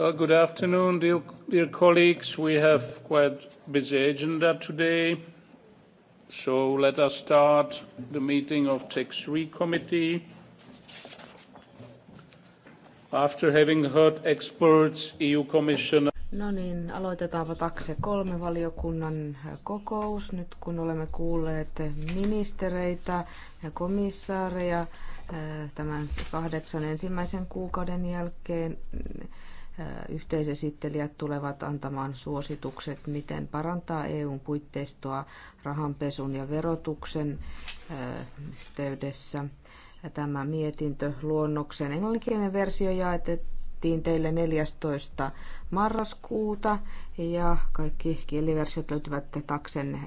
Well, good afternoon, dear, dear colleagues. We have quite busy agenda today, so let us start the meeting of TAX3 committee. After having heard experts, EU Commissioner No niin, aloitetaanpa takse kolme valiokunnan kokous. Nyt kun olemme kuulleet ministereitä ja komissaareja eh, tämän kahdeksan ensimmäisen kuukauden jälkeen yhteisesittelijät tulevat antamaan suositukset, miten parantaa EUn puitteistoa rahanpesun ja verotuksen yhteydessä. Tämä mietintö luonnoksen englanninkielinen versio jaettiin teille 14. marraskuuta ja kaikki kieliversiot löytyvät Taksen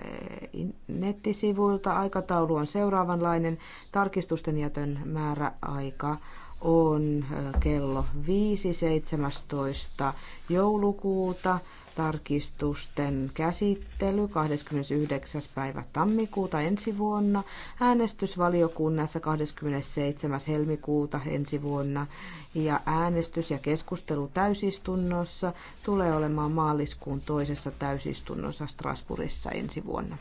nettisivuilta. Aikataulu on seuraavanlainen. Tarkistusten jätön määräaika on kello 5.17. joulukuuta tarkistusten käsittely 29. päivä tammikuuta ensi vuonna, äänestysvaliokunnassa 27. helmikuuta ensi vuonna ja äänestys ja keskustelu täysistunnossa tulee olemaan maaliskuun toisessa täysistunnossa Strasbourgissa ensi vuonna.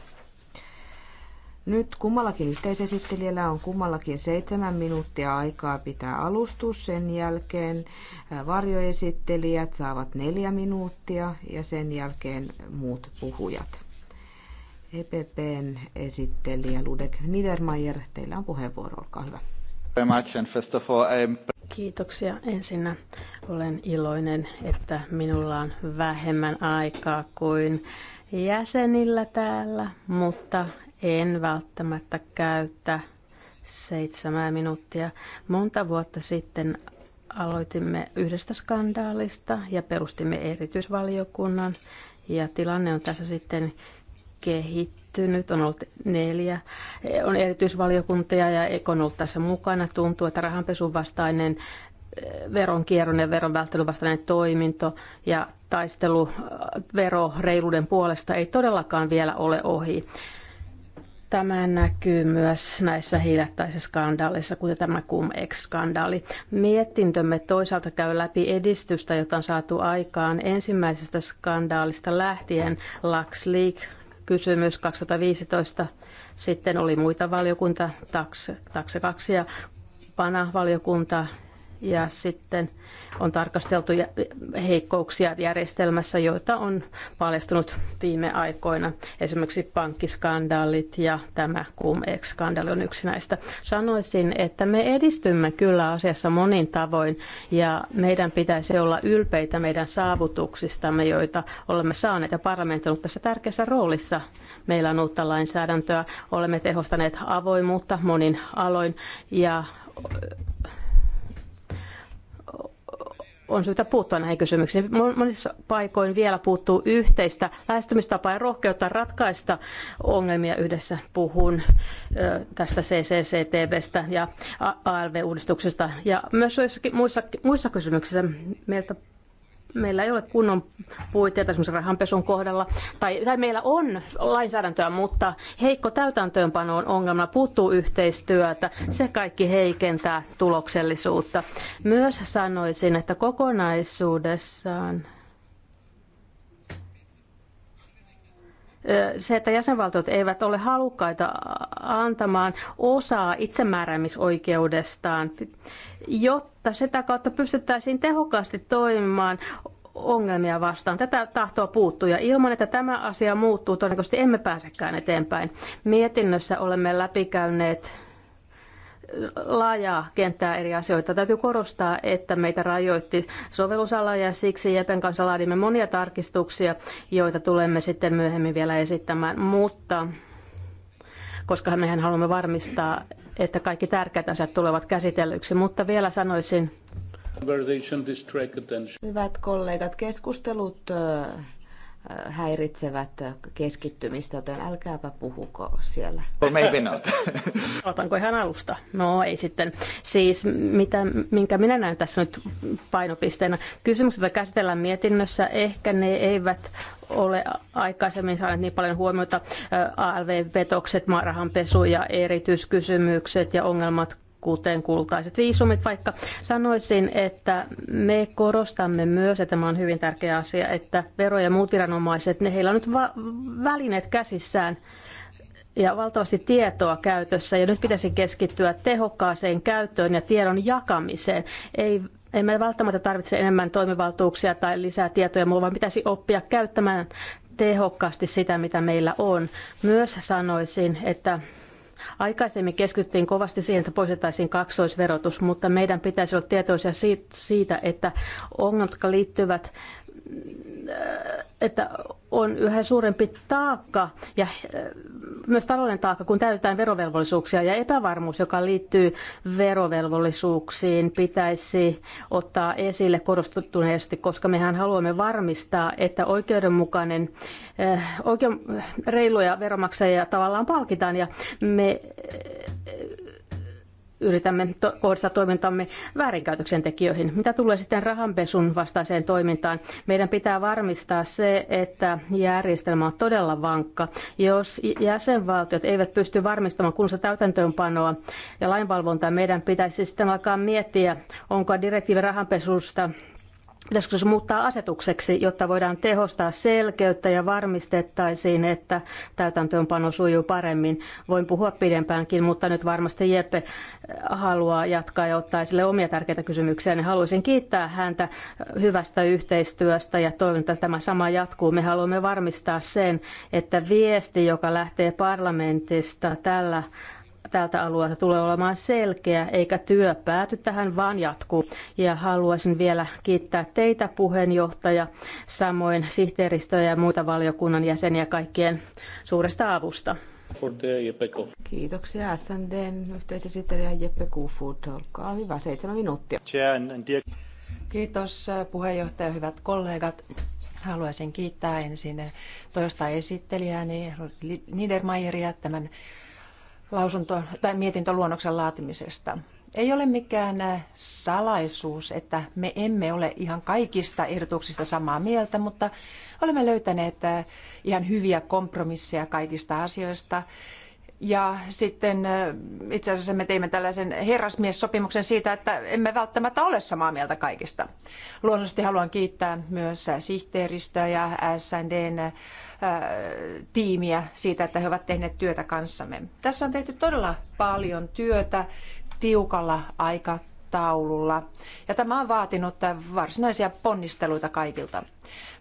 Nyt kummallakin yhteisesittelijällä on kummallakin seitsemän minuuttia aikaa pitää alustus. Sen jälkeen varjoesittelijät saavat neljä minuuttia ja sen jälkeen muut puhujat. EPPn esittelijä Ludek Niedermayer, teillä on puheenvuoro, olkaa hyvä. Kiitoksia ensinnä. Olen iloinen, että minulla on vähemmän aikaa kuin jäsenillä täällä, mutta en välttämättä käytä seitsemää minuuttia. Monta vuotta sitten aloitimme yhdestä skandaalista ja perustimme erityisvaliokunnan. Ja tilanne on tässä sitten kehittynyt. On ollut neljä on erityisvaliokuntia ja Eko on ollut tässä mukana. Tuntuu, että rahanpesun vastainen eh, veronkierron ja veron vastainen toiminto ja taistelu eh, vero reiluuden puolesta ei todellakaan vielä ole ohi. Tämä näkyy myös näissä hiljattaisissa skandaaleissa, kuten tämä CumEx-skandaali. Mietintömme toisaalta käy läpi edistystä, jota on saatu aikaan ensimmäisestä skandaalista lähtien Lux League kysymys 2015. Sitten oli muita valiokunta, takse 2 ja PANA-valiokunta ja sitten on tarkasteltu heikkouksia järjestelmässä, joita on paljastunut viime aikoina. Esimerkiksi pankkiskandaalit ja tämä CumEx-skandaali on yksi näistä. Sanoisin, että me edistymme kyllä asiassa monin tavoin ja meidän pitäisi olla ylpeitä meidän saavutuksistamme, joita olemme saaneet ja parlamentti tässä tärkeässä roolissa. Meillä on uutta lainsäädäntöä, olemme tehostaneet avoimuutta monin aloin ja on syytä puuttua näihin kysymyksiin. Monissa paikoin vielä puuttuu yhteistä lähestymistapaa ja rohkeutta ratkaista ongelmia yhdessä. Puhun tästä CCCTVstä ja ALV-uudistuksesta ja myös muissa, muissa kysymyksissä meiltä meillä ei ole kunnon puitteita esimerkiksi rahanpesun kohdalla, tai, tai meillä on lainsäädäntöä, mutta heikko täytäntöönpano on ongelma, puuttuu yhteistyötä, se kaikki heikentää tuloksellisuutta. Myös sanoisin, että kokonaisuudessaan se, että jäsenvaltiot eivät ole halukkaita antamaan osaa itsemääräämisoikeudestaan, jotta sitä kautta pystyttäisiin tehokkaasti toimimaan ongelmia vastaan. Tätä tahtoa puuttuu ja ilman, että tämä asia muuttuu, todennäköisesti emme pääsekään eteenpäin. Mietinnössä olemme läpikäyneet laajaa kenttää eri asioita. Täytyy korostaa, että meitä rajoitti sovellusala ja siksi Jepen kanssa laadimme monia tarkistuksia, joita tulemme sitten myöhemmin vielä esittämään. Mutta koska mehän haluamme varmistaa, että kaikki tärkeät asiat tulevat käsitellyksi. Mutta vielä sanoisin, Hyvät kollegat, keskustelut häiritsevät keskittymistä, joten älkääpä puhuko siellä. Well, maybe not. Aloitanko ihan alusta? No ei sitten. Siis mitä, minkä minä näen tässä nyt painopisteenä. Kysymykset, joita käsitellään mietinnössä, ehkä ne eivät ole aikaisemmin saaneet niin paljon huomiota. ALV-petokset, maarahanpesu ja erityiskysymykset ja ongelmat kuten kultaiset viisumit vaikka. Sanoisin, että me korostamme myös, että tämä on hyvin tärkeä asia, että vero- ja muut viranomaiset, ne heillä on nyt va- välineet käsissään ja valtavasti tietoa käytössä ja nyt pitäisi keskittyä tehokkaaseen käyttöön ja tiedon jakamiseen. Ei ei me välttämättä tarvitse enemmän toimivaltuuksia tai lisää tietoja, vaan pitäisi oppia käyttämään tehokkaasti sitä, mitä meillä on. Myös sanoisin, että Aikaisemmin keskityttiin kovasti siihen, että poistettaisiin kaksoisverotus, mutta meidän pitäisi olla tietoisia siitä, että ongelmat, jotka liittyvät Äh, että on yhä suurempi taakka ja äh, myös talouden taakka, kun täytetään verovelvollisuuksia ja epävarmuus, joka liittyy verovelvollisuuksiin, pitäisi ottaa esille korostuneesti, koska mehän haluamme varmistaa, että oikeudenmukainen, äh, oikein reiluja veromaksajia tavallaan palkitaan ja me yritämme to- kohdistaa toimintamme väärinkäytöksen tekijöihin. Mitä tulee sitten rahanpesun vastaiseen toimintaan, meidän pitää varmistaa se, että järjestelmä on todella vankka. Jos jäsenvaltiot eivät pysty varmistamaan kunnossa täytäntöönpanoa ja lainvalvontaa, meidän pitäisi sitten alkaa miettiä, onko direktiivi rahanpesusta Pitäisikö se muuttaa asetukseksi, jotta voidaan tehostaa selkeyttä ja varmistettaisiin, että täytäntöönpano sujuu paremmin? Voin puhua pidempäänkin, mutta nyt varmasti Jeppe haluaa jatkaa ja ottaa esille omia tärkeitä kysymyksiä. Niin haluaisin kiittää häntä hyvästä yhteistyöstä ja toivon, että tämä sama jatkuu. Me haluamme varmistaa sen, että viesti, joka lähtee parlamentista tällä tältä alueelta tulee olemaan selkeä, eikä työ pääty tähän, vaan jatkuu. Ja haluaisin vielä kiittää teitä puheenjohtaja, samoin sihteeristöjä, ja muita valiokunnan jäseniä kaikkien suuresta avusta. Kiitoksia SNDn yhteisesittelijä Jeppe Kufud. Olkaa hyvä, seitsemän minuuttia. Kiitos puheenjohtaja, hyvät kollegat. Haluaisin kiittää ensin toista esittelijääni Niedermayeria tämän lausunto- tai mietintöluonnoksen laatimisesta. Ei ole mikään äh, salaisuus, että me emme ole ihan kaikista ehdotuksista samaa mieltä, mutta olemme löytäneet äh, ihan hyviä kompromisseja kaikista asioista ja sitten äh, itse asiassa me teimme tällaisen herrasmiessopimuksen siitä, että emme välttämättä ole samaa mieltä kaikista. Luonnollisesti haluan kiittää myös sihteeristöä ja SNDn äh, tiimiä siitä, että he ovat tehneet työtä kanssamme. Tässä on tehty todella paljon työtä tiukalla aikataululla ja tämä on vaatinut varsinaisia ponnisteluita kaikilta.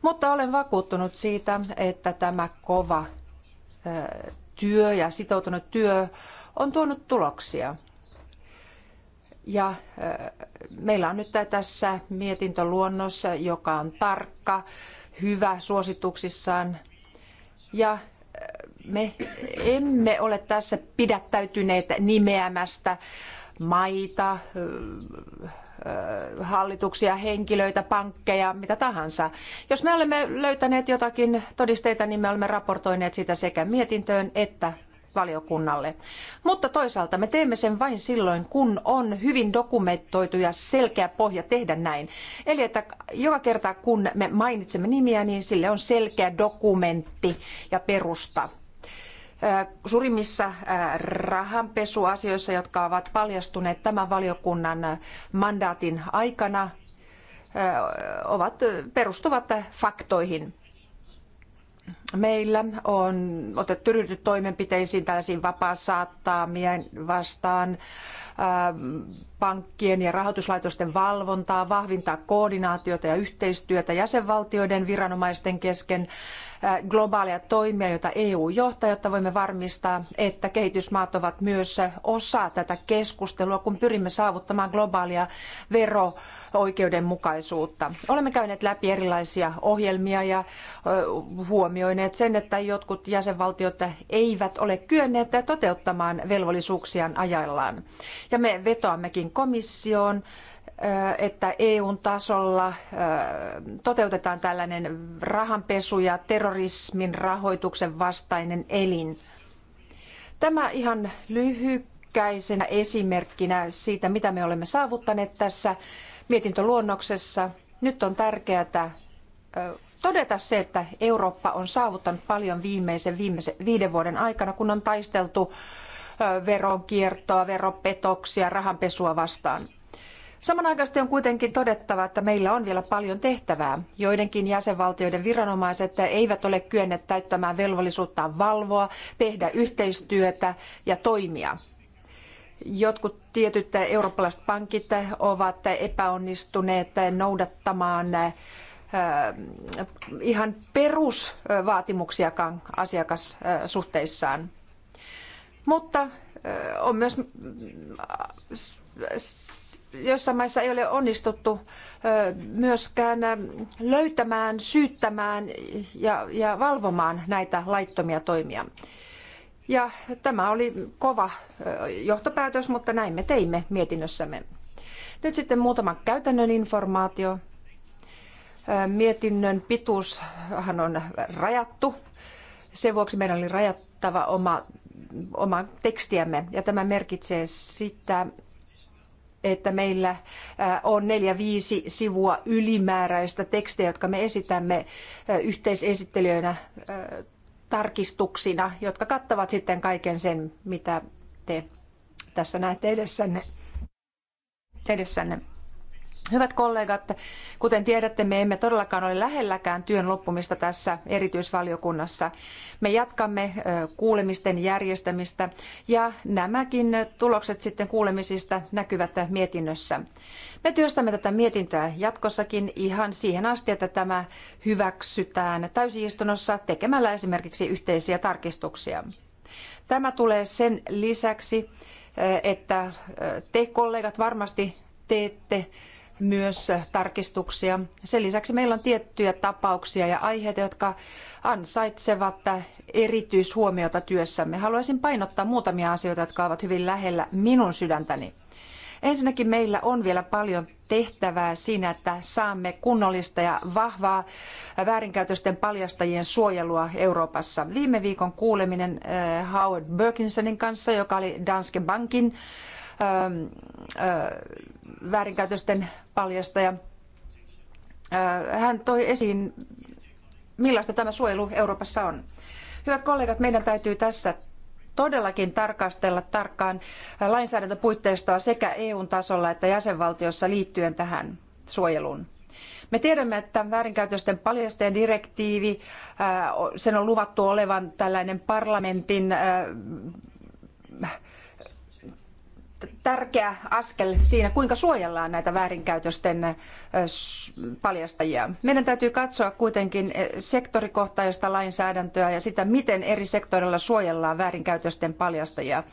Mutta olen vakuuttunut siitä, että tämä kova äh, työ ja sitoutunut työ on tuonut tuloksia. Ja meillä on nyt tässä mietintöluonnos, joka on tarkka, hyvä suosituksissaan. Ja me emme ole tässä pidättäytyneet nimeämästä maita, hallituksia, henkilöitä, pankkeja, mitä tahansa. Jos me olemme löytäneet jotakin todisteita, niin me olemme raportoineet sitä sekä mietintöön että valiokunnalle. Mutta toisaalta me teemme sen vain silloin, kun on hyvin dokumentoitu ja selkeä pohja tehdä näin. Eli että joka kerta kun me mainitsemme nimiä, niin sille on selkeä dokumentti ja perusta suurimmissa rahanpesuasioissa, jotka ovat paljastuneet tämän valiokunnan mandaatin aikana, ovat, perustuvat faktoihin. Meillä on otettu ryhdytty toimenpiteisiin tällaisiin vapaa saattaamien vastaan, pankkien ja rahoituslaitosten valvontaa, vahvintaa koordinaatiota ja yhteistyötä jäsenvaltioiden viranomaisten kesken globaaleja toimia, joita EU johtaa, jotta voimme varmistaa, että kehitysmaat ovat myös osa tätä keskustelua, kun pyrimme saavuttamaan globaalia vero-oikeudenmukaisuutta. Olemme käyneet läpi erilaisia ohjelmia ja huomioineet sen, että jotkut jäsenvaltiot eivät ole kyenneet toteuttamaan velvollisuuksiaan ajallaan. Ja me vetoammekin komissioon että EUn tasolla toteutetaan tällainen rahanpesu ja terrorismin rahoituksen vastainen elin. Tämä ihan lyhykäisenä esimerkkinä siitä, mitä me olemme saavuttaneet tässä mietintöluonnoksessa. Nyt on tärkeää todeta se, että Eurooppa on saavuttanut paljon viimeisen, viimeisen viiden vuoden aikana, kun on taisteltu veronkiertoa, veropetoksia, rahanpesua vastaan Samanaikaisesti on kuitenkin todettava, että meillä on vielä paljon tehtävää. Joidenkin jäsenvaltioiden viranomaiset eivät ole kyenneet täyttämään velvollisuuttaan valvoa, tehdä yhteistyötä ja toimia. Jotkut tietyt eurooppalaiset pankit ovat epäonnistuneet noudattamaan ihan perusvaatimuksiakaan asiakassuhteissaan. Mutta on myös joissain maissa ei ole onnistuttu myöskään löytämään, syyttämään ja, ja valvomaan näitä laittomia toimia. Ja tämä oli kova johtopäätös, mutta näin me teimme mietinnössämme. Nyt sitten muutama käytännön informaatio. Mietinnön pituushan on rajattu. Sen vuoksi meidän oli rajattava oma, oma tekstiämme. Ja tämä merkitsee sitä, että meillä on neljä viisi sivua ylimääräistä tekstiä, jotka me esitämme yhteisesittelijöinä tarkistuksina, jotka kattavat sitten kaiken sen, mitä te tässä näette edessänne. edessänne. Hyvät kollegat, kuten tiedätte, me emme todellakaan ole lähelläkään työn loppumista tässä erityisvaliokunnassa. Me jatkamme kuulemisten järjestämistä ja nämäkin tulokset sitten kuulemisista näkyvät mietinnössä. Me työstämme tätä mietintöä jatkossakin ihan siihen asti, että tämä hyväksytään täysistunnossa tekemällä esimerkiksi yhteisiä tarkistuksia. Tämä tulee sen lisäksi, että te kollegat varmasti teette myös tarkistuksia. Sen lisäksi meillä on tiettyjä tapauksia ja aiheita, jotka ansaitsevat erityishuomiota työssämme. Haluaisin painottaa muutamia asioita, jotka ovat hyvin lähellä minun sydäntäni. Ensinnäkin meillä on vielä paljon tehtävää siinä, että saamme kunnollista ja vahvaa väärinkäytösten paljastajien suojelua Euroopassa. Viime viikon kuuleminen eh, Howard Berkinsonin kanssa, joka oli Danske Bankin Ähm, äh, väärinkäytösten paljastaja. Äh, hän toi esiin, millaista tämä suojelu Euroopassa on. Hyvät kollegat, meidän täytyy tässä todellakin tarkastella tarkkaan lainsäädäntöpuitteistoa sekä EUn tasolla että jäsenvaltiossa liittyen tähän suojeluun. Me tiedämme, että väärinkäytösten paljasteen direktiivi, äh, sen on luvattu olevan tällainen parlamentin tärkeä askel siinä, kuinka suojellaan näitä väärinkäytösten paljastajia. Meidän täytyy katsoa kuitenkin sektorikohtaista lainsäädäntöä ja sitä, miten eri sektoreilla suojellaan väärinkäytösten paljastajia.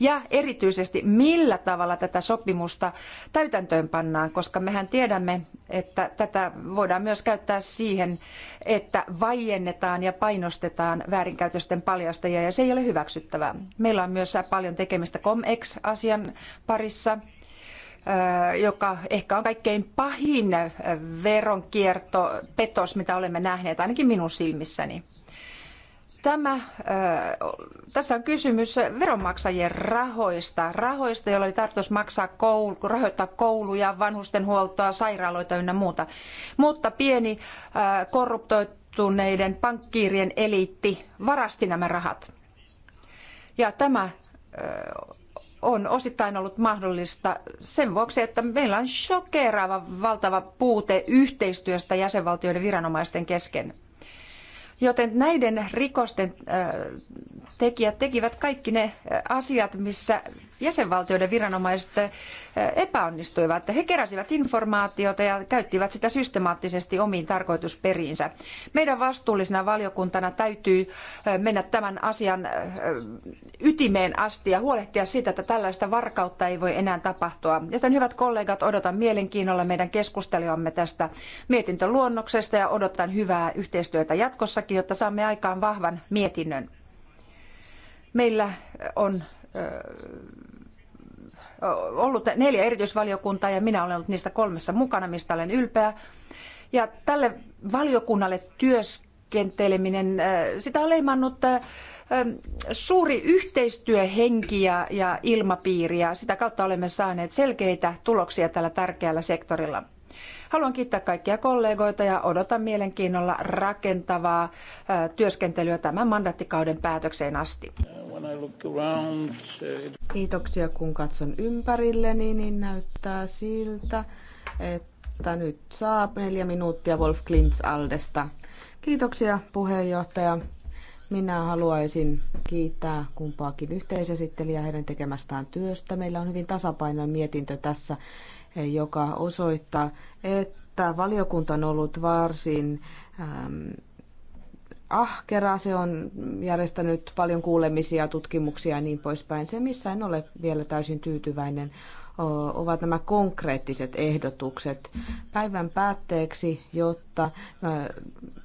Ja erityisesti, millä tavalla tätä sopimusta täytäntöön pannaan, koska mehän tiedämme, että tätä voidaan myös käyttää siihen, että vaiennetaan ja painostetaan väärinkäytösten paljastajia, ja se ei ole hyväksyttävää. Meillä on myös paljon tekemistä COMEX-asian parissa joka ehkä on kaikkein pahin veronkierto, petos, mitä olemme nähneet, ainakin minun silmissäni. Tämä, tässä on kysymys veronmaksajien rahoista, rahoista, joilla oli tarkoitus maksaa koulu, rahoittaa kouluja, vanhustenhuoltoa, sairaaloita ynnä muuta. Mutta pieni korruptoituneiden pankkiirien eliitti varasti nämä rahat. Ja tämä on osittain ollut mahdollista sen vuoksi, että meillä on shokeraava valtava puute yhteistyöstä jäsenvaltioiden viranomaisten kesken. Joten näiden rikosten äh, tekijät tekivät kaikki ne äh, asiat, missä jäsenvaltioiden viranomaiset eh, epäonnistuivat. He keräsivät informaatiota ja käyttivät sitä systemaattisesti omiin tarkoitusperiinsä. Meidän vastuullisena valiokuntana täytyy eh, mennä tämän asian eh, ytimeen asti ja huolehtia siitä, että tällaista varkautta ei voi enää tapahtua. Joten hyvät kollegat, odotan mielenkiinnolla meidän keskusteluamme tästä mietintöluonnoksesta ja odotan hyvää yhteistyötä jatkossakin, jotta saamme aikaan vahvan mietinnön. Meillä on ollut neljä erityisvaliokuntaa ja minä olen ollut niistä kolmessa mukana, mistä olen ylpeä. Ja tälle valiokunnalle työskenteleminen, sitä on leimannut suuri yhteistyöhenki ja, ja ilmapiiri ja sitä kautta olemme saaneet selkeitä tuloksia tällä tärkeällä sektorilla. Haluan kiittää kaikkia kollegoita ja odotan mielenkiinnolla rakentavaa työskentelyä tämän mandattikauden päätökseen asti. Kiitoksia, kun katson ympärilleni, niin, niin näyttää siltä, että nyt saa neljä minuuttia Wolf Klintz Aldesta. Kiitoksia, puheenjohtaja. Minä haluaisin kiittää kumpaakin yhteisesittelijää heidän tekemästään työstä. Meillä on hyvin tasapainoinen mietintö tässä joka osoittaa, että valiokunta on ollut varsin ähm, ahkera, se on järjestänyt paljon kuulemisia, tutkimuksia ja niin poispäin. Se, missä en ole vielä täysin tyytyväinen, ovat nämä konkreettiset ehdotukset päivän päätteeksi, jotta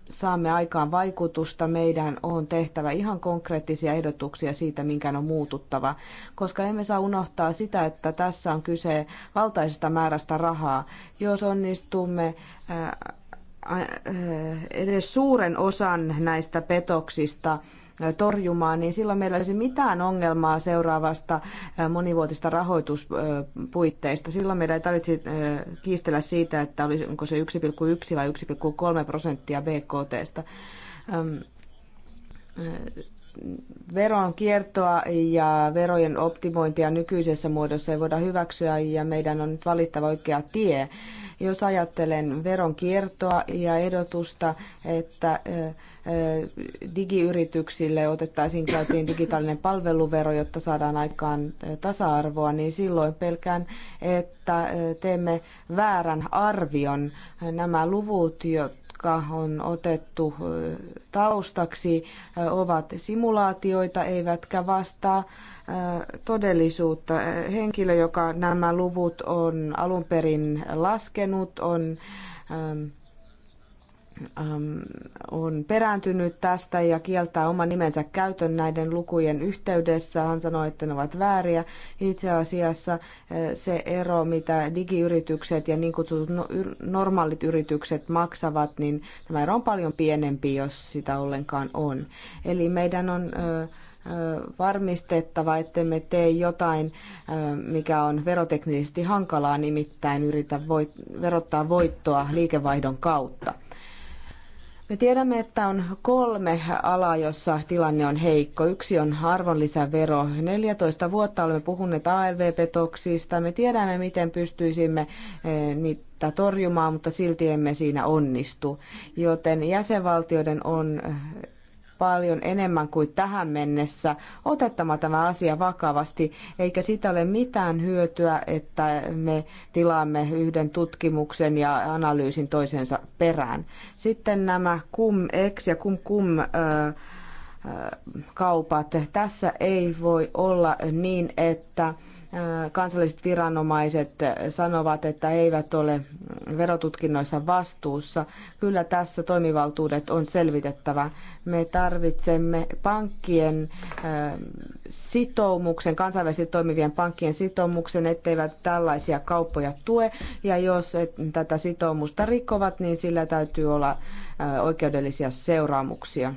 saamme aikaan vaikutusta. Meidän on tehtävä ihan konkreettisia ehdotuksia siitä, minkä on muututtava, koska emme saa unohtaa sitä, että tässä on kyse valtaisesta määrästä rahaa. Jos onnistumme edes suuren osan näistä petoksista torjumaan, niin silloin meillä olisi mitään ongelmaa seuraavasta monivuotista rahoituspuitteista. Silloin meidän ei tarvitse kiistellä siitä, että olisiko se 1,1 vai 1,3 prosenttia BKTstä veronkiertoa ja verojen optimointia nykyisessä muodossa ei voida hyväksyä ja meidän on nyt valittava oikea tie. Jos ajattelen veronkiertoa ja ehdotusta, että digiyrityksille otettaisiin käytiin digitaalinen palveluvero, jotta saadaan aikaan tasa-arvoa, niin silloin pelkään, että teemme väärän arvion. Nämä luvut, jo jotka on otettu taustaksi, ovat simulaatioita eivätkä vastaa todellisuutta. Henkilö, joka nämä luvut on alun perin laskenut, on Ähm, on perääntynyt tästä ja kieltää oman nimensä käytön näiden lukujen yhteydessä. Hän sanoi, että ne ovat vääriä. Itse asiassa äh, se ero, mitä digiyritykset ja niin kutsutut no-, normaalit yritykset maksavat, niin tämä ero on paljon pienempi, jos sitä ollenkaan on. Eli meidän on varmistettava, ettemme tee jotain, mikä on veroteknisesti hankalaa, nimittäin yritä voit, verottaa voittoa liikevaihdon kautta. Me tiedämme, että on kolme alaa, jossa tilanne on heikko. Yksi on arvonlisävero. 14 vuotta olemme puhuneet ALV-petoksista. Me tiedämme, miten pystyisimme eh, niitä torjumaan, mutta silti emme siinä onnistu. Joten jäsenvaltioiden on eh, paljon enemmän kuin tähän mennessä otettama tämä asia vakavasti, eikä siitä ole mitään hyötyä, että me tilaamme yhden tutkimuksen ja analyysin toisensa perään. Sitten nämä cum-ex ja cum-cum kaupat. Tässä ei voi olla niin, että kansalliset viranomaiset sanovat, että he eivät ole verotutkinnoissa vastuussa. Kyllä tässä toimivaltuudet on selvitettävä. Me tarvitsemme pankkien sitoumuksen, kansainvälisesti toimivien pankkien sitoumuksen, etteivät tällaisia kauppoja tue. Ja jos tätä sitoumusta rikkovat, niin sillä täytyy olla oikeudellisia seuraamuksia.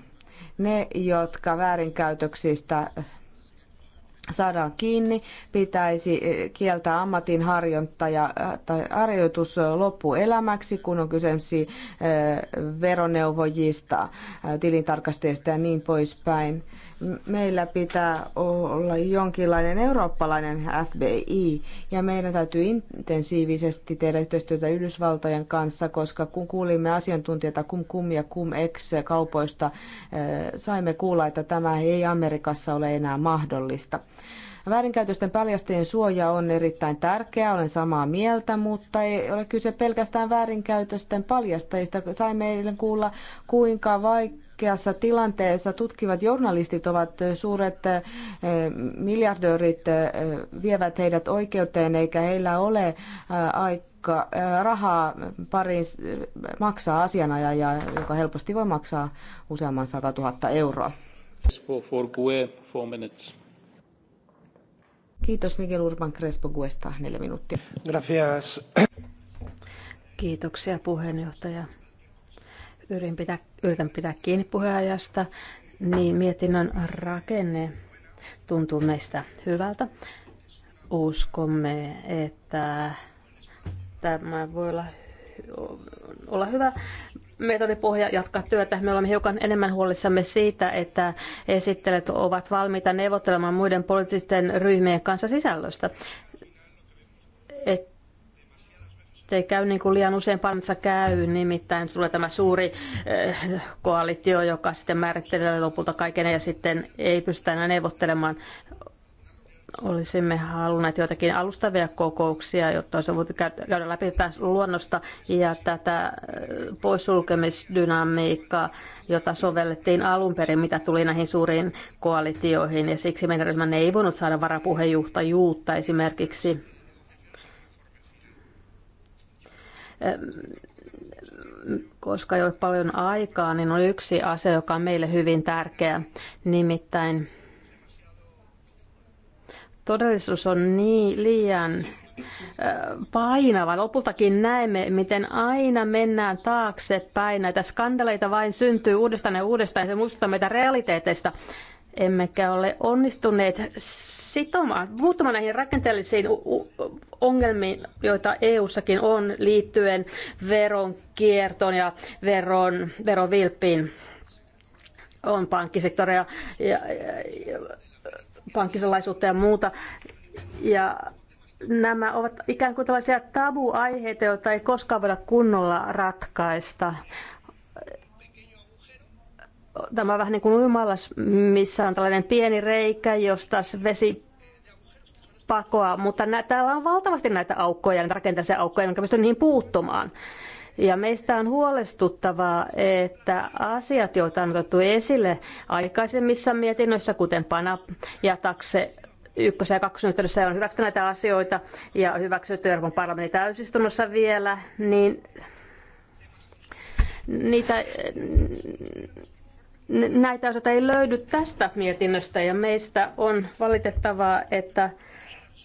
Ne, jotka väärinkäytöksistä saadaan kiinni, pitäisi eh, kieltää ammatin harjoittaja eh, tai harjoitus eh, loppuelämäksi, kun on kyse veroneuvojista, tilintarkastajista ja niin poispäin meillä pitää olla jonkinlainen eurooppalainen FBI ja meidän täytyy intensiivisesti tehdä yhteistyötä Yhdysvaltojen kanssa, koska kun kuulimme asiantuntijoita Kum Kum ja Kum Ex kaupoista, eh, saimme kuulla, että tämä ei Amerikassa ole enää mahdollista. Väärinkäytösten paljastajien suoja on erittäin tärkeää, olen samaa mieltä, mutta ei ole kyse pelkästään väärinkäytösten paljastajista. Saimme eilen kuulla, kuinka vaikka vaikeassa tilanteessa tutkivat journalistit ovat suuret eh, miljardöörit eh, vievät heidät oikeuteen eikä heillä ole eh, aika, rahaa pariin maksaa asianajaja, joka helposti voi maksaa useamman 100 000 euroa. Kiitos Miguel Urban Crespo Guesta, neljä minuuttia. Gracias. Kiitoksia puheenjohtaja. Yritän pitää, yritän pitää kiinni puheenjohtajasta. niin mietinnön rakenne tuntuu meistä hyvältä. Uskomme, että tämä voi olla, olla hyvä metodipohja jatkaa työtä. Me olemme hiukan enemmän huolissamme siitä, että esittelijät ovat valmiita neuvottelemaan muiden poliittisten ryhmien kanssa sisällöstä. Että ei käy niin kuin liian usein parlamentissa käy, nimittäin tulee tämä suuri eh, koalitio, joka sitten määrittelee lopulta kaiken ja sitten ei pystytä enää neuvottelemaan olisimme halunneet joitakin alustavia kokouksia, jotta olisi voitu käydä läpi luonnosta ja tätä äh, poissulkemisdynamiikkaa, jota sovellettiin alun perin, mitä tuli näihin suuriin koalitioihin. Ja siksi meidän ryhmän ei voinut saada varapuheenjohtajuutta esimerkiksi äh, koska ei ole paljon aikaa, niin on yksi asia, joka on meille hyvin tärkeä, nimittäin todellisuus on niin liian painava. Lopultakin näemme, miten aina mennään taaksepäin. Näitä skandaleita vain syntyy uudestaan ja uudestaan se muistuttaa meitä realiteeteista. Emmekä ole onnistuneet sitomaan, muuttumaan näihin rakenteellisiin ongelmiin, joita EU-sakin on liittyen veronkiertoon ja veron, verovilppiin on pankkisektoria ja, ja, ja, pankkisalaisuutta ja muuta. Ja nämä ovat ikään kuin tällaisia tabuaiheita, joita ei koskaan voida kunnolla ratkaista. Tämä on vähän niin kuin uimallas, missä on tällainen pieni reikä, josta vesi pakoaa. mutta nä- täällä on valtavasti näitä aukkoja, näitä rakenteellisia aukkoja, jotka pystyy niihin puuttumaan. Ja meistä on huolestuttavaa, että asiat, joita on otettu esille aikaisemmissa mietinnöissä, kuten PANA ja takse ykkösen ja kakkosen on hyväksytty näitä asioita ja hyväksytty Euroopan parlamentin täysistunnossa vielä, niin niitä, näitä asioita ei löydy tästä mietinnöstä ja meistä on valitettavaa, että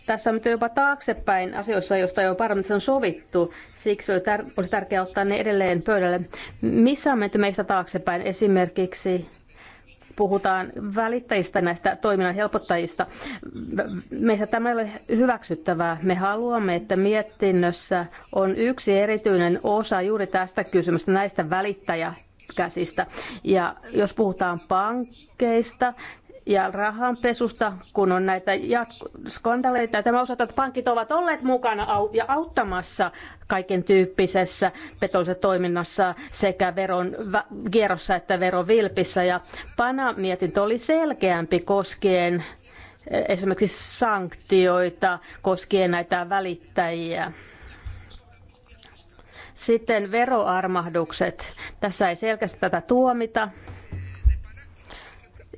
tässä on jopa taaksepäin asioissa, joista jo parlamentissa on sovittu. Siksi olisi tärkeää ottaa ne edelleen pöydälle. Missä on menty meistä taaksepäin? Esimerkiksi puhutaan välittäjistä, näistä toiminnan helpottajista. Meistä tämä ei ole hyväksyttävää. Me haluamme, että mietinnössä on yksi erityinen osa juuri tästä kysymystä, näistä välittäjä käsistä. Ja jos puhutaan pankkeista, ja rahanpesusta, kun on näitä jatku- skandaleita. Tämä osoittaa, että pankit ovat olleet mukana ja auttamassa kaiken tyyppisessä petollisessa toiminnassa sekä veron kierrossa että verovilpissä. Ja PANA-mietintö oli selkeämpi koskien eh, esimerkiksi sanktioita koskien näitä välittäjiä. Sitten veroarmahdukset. Tässä ei selkeästi tätä tuomita,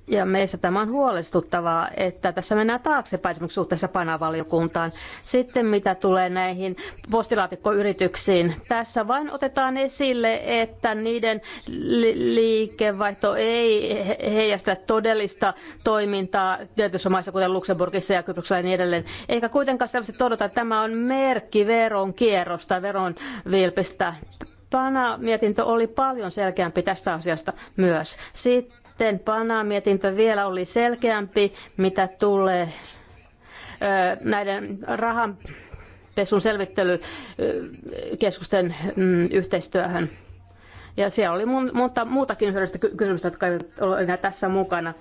ja meistä tämä on huolestuttavaa, että tässä mennään taaksepäin esimerkiksi suhteessa panavaliokuntaan. Sitten mitä tulee näihin postilaatikkoyrityksiin, tässä vain otetaan esille, että niiden liikevaihto ei heijasta todellista toimintaa tietyissä maissa, kuten Luxemburgissa ja Kyproksella ja niin edelleen. Eikä kuitenkaan selvästi todeta, että tämä on merkki veron kierrosta, veron vilpistä. Pana-mietintö oli paljon selkeämpi tästä asiasta myös. Sitten sitten Panaan mietintö vielä oli selkeämpi, mitä tulee näiden rahanpesun selvittelykeskusten mm, yhteistyöhön. Ja siellä oli monta muutakin yhdessä kysymystä, jotka olivat tässä mukana.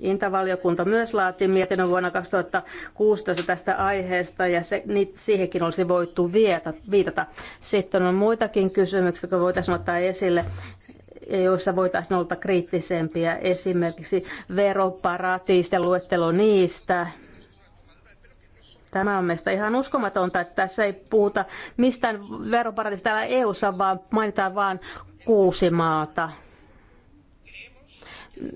Intavaliokunta myös laati mietinnön vuonna 2016 tästä aiheesta ja se, niin siihenkin olisi voitu vietä, viitata. Sitten on muitakin kysymyksiä, jotka voitaisiin ottaa esille joissa voitaisiin olla kriittisempiä, esimerkiksi veroparatiisten luettelo niistä. Tämä on mielestäni ihan uskomatonta, että tässä ei puhuta mistään veroparatiisista täällä eu vaan mainitaan vain kuusi maata.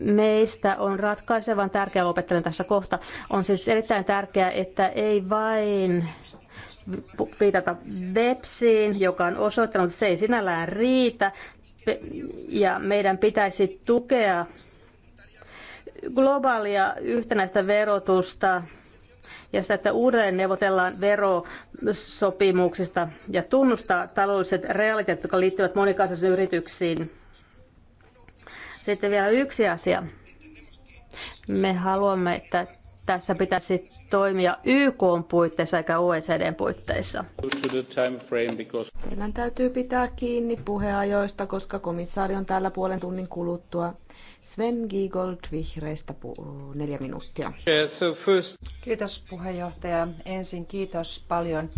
Meistä on ratkaisevan tärkeää, lopettelen tässä kohta, on siis erittäin tärkeää, että ei vain viitata Websiin, joka on osoittanut, että se ei sinällään riitä ja meidän pitäisi tukea globaalia yhtenäistä verotusta ja sitä, että uudelleen neuvotellaan verosopimuksista ja tunnustaa taloudelliset realiteetit, jotka liittyvät monikansallisiin yrityksiin. Sitten vielä yksi asia. Me haluamme, että tässä pitäisi toimia YK puitteissa eikä OECD puitteissa. Teidän täytyy pitää kiinni puheajoista, koska komissaari on täällä puolen tunnin kuluttua. Sven Giegold vihreistä neljä minuuttia. Kiitos puheenjohtaja. Ensin kiitos paljon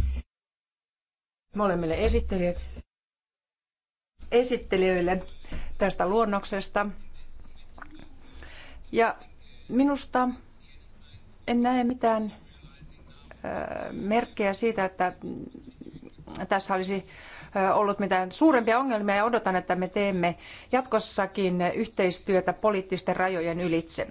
molemmille esittelijöille tästä luonnoksesta. Ja minusta en näe mitään merkkejä siitä, että tässä olisi ollut mitään suurempia ongelmia ja odotan, että me teemme jatkossakin yhteistyötä poliittisten rajojen ylitse.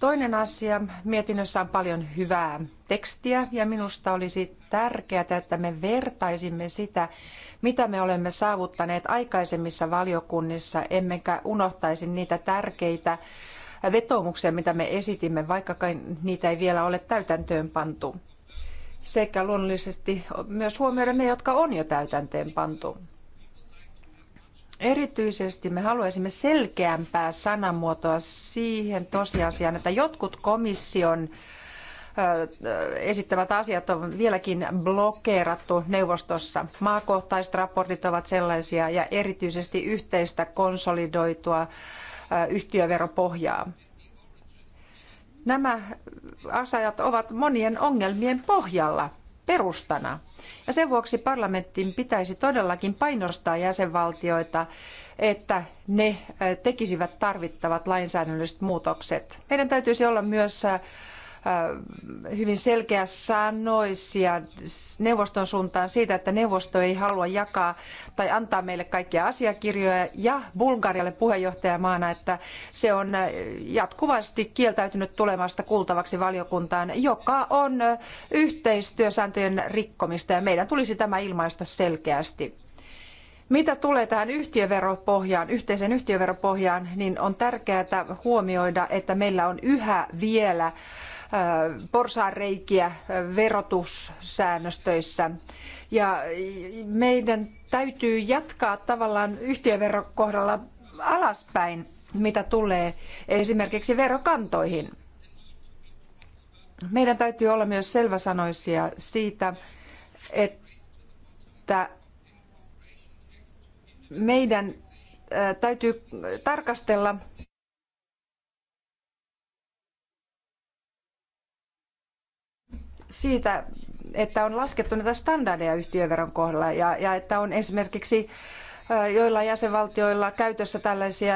Toinen asia, mietinnössä on paljon hyvää tekstiä ja minusta olisi tärkeää, että me vertaisimme sitä, mitä me olemme saavuttaneet aikaisemmissa valiokunnissa, emmekä unohtaisi niitä tärkeitä vetoomuksia, mitä me esitimme, vaikka niitä ei vielä ole täytäntöön pantu. Sekä luonnollisesti myös huomioida ne, jotka on jo täytäntöön pantu. Erityisesti me haluaisimme selkeämpää sanamuotoa siihen tosiasiaan, että jotkut komission esittävät asiat on vieläkin blokeerattu neuvostossa. Maakohtaiset raportit ovat sellaisia ja erityisesti yhteistä konsolidoitua yhtiöveropohjaa. Nämä asiat ovat monien ongelmien pohjalla perustana. Ja sen vuoksi parlamentin pitäisi todellakin painostaa jäsenvaltioita, että ne tekisivät tarvittavat lainsäädännölliset muutokset. Meidän täytyisi olla myös Äh, hyvin selkeä sanoisia neuvoston suuntaan siitä, että neuvosto ei halua jakaa tai antaa meille kaikkia asiakirjoja ja Bulgarialle puheenjohtajamaana, että se on äh, jatkuvasti kieltäytynyt tulemasta kuultavaksi valiokuntaan, joka on äh, yhteistyösääntöjen rikkomista ja meidän tulisi tämä ilmaista selkeästi. Mitä tulee tähän yhtiöveropohjaan, yhteiseen yhtiöveropohjaan, niin on tärkeää huomioida, että meillä on yhä vielä porsaanreikiä äh, verotussäännöstöissä. Ja meidän täytyy jatkaa tavallaan yhtiöveron kohdalla alaspäin, mitä tulee esimerkiksi verokantoihin. Meidän täytyy olla myös selväsanoisia siitä, että meidän äh, täytyy tarkastella siitä, että on laskettu näitä standardeja yhtiöveron kohdalla ja, ja että on esimerkiksi joilla jäsenvaltioilla käytössä tällaisia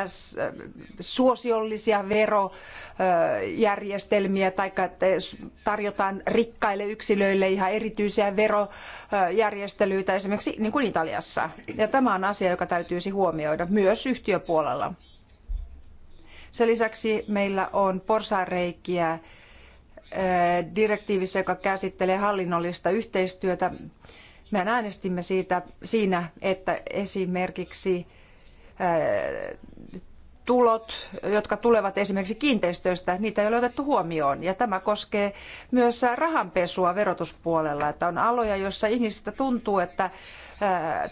suosiollisia verojärjestelmiä tai että tarjotaan rikkaille yksilöille ihan erityisiä verojärjestelyitä esimerkiksi niin kuin Italiassa. Ja tämä on asia, joka täytyisi huomioida myös yhtiöpuolella. Sen lisäksi meillä on porsareikiä direktiivissä, joka käsittelee hallinnollista yhteistyötä, me äänestimme siitä, siinä, että esimerkiksi tulot, jotka tulevat esimerkiksi kiinteistöistä, niitä ei ole otettu huomioon. Ja tämä koskee myös rahanpesua verotuspuolella, että on aloja, joissa ihmisistä tuntuu, että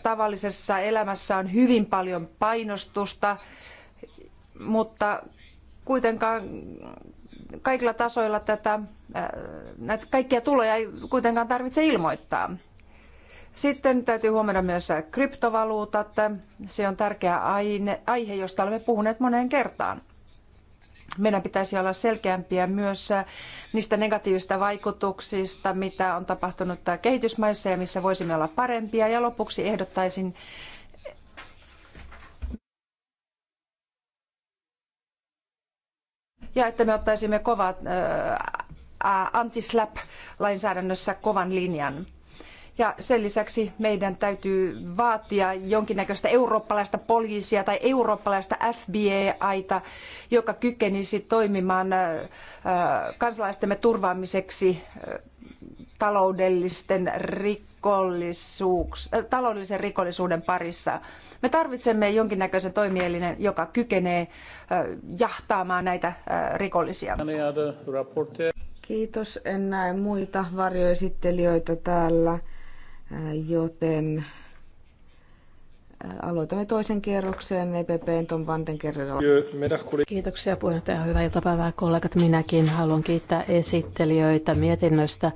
tavallisessa elämässä on hyvin paljon painostusta, mutta kuitenkaan kaikilla tasoilla tätä, äh, näitä kaikkia tuloja ei kuitenkaan tarvitse ilmoittaa. Sitten täytyy huomioida myös kryptovaluutat. Se on tärkeä aihe, josta olemme puhuneet moneen kertaan. Meidän pitäisi olla selkeämpiä myös niistä negatiivista vaikutuksista, mitä on tapahtunut kehitysmaissa ja missä voisimme olla parempia. Ja lopuksi ehdottaisin, ja että me ottaisimme kovat äh, anti-slap-lainsäädännössä kovan linjan. Ja sen lisäksi meidän täytyy vaatia jonkinnäköistä eurooppalaista poliisia tai eurooppalaista FBI-aita, joka kykenisi toimimaan äh, äh, kansalaistemme turvaamiseksi taloudellisten rik- rikollisuus, äh, taloudellisen rikollisuuden parissa. Me tarvitsemme jonkinnäköisen toimielinen, joka kykenee äh, jahtaamaan näitä äh, rikollisia. Kiitos. En näe muita varjoesittelijöitä täällä, joten aloitamme toisen kierroksen EPPn Tom Vandenkerrella. Kiitoksia puheenjohtaja. Hyvää iltapäivää kollegat. Minäkin haluan kiittää esittelijöitä mietinnöstä.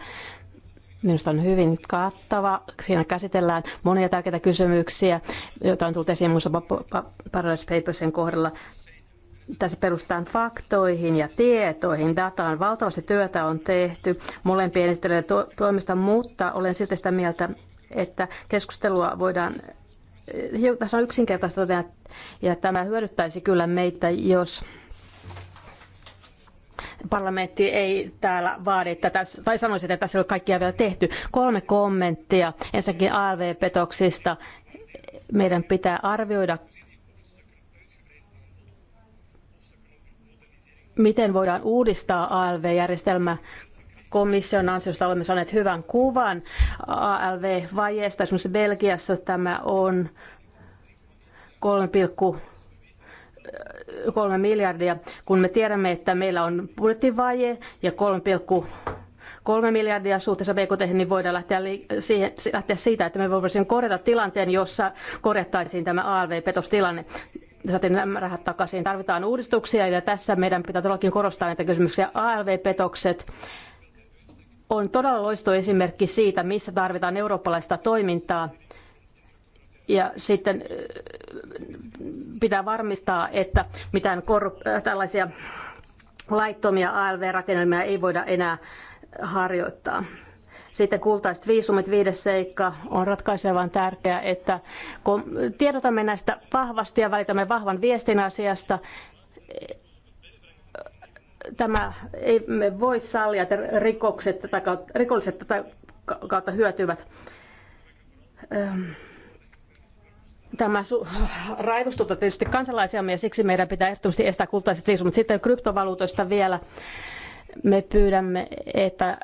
Minusta on hyvin kattava. Siinä käsitellään monia tärkeitä kysymyksiä, joita on tullut esiin muissa Paradise Papersin kohdalla. Tässä perustaan faktoihin ja tietoihin, dataan. Valtavasti työtä on tehty molempien esittelijöiden to- toimesta, mutta olen silti sitä mieltä, että keskustelua voidaan eh, tässä on yksinkertaista ja tämä hyödyttäisi kyllä meitä, jos parlamentti ei täällä vaadi tätä, tai sanoisin, että tässä ei ole kaikkia vielä tehty. Kolme kommenttia ensinnäkin ALV-petoksista. Meidän pitää arvioida miten voidaan uudistaa ALV-järjestelmä komission ansiosta olemme saaneet hyvän kuvan ALV-vajeesta. Esimerkiksi Belgiassa tämä on kolme miljardia, kun me tiedämme, että meillä on budjettivaje ja 3,3 miljardia suhteessa BKT, niin voidaan lähteä, siihen, lähteä siitä, että me voisimme korjata tilanteen, jossa korjattaisiin tämä ALV-petostilanne saatiin nämä rahat takaisin. Tarvitaan uudistuksia ja tässä meidän pitää todellakin korostaa näitä kysymyksiä. ALV-petokset on todella loisto esimerkki siitä, missä tarvitaan eurooppalaista toimintaa ja sitten äh, pitää varmistaa, että mitään äh, tällaisia laittomia ALV-rakennelmia ei voida enää harjoittaa. Sitten kultaiset viisumit, viides seikka, on ratkaisevan tärkeää, että kun tiedotamme näistä vahvasti ja välitämme vahvan viestin asiasta, tämä ei me voi sallia, että rikokset tätä kautta, rikolliset tätä kautta hyötyvät. Tämä su- tietysti kansalaisiamme ja siksi meidän pitää ehdottomasti estää kultaiset viisumit. Sitten kryptovaluutoista vielä. Me pyydämme, että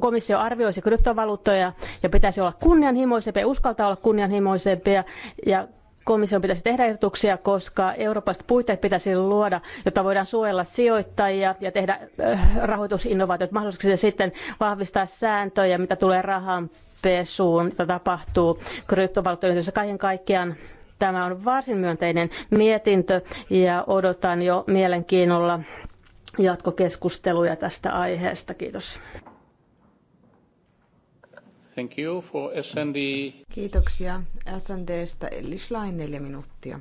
komissio arvioisi kryptovaluuttoja ja pitäisi olla kunnianhimoisempia, uskaltaa olla kunnianhimoisempia ja komission pitäisi tehdä ehdotuksia, koska eurooppalaiset puitteet pitäisi luoda, jotta voidaan suojella sijoittajia ja tehdä äh, rahoitusinnovaatiot mahdolliseksi ja sitten vahvistaa sääntöjä, mitä tulee rahanpesuun, jota tapahtuu kryptovaluuttojen kaiken kaikkiaan. Tämä on varsin myönteinen mietintö ja odotan jo mielenkiinnolla jatkokeskusteluja tästä aiheesta. Kiitos. Thank you for SND. Kiitoksia SNDstä. Eli Schlein neljä minuuttia.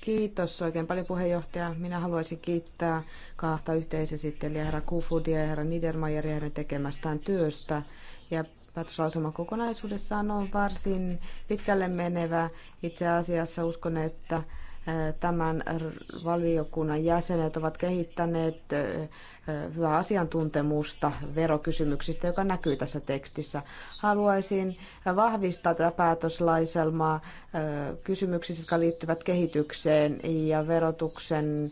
Kiitos oikein paljon puheenjohtaja. Minä haluaisin kiittää kahta yhteisesittelijä herra Kufudia ja herra Niedermayeria heidän tekemästään työstä. Ja päätöslauselma kokonaisuudessaan on varsin pitkälle menevä. Itse asiassa uskon, että eh, tämän valiokunnan jäsenet ovat kehittäneet eh, hyvää asiantuntemusta verokysymyksistä, joka näkyy tässä tekstissä. Haluaisin vahvistaa tätä päätöslaiselmaa kysymyksissä, jotka liittyvät kehitykseen ja verotuksen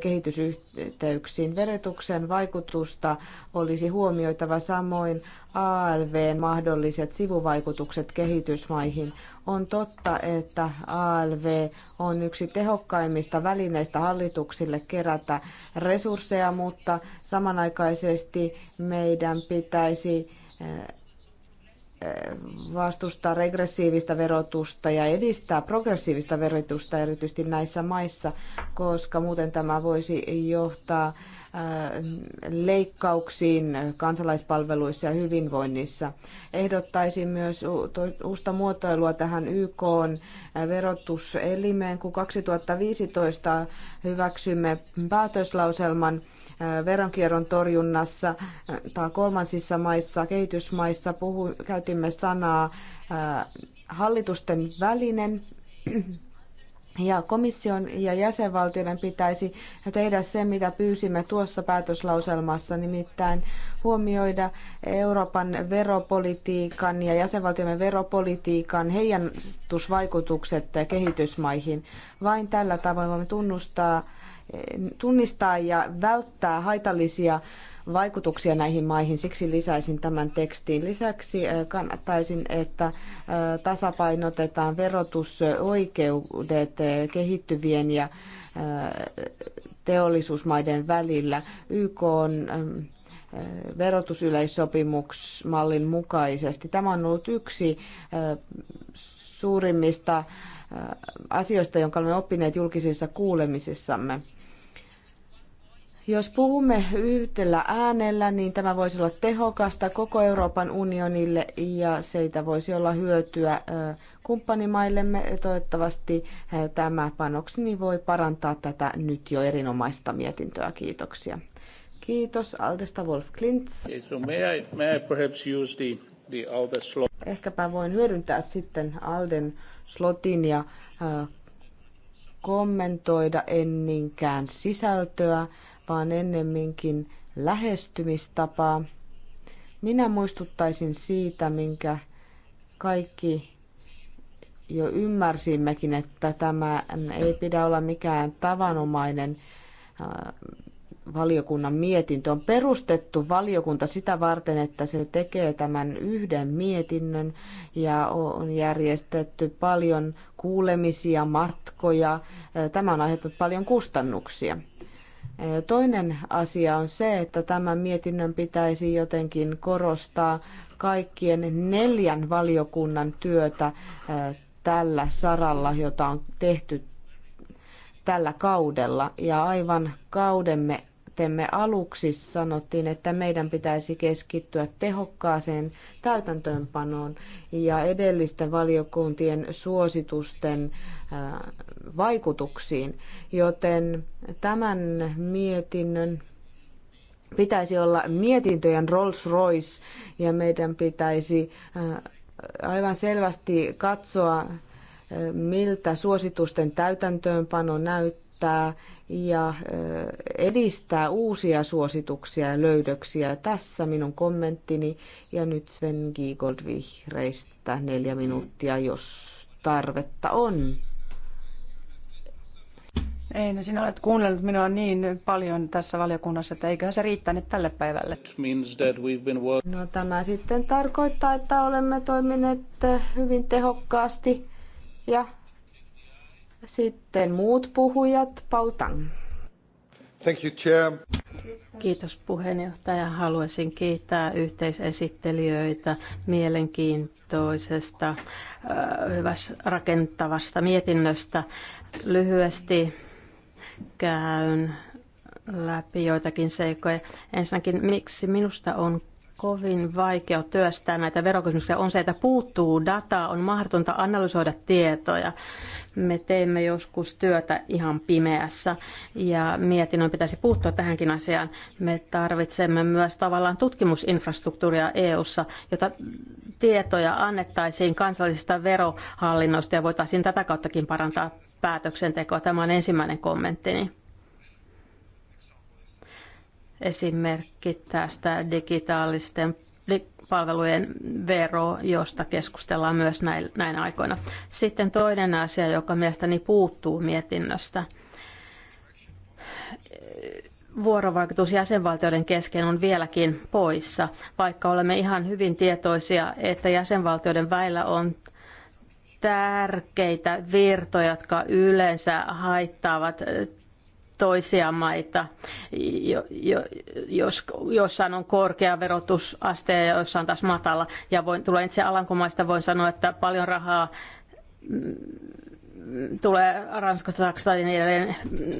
kehitysyhteyksiin. Verotuksen vaikutusta olisi huomioitava samoin ALVn mahdolliset sivuvaikutukset kehitysmaihin. On totta, että ALV on yksi tehokkaimmista välineistä hallituksille kerätä resursseja, mutta samanaikaisesti meidän pitäisi eh, vastustaa regressiivistä verotusta ja edistää progressiivista verotusta erityisesti näissä maissa, koska muuten tämä voisi johtaa Äh, leikkauksiin kansalaispalveluissa ja hyvinvoinnissa. Ehdottaisin myös uusta muotoilua tähän YK äh, verotuselimeen, kun 2015 hyväksymme päätöslauselman äh, veronkierron torjunnassa tai kolmansissa maissa, kehitysmaissa puhu, käytimme sanaa hallitusten välinen ja komission ja jäsenvaltioiden pitäisi tehdä se, mitä pyysimme tuossa päätöslauselmassa, nimittäin huomioida Euroopan veropolitiikan ja jäsenvaltioiden veropolitiikan heijastusvaikutukset kehitysmaihin. Vain tällä tavoin voimme tunnustaa, tunnistaa ja välttää haitallisia vaikutuksia näihin maihin. Siksi lisäisin tämän tekstiin. Lisäksi äh, kannattaisin, että äh, tasapainotetaan verotusoikeudet äh, kehittyvien ja teollisuusmaiden välillä. YK on verotusyleissopimuksmallin mukaisesti. Tämä on ollut yksi suurimmista asioista, jonka olemme oppineet julkisissa kuulemisissamme. Jos puhumme yhdellä äänellä, niin tämä voisi olla tehokasta koko Euroopan unionille ja seitä voisi olla hyötyä kumppanimaillemme. Toivottavasti tämä panokseni voi parantaa tätä nyt jo erinomaista mietintöä. Kiitoksia. Kiitos Aldesta Wolf Klintz. Ehkäpä voin hyödyntää sitten Alden slotin ja kommentoida en niinkään sisältöä, vaan ennemminkin lähestymistapaa. Minä muistuttaisin siitä, minkä kaikki jo ymmärsimmekin, että tämä ei pidä olla mikään tavanomainen valiokunnan mietintö. On perustettu valiokunta sitä varten, että se tekee tämän yhden mietinnön ja on järjestetty paljon kuulemisia, matkoja. Tämä on aiheuttanut paljon kustannuksia. Toinen asia on se, että tämän mietinnön pitäisi jotenkin korostaa kaikkien neljän valiokunnan työtä tällä saralla, jota on tehty tällä kaudella. Ja aivan kaudemme temme aluksi sanottiin, että meidän pitäisi keskittyä tehokkaaseen täytäntöönpanoon ja edellisten valiokuntien suositusten vaikutuksiin, joten tämän mietinnön pitäisi olla mietintöjen Rolls Royce ja meidän pitäisi äh, aivan selvästi katsoa, äh, miltä suositusten täytäntöönpano näyttää ja äh, edistää uusia suosituksia ja löydöksiä. Tässä minun kommenttini ja nyt Sven Giegold vihreistä neljä minuuttia, jos tarvetta on. Ei, no sinä olet kuunnellut minua niin paljon tässä valiokunnassa, että eiköhän se riittänyt tälle päivälle. No tämä sitten tarkoittaa, että olemme toimineet eh, hyvin tehokkaasti. Ja sitten muut puhujat, Pautan. Thank you, Chair. Kiitos puheenjohtaja. Haluaisin kiittää yhteisesittelijöitä mielenkiintoisesta, hyvästä rakentavasta mietinnöstä. Lyhyesti käyn läpi joitakin seikkoja. Ensinnäkin, miksi minusta on kovin vaikea työstää näitä verokysymyksiä on se, että puuttuu dataa, on mahdotonta analysoida tietoja. Me teemme joskus työtä ihan pimeässä ja mietinnön pitäisi puuttua tähänkin asiaan. Me tarvitsemme myös tavallaan tutkimusinfrastruktuuria EU-ssa, jota tietoja annettaisiin kansallisista verohallinnoista ja voitaisiin tätä kauttakin parantaa päätöksentekoa. Tämä on ensimmäinen kommenttini. Esimerkki tästä digitaalisten palvelujen vero, josta keskustellaan myös näin aikoina. Sitten toinen asia, joka mielestäni puuttuu mietinnöstä. Vuorovaikutus jäsenvaltioiden kesken on vieläkin poissa, vaikka olemme ihan hyvin tietoisia, että jäsenvaltioiden väillä on tärkeitä virtoja, jotka yleensä haittaavat toisia maita, jo, jo, jos, jossain on korkea verotusaste ja jossain taas matala. Ja voin, tulen itse Alankomaista, voin sanoa, että paljon rahaa mm, tulee Ranskasta, Saksasta ja niin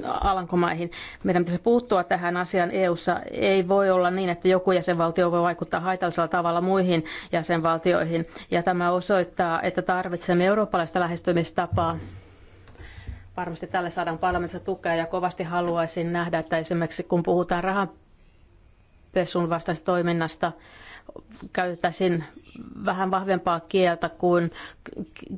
Alankomaihin. Meidän pitäisi puuttua tähän asiaan EU:ssa. Ei voi olla niin, että joku jäsenvaltio voi vaikuttaa haitallisella tavalla muihin jäsenvaltioihin. Ja tämä osoittaa, että tarvitsemme eurooppalaista lähestymistapaa. Varmasti tälle saadaan parlamentissa tukea ja kovasti haluaisin nähdä, että esimerkiksi kun puhutaan rahanpesun vastaista toiminnasta, käytettäisiin vähän vahvempaa kieltä kuin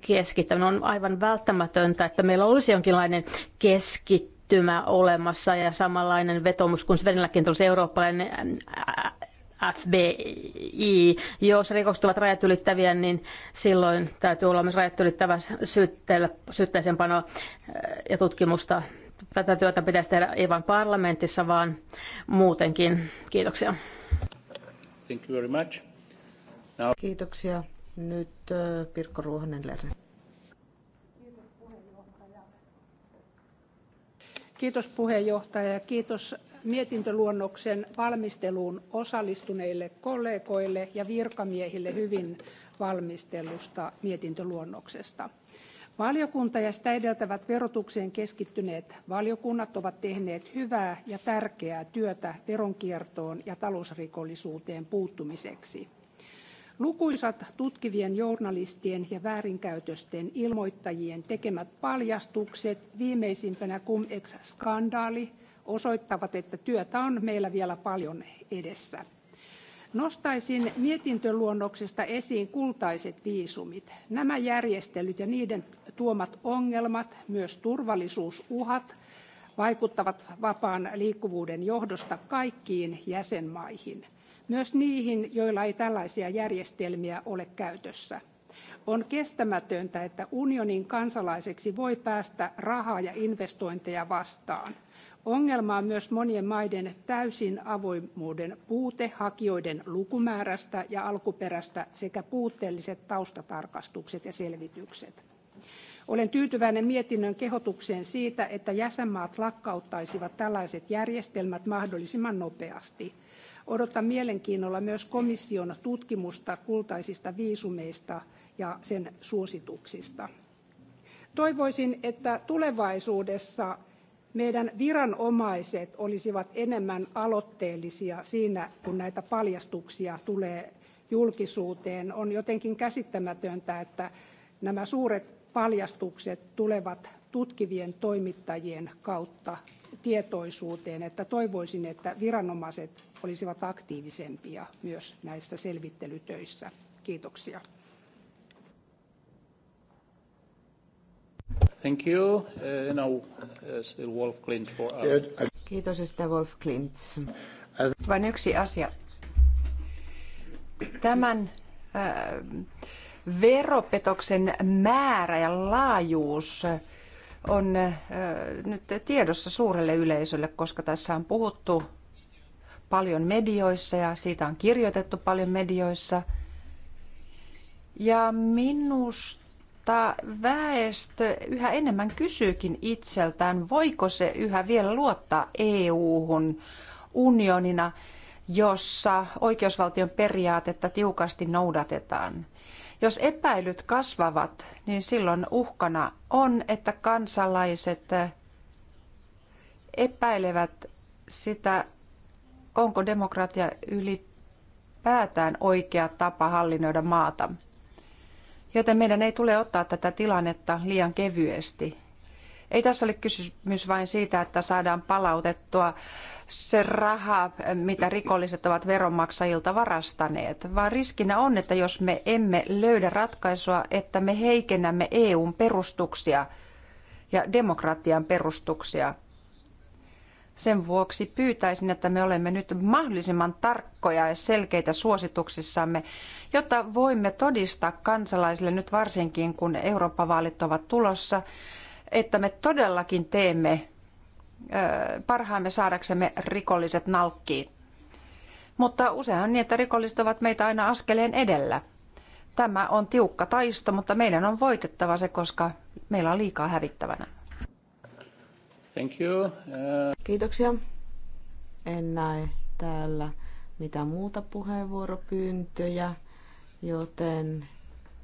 keskittäminen. On aivan välttämätöntä, että meillä olisi jonkinlainen keskittymä olemassa ja samanlainen vetomus kuin Svenilläkin tulisi eurooppalainen FBI. Jos rikokset ovat rajat ylittäviä, niin silloin täytyy olla myös rajat ylittävä pano äh, ja tutkimusta. Tätä työtä pitäisi tehdä ei vain parlamentissa, vaan muutenkin. Kiitoksia. Thank you very much. Now... Kiitoksia. Nyt Pirkko Ruohonen Lerner. Kiitos puheenjohtaja ja kiitos mietintöluonnoksen valmisteluun osallistuneille kollegoille ja virkamiehille hyvin valmistellusta mietintöluonnoksesta valiokunta ja sitä edeltävät verotukseen keskittyneet valiokunnat ovat tehneet hyvää ja tärkeää työtä veronkiertoon ja talousrikollisuuteen puuttumiseksi lukuisat tutkivien journalistien ja väärinkäytösten ilmoittajien tekemät paljastukset viimeisimpänä cum ex skandaali osoittavat että työtä on meillä vielä paljon edessä nostaisin mietintöluonnoksesta esiin kultaiset viisumit nämä järjestelyt ja niiden tuomat ongelmat myös turvallisuusuhat vaikuttavat vapaan liikkuvuuden johdosta kaikkiin jäsenmaihin myös niihin joilla ei tällaisia järjestelmiä ole käytössä on kestämätöntä että unionin kansalaiseksi voi päästä rahaa ja investointeja vastaan ongelma on myös monien maiden täysin avoimuuden puute hakijoiden lukumäärästä ja alkuperästä sekä puutteelliset taustatarkastukset ja selvitykset. olen tyytyväinen mietinnön kehotukseen siitä että jäsenmaat lakkauttaisivat tällaiset järjestelmät mahdollisimman nopeasti. odotan mielenkiinnolla myös komission tutkimusta kultaisista viisumeista ja sen suosituksista. toivoisin että tulevaisuudessa meidän viranomaiset olisivat enemmän aloitteellisia siinä kun näitä paljastuksia tulee julkisuuteen. on jotenkin käsittämätöntä että nämä suuret paljastukset tulevat tutkivien toimittajien kautta tietoisuuteen että toivoisin että viranomaiset olisivat aktiivisempia myös näissä selvittelytöissä. kiitoksia. Thank you. Uh, now, uh, still Wolf Klintz for Kiitos, että Wolf Klintz. Vain yksi asia. Tämän äh, veropetoksen määrä ja laajuus on äh, nyt tiedossa suurelle yleisölle, koska tässä on puhuttu paljon medioissa ja siitä on kirjoitettu paljon medioissa. Ja minusta mutta väestö yhä enemmän kysyykin itseltään, voiko se yhä vielä luottaa EU-hun unionina, jossa oikeusvaltion periaatetta tiukasti noudatetaan. Jos epäilyt kasvavat, niin silloin uhkana on, että kansalaiset epäilevät sitä, onko demokratia ylipäätään oikea tapa hallinnoida maata. Joten meidän ei tule ottaa tätä tilannetta liian kevyesti. Ei tässä ole kysymys vain siitä, että saadaan palautettua se raha, mitä rikolliset ovat veronmaksajilta varastaneet, vaan riskinä on, että jos me emme löydä ratkaisua, että me heikennämme EUn perustuksia ja demokratian perustuksia. Sen vuoksi pyytäisin, että me olemme nyt mahdollisimman tarkkoja ja selkeitä suosituksissamme, jotta voimme todistaa kansalaisille nyt varsinkin, kun Eurooppa-vaalit ovat tulossa, että me todellakin teemme parhaamme saadaksemme rikolliset nalkkiin. Mutta usein on niin, että rikolliset ovat meitä aina askeleen edellä. Tämä on tiukka taisto, mutta meidän on voitettava se, koska meillä on liikaa hävittävänä. Thank you. Uh... Kiitoksia. En näe täällä mitään muuta puheenvuoropyyntöjä, joten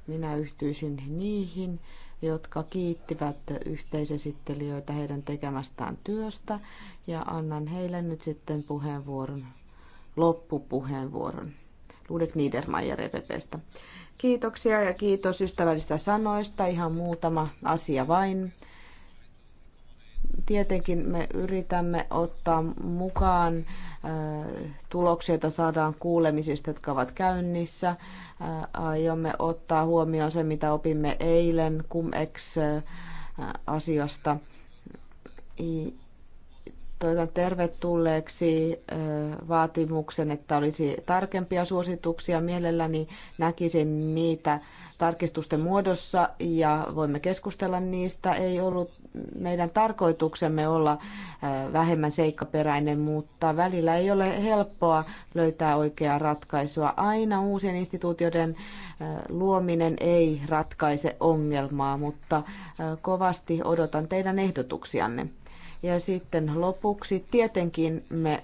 minä yhtyisin niihin, jotka kiittivät yhteisesittelijöitä heidän tekemästään työstä ja annan heille nyt sitten puheenvuoron, loppupuheenvuoron. Ludek Niedermayer EPPstä. Kiitoksia ja kiitos ystävällisistä sanoista. Ihan muutama asia vain tietenkin me yritämme ottaa mukaan tuloksia, joita saadaan kuulemisista, jotka ovat käynnissä. Aiomme ottaa huomioon se, mitä opimme eilen CumEx-asiasta. Toivotan tervetulleeksi vaatimuksen, että olisi tarkempia suosituksia. Mielelläni näkisin niitä tarkistusten muodossa ja voimme keskustella niistä. Ei ollut meidän tarkoituksemme olla äh, vähemmän seikkaperäinen, mutta välillä ei ole helppoa löytää oikeaa ratkaisua. Aina uusien instituutioiden äh, luominen ei ratkaise ongelmaa, mutta äh, kovasti odotan teidän ehdotuksianne. Ja sitten lopuksi tietenkin me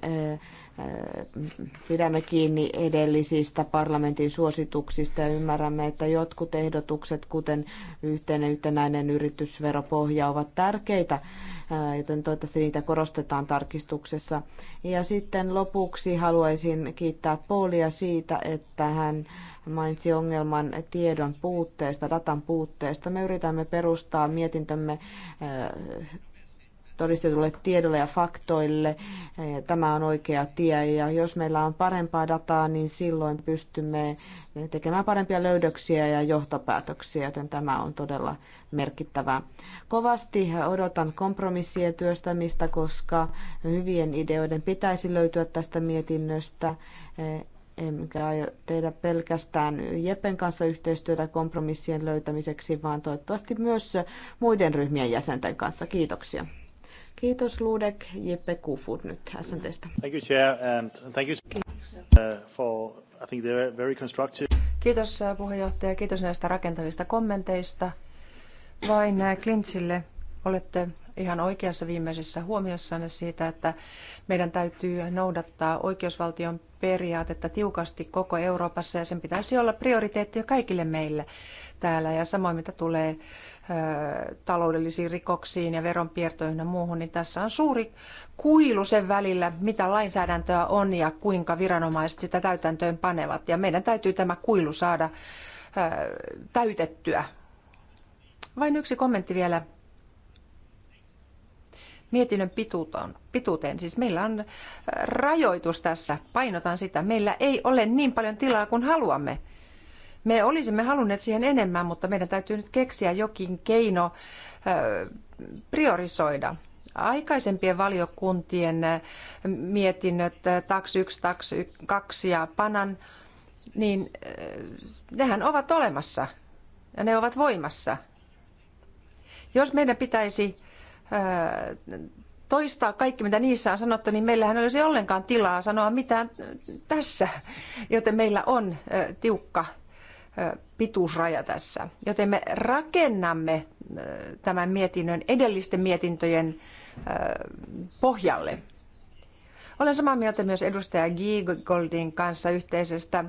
Äh, pidämme kiinni edellisistä parlamentin suosituksista ja ymmärrämme, että jotkut ehdotukset, kuten yhteinen yhtenäinen yritysveropohja, ovat tärkeitä, äh, joten toivottavasti niitä korostetaan tarkistuksessa. Ja sitten lopuksi haluaisin kiittää Paulia siitä, että hän mainitsi ongelman tiedon puutteesta, datan puutteesta. Me yritämme perustaa mietintömme äh, todistetulle tiedolle ja faktoille. Eh, tämä on oikea tie ja jos meillä on parempaa dataa, niin silloin pystymme tekemään parempia löydöksiä ja johtopäätöksiä, joten tämä on todella merkittävää. Kovasti odotan kompromissien työstämistä, koska hyvien ideoiden pitäisi löytyä tästä mietinnöstä Enkä eh, aio tehdä pelkästään Jepen kanssa yhteistyötä kompromissien löytämiseksi, vaan toivottavasti myös muiden ryhmien jäsenten kanssa. Kiitoksia. Kiitos Luudek, Jeppe Kufut nyt SNTstä. Thank you, Chair, and thank you uh, for, I think they very constructive. Kiitos uh, puheenjohtaja, kiitos näistä rakentavista kommenteista. Vain uh, Klintsille olette ihan oikeassa viimeisessä huomiossanne siitä, että meidän täytyy noudattaa oikeusvaltion periaatetta tiukasti koko Euroopassa ja sen pitäisi olla prioriteetti jo kaikille meille täällä. Ja samoin mitä tulee ö, taloudellisiin rikoksiin ja veronpiertoihin, ja muuhun, niin tässä on suuri kuilu sen välillä, mitä lainsäädäntöä on ja kuinka viranomaiset sitä täytäntöön panevat. Ja meidän täytyy tämä kuilu saada ö, täytettyä. Vain yksi kommentti vielä mietinnön pituuteen, pituuteen. Siis meillä on äh, rajoitus tässä, painotan sitä. Meillä ei ole niin paljon tilaa kuin haluamme. Me olisimme halunneet siihen enemmän, mutta meidän täytyy nyt keksiä jokin keino äh, priorisoida. Aikaisempien valiokuntien äh, mietinnöt, TAX 1, TAX 2 ja PANAN, niin nehän ovat olemassa ja ne ovat voimassa. Jos meidän pitäisi toistaa kaikki, mitä niissä on sanottu, niin meillähän ei olisi ollenkaan tilaa sanoa mitään tässä, joten meillä on tiukka pituusraja tässä. Joten me rakennamme tämän mietinnön edellisten mietintöjen pohjalle. Olen samaa mieltä myös edustaja Giegoldin kanssa yhteisestä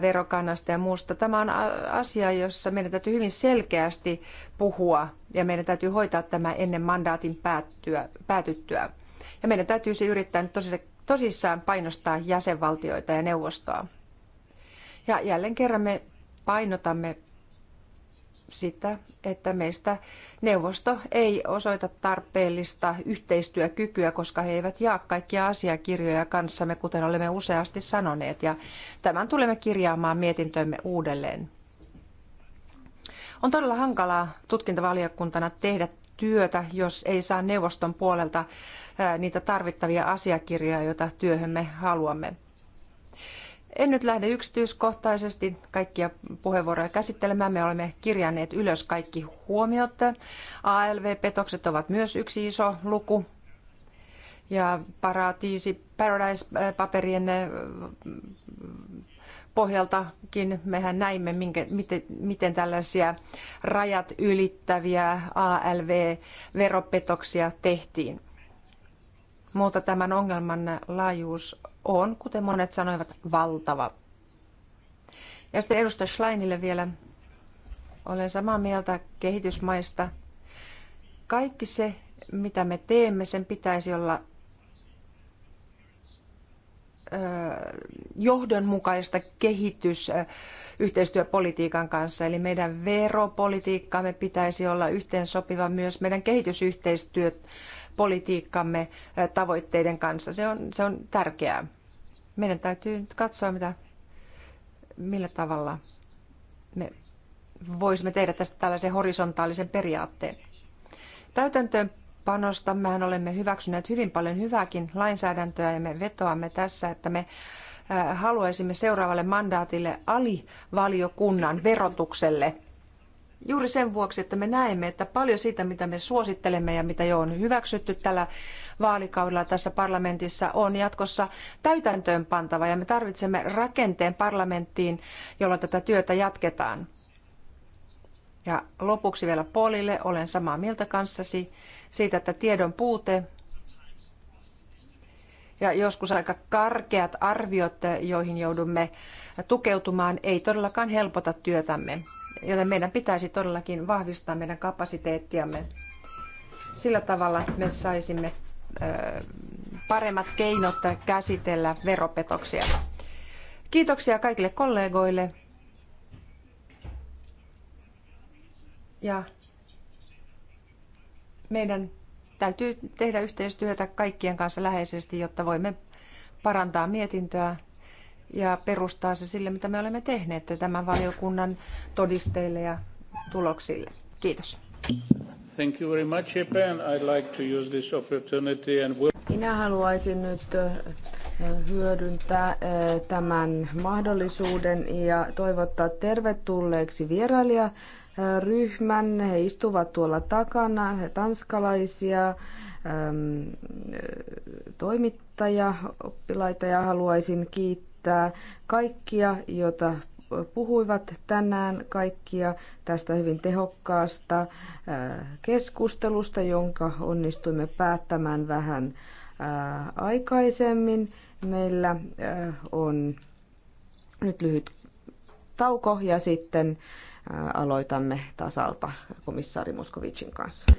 verokannasta ja muusta. Tämä on asia, jossa meidän täytyy hyvin selkeästi puhua ja meidän täytyy hoitaa tämä ennen mandaatin päättyä, päätyttyä. Ja meidän täytyy se yrittää nyt tosissaan painostaa jäsenvaltioita ja neuvostoa. Ja jälleen kerran me painotamme sitä, että meistä neuvosto ei osoita tarpeellista yhteistyökykyä, koska he eivät jaa kaikkia asiakirjoja kanssamme, kuten olemme useasti sanoneet, ja tämän tulemme kirjaamaan mietintömme uudelleen. On todella hankalaa tutkintavaliokuntana tehdä työtä, jos ei saa neuvoston puolelta niitä tarvittavia asiakirjoja, joita työhömme haluamme. En nyt lähde yksityiskohtaisesti kaikkia puheenvuoroja käsittelemään. Me olemme kirjanneet ylös kaikki huomiot. ALV-petokset ovat myös yksi iso luku. Ja paratiisi, paradise-paperien eh, pohjaltakin mehän näimme, minkä, miten, miten tällaisia rajat ylittäviä ALV-veropetoksia tehtiin. Mutta tämän ongelman laajuus on, kuten monet sanoivat, valtava. Ja sitten edustaja Schleinille vielä. Olen samaa mieltä kehitysmaista. Kaikki se, mitä me teemme, sen pitäisi olla johdonmukaista kehitysyhteistyöpolitiikan kanssa. Eli meidän veropolitiikkaamme pitäisi olla yhteensopiva myös meidän kehitysyhteistyöt politiikkamme tavoitteiden kanssa. Se on, se on tärkeää. Meidän täytyy nyt katsoa, mitä, millä tavalla me voisimme tehdä tästä tällaisen horisontaalisen periaatteen. Täytäntöön mehän olemme hyväksyneet hyvin paljon hyvääkin lainsäädäntöä ja me vetoamme tässä, että me haluaisimme seuraavalle mandaatille alivaliokunnan verotukselle – juuri sen vuoksi, että me näemme, että paljon siitä, mitä me suosittelemme ja mitä jo on hyväksytty tällä vaalikaudella tässä parlamentissa, on jatkossa täytäntöön pantava ja me tarvitsemme rakenteen parlamenttiin, jolla tätä työtä jatketaan. Ja lopuksi vielä Polille olen samaa mieltä kanssasi siitä, että tiedon puute ja joskus aika karkeat arviot, joihin joudumme tukeutumaan, ei todellakaan helpota työtämme joten meidän pitäisi todellakin vahvistaa meidän kapasiteettiamme. Sillä tavalla me saisimme paremmat keinot käsitellä veropetoksia. Kiitoksia kaikille kollegoille. Ja meidän täytyy tehdä yhteistyötä kaikkien kanssa läheisesti, jotta voimme parantaa mietintöä ja perustaa se sille, mitä me olemme tehneet tämän valiokunnan todisteille ja tuloksille. Kiitos. Thank you very much, I'd like to use this opportunity and we'll... Minä haluaisin nyt hyödyntää tämän mahdollisuuden ja toivottaa tervetulleeksi vierailija ryhmän. He istuvat tuolla takana, he tanskalaisia toimittajia, oppilaita ja haluaisin kiittää kiittää kaikkia, joita puhuivat tänään kaikkia tästä hyvin tehokkaasta äh, keskustelusta, jonka onnistuimme päättämään vähän äh, aikaisemmin. Meillä äh, on nyt lyhyt tauko ja sitten aloitamme tasalta komissaari Moskovicin kanssa.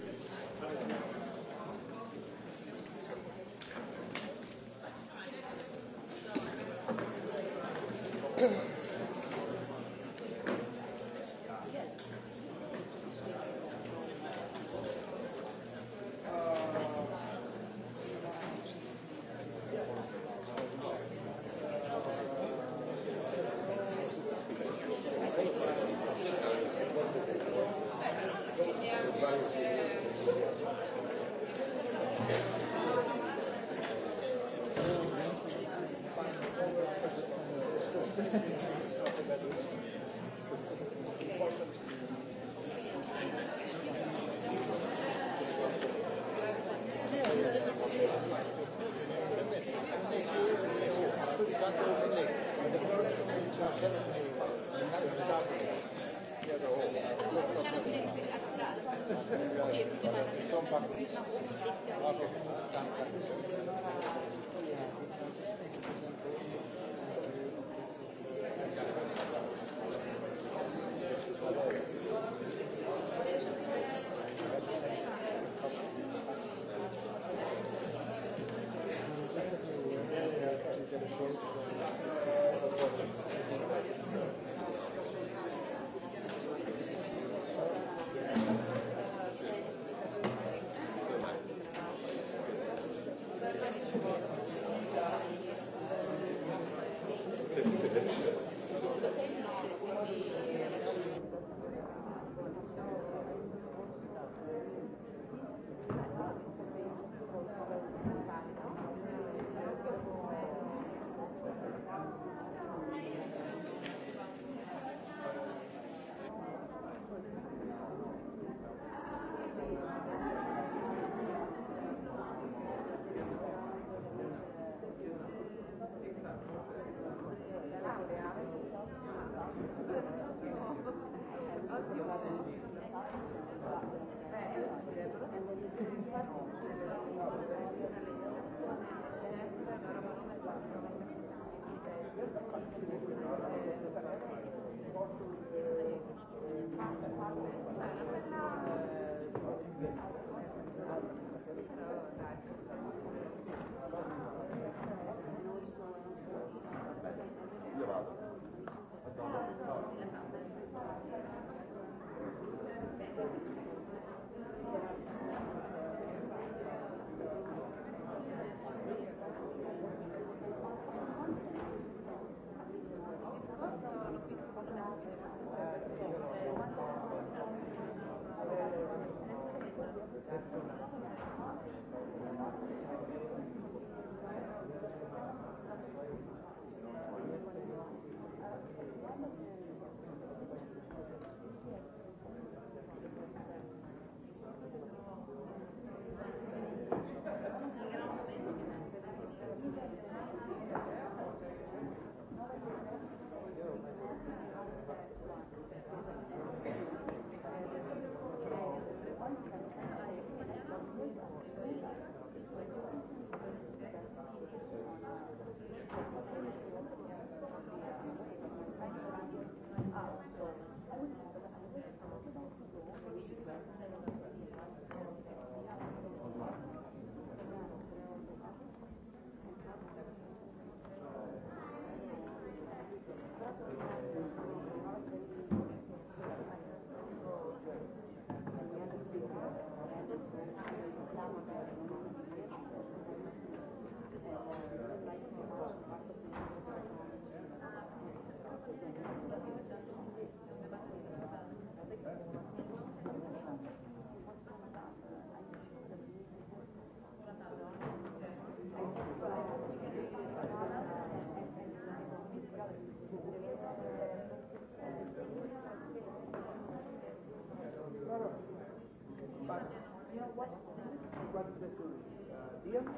Thank you.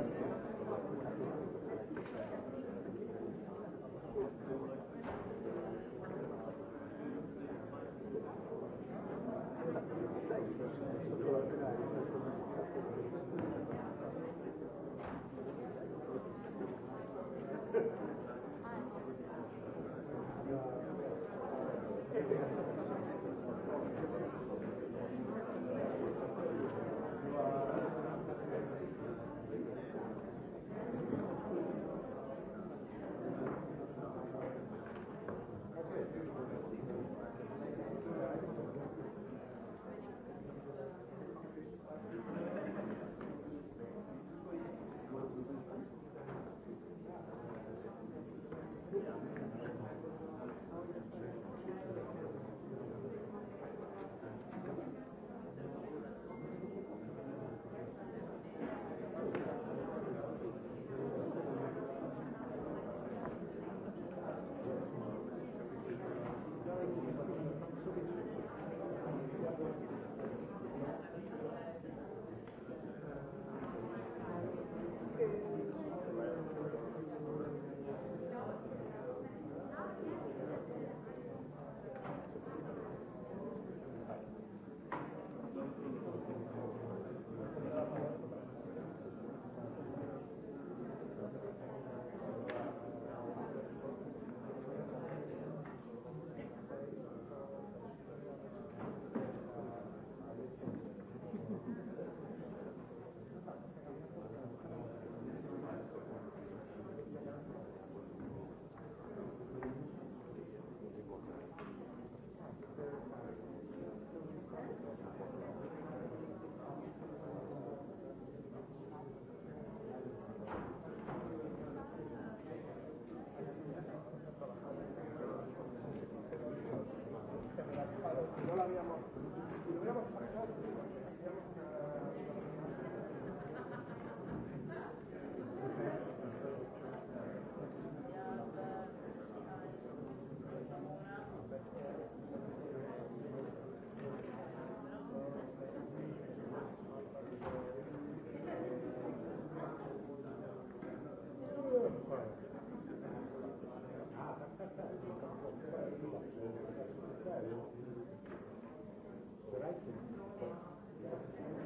kaikki.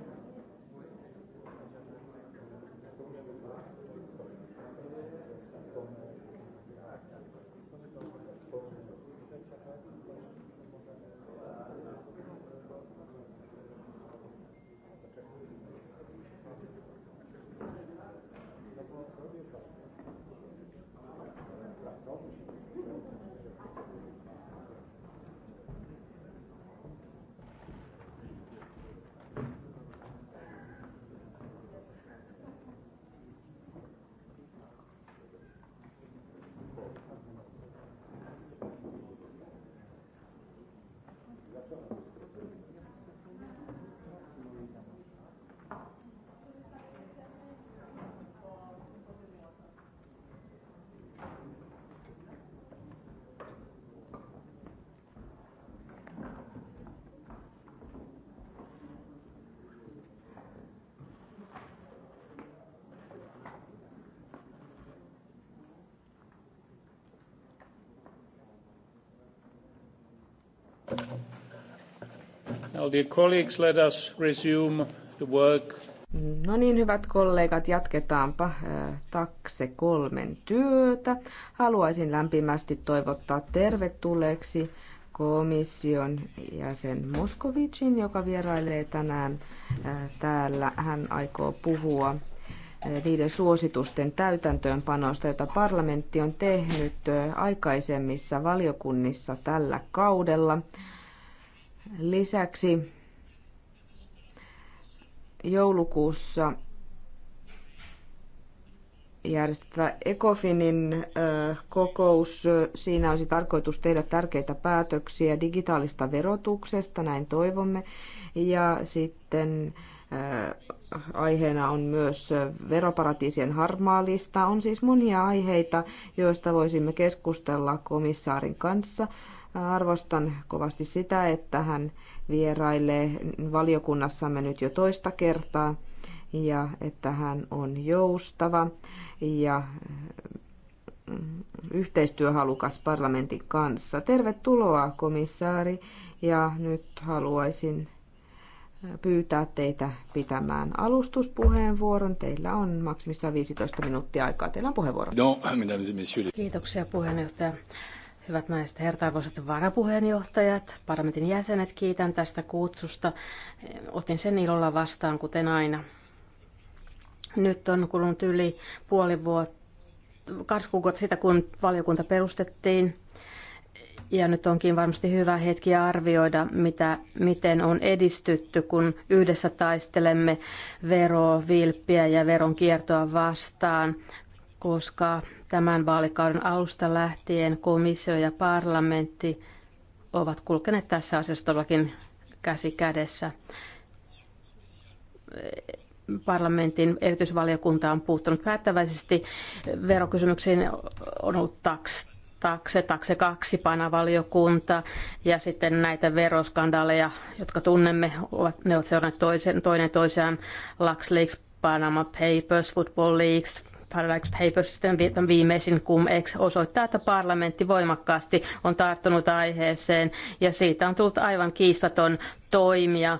dear colleagues, let us resume the work. No niin, hyvät kollegat, jatketaanpa äh, takse kolmen työtä. Haluaisin lämpimästi toivottaa tervetulleeksi komission jäsen Moskovicin, joka vierailee tänään äh, täällä. Hän aikoo puhua äh, niiden suositusten täytäntöönpanosta, jota parlamentti on tehnyt aikaisemmissa valiokunnissa tällä kaudella. Lisäksi joulukuussa järjestettävä Ecofinin kokous. Siinä olisi tarkoitus tehdä tärkeitä päätöksiä digitaalista verotuksesta, näin toivomme. Ja sitten aiheena on myös veroparatiisien harmaa lista. On siis monia aiheita, joista voisimme keskustella komissaarin kanssa. Arvostan kovasti sitä, että hän vierailee valiokunnassamme nyt jo toista kertaa ja että hän on joustava ja mm, yhteistyöhalukas parlamentin kanssa. Tervetuloa komissaari ja nyt haluaisin pyytää teitä pitämään alustuspuheenvuoron. Teillä on maksimissaan 15 minuuttia aikaa. Teillä on puheenvuoro. No, Kiitoksia puheenjohtaja. Hyvät naiset ja herrat, arvoisat varapuheenjohtajat, parlamentin jäsenet, kiitän tästä kutsusta. Otin sen ilolla vastaan, kuten aina. Nyt on kulunut yli puoli vuotta, kaksi kuukautta sitä, kun valiokunta perustettiin. Ja nyt onkin varmasti hyvä hetki arvioida, mitä, miten on edistytty, kun yhdessä taistelemme vilppiä ja veronkiertoa vastaan koska Tämän vaalikauden alusta lähtien komissio ja parlamentti ovat kulkeneet tässä asiassa todellakin käsi kädessä. Parlamentin erityisvaliokunta on puuttunut päättäväisesti verokysymyksiin, on ollut taks, takse, takse kaksi panavaliokunta ja sitten näitä veroskandaaleja, jotka tunnemme, ovat, ne ovat seuranneet toisen, toinen toisiaan, Leaks, Panama Papers, Football Leaks, Paradise Papers, sitten niin viimeisin cum ex, osoittaa, että parlamentti voimakkaasti on tarttunut aiheeseen ja siitä on tullut aivan kiistaton toimija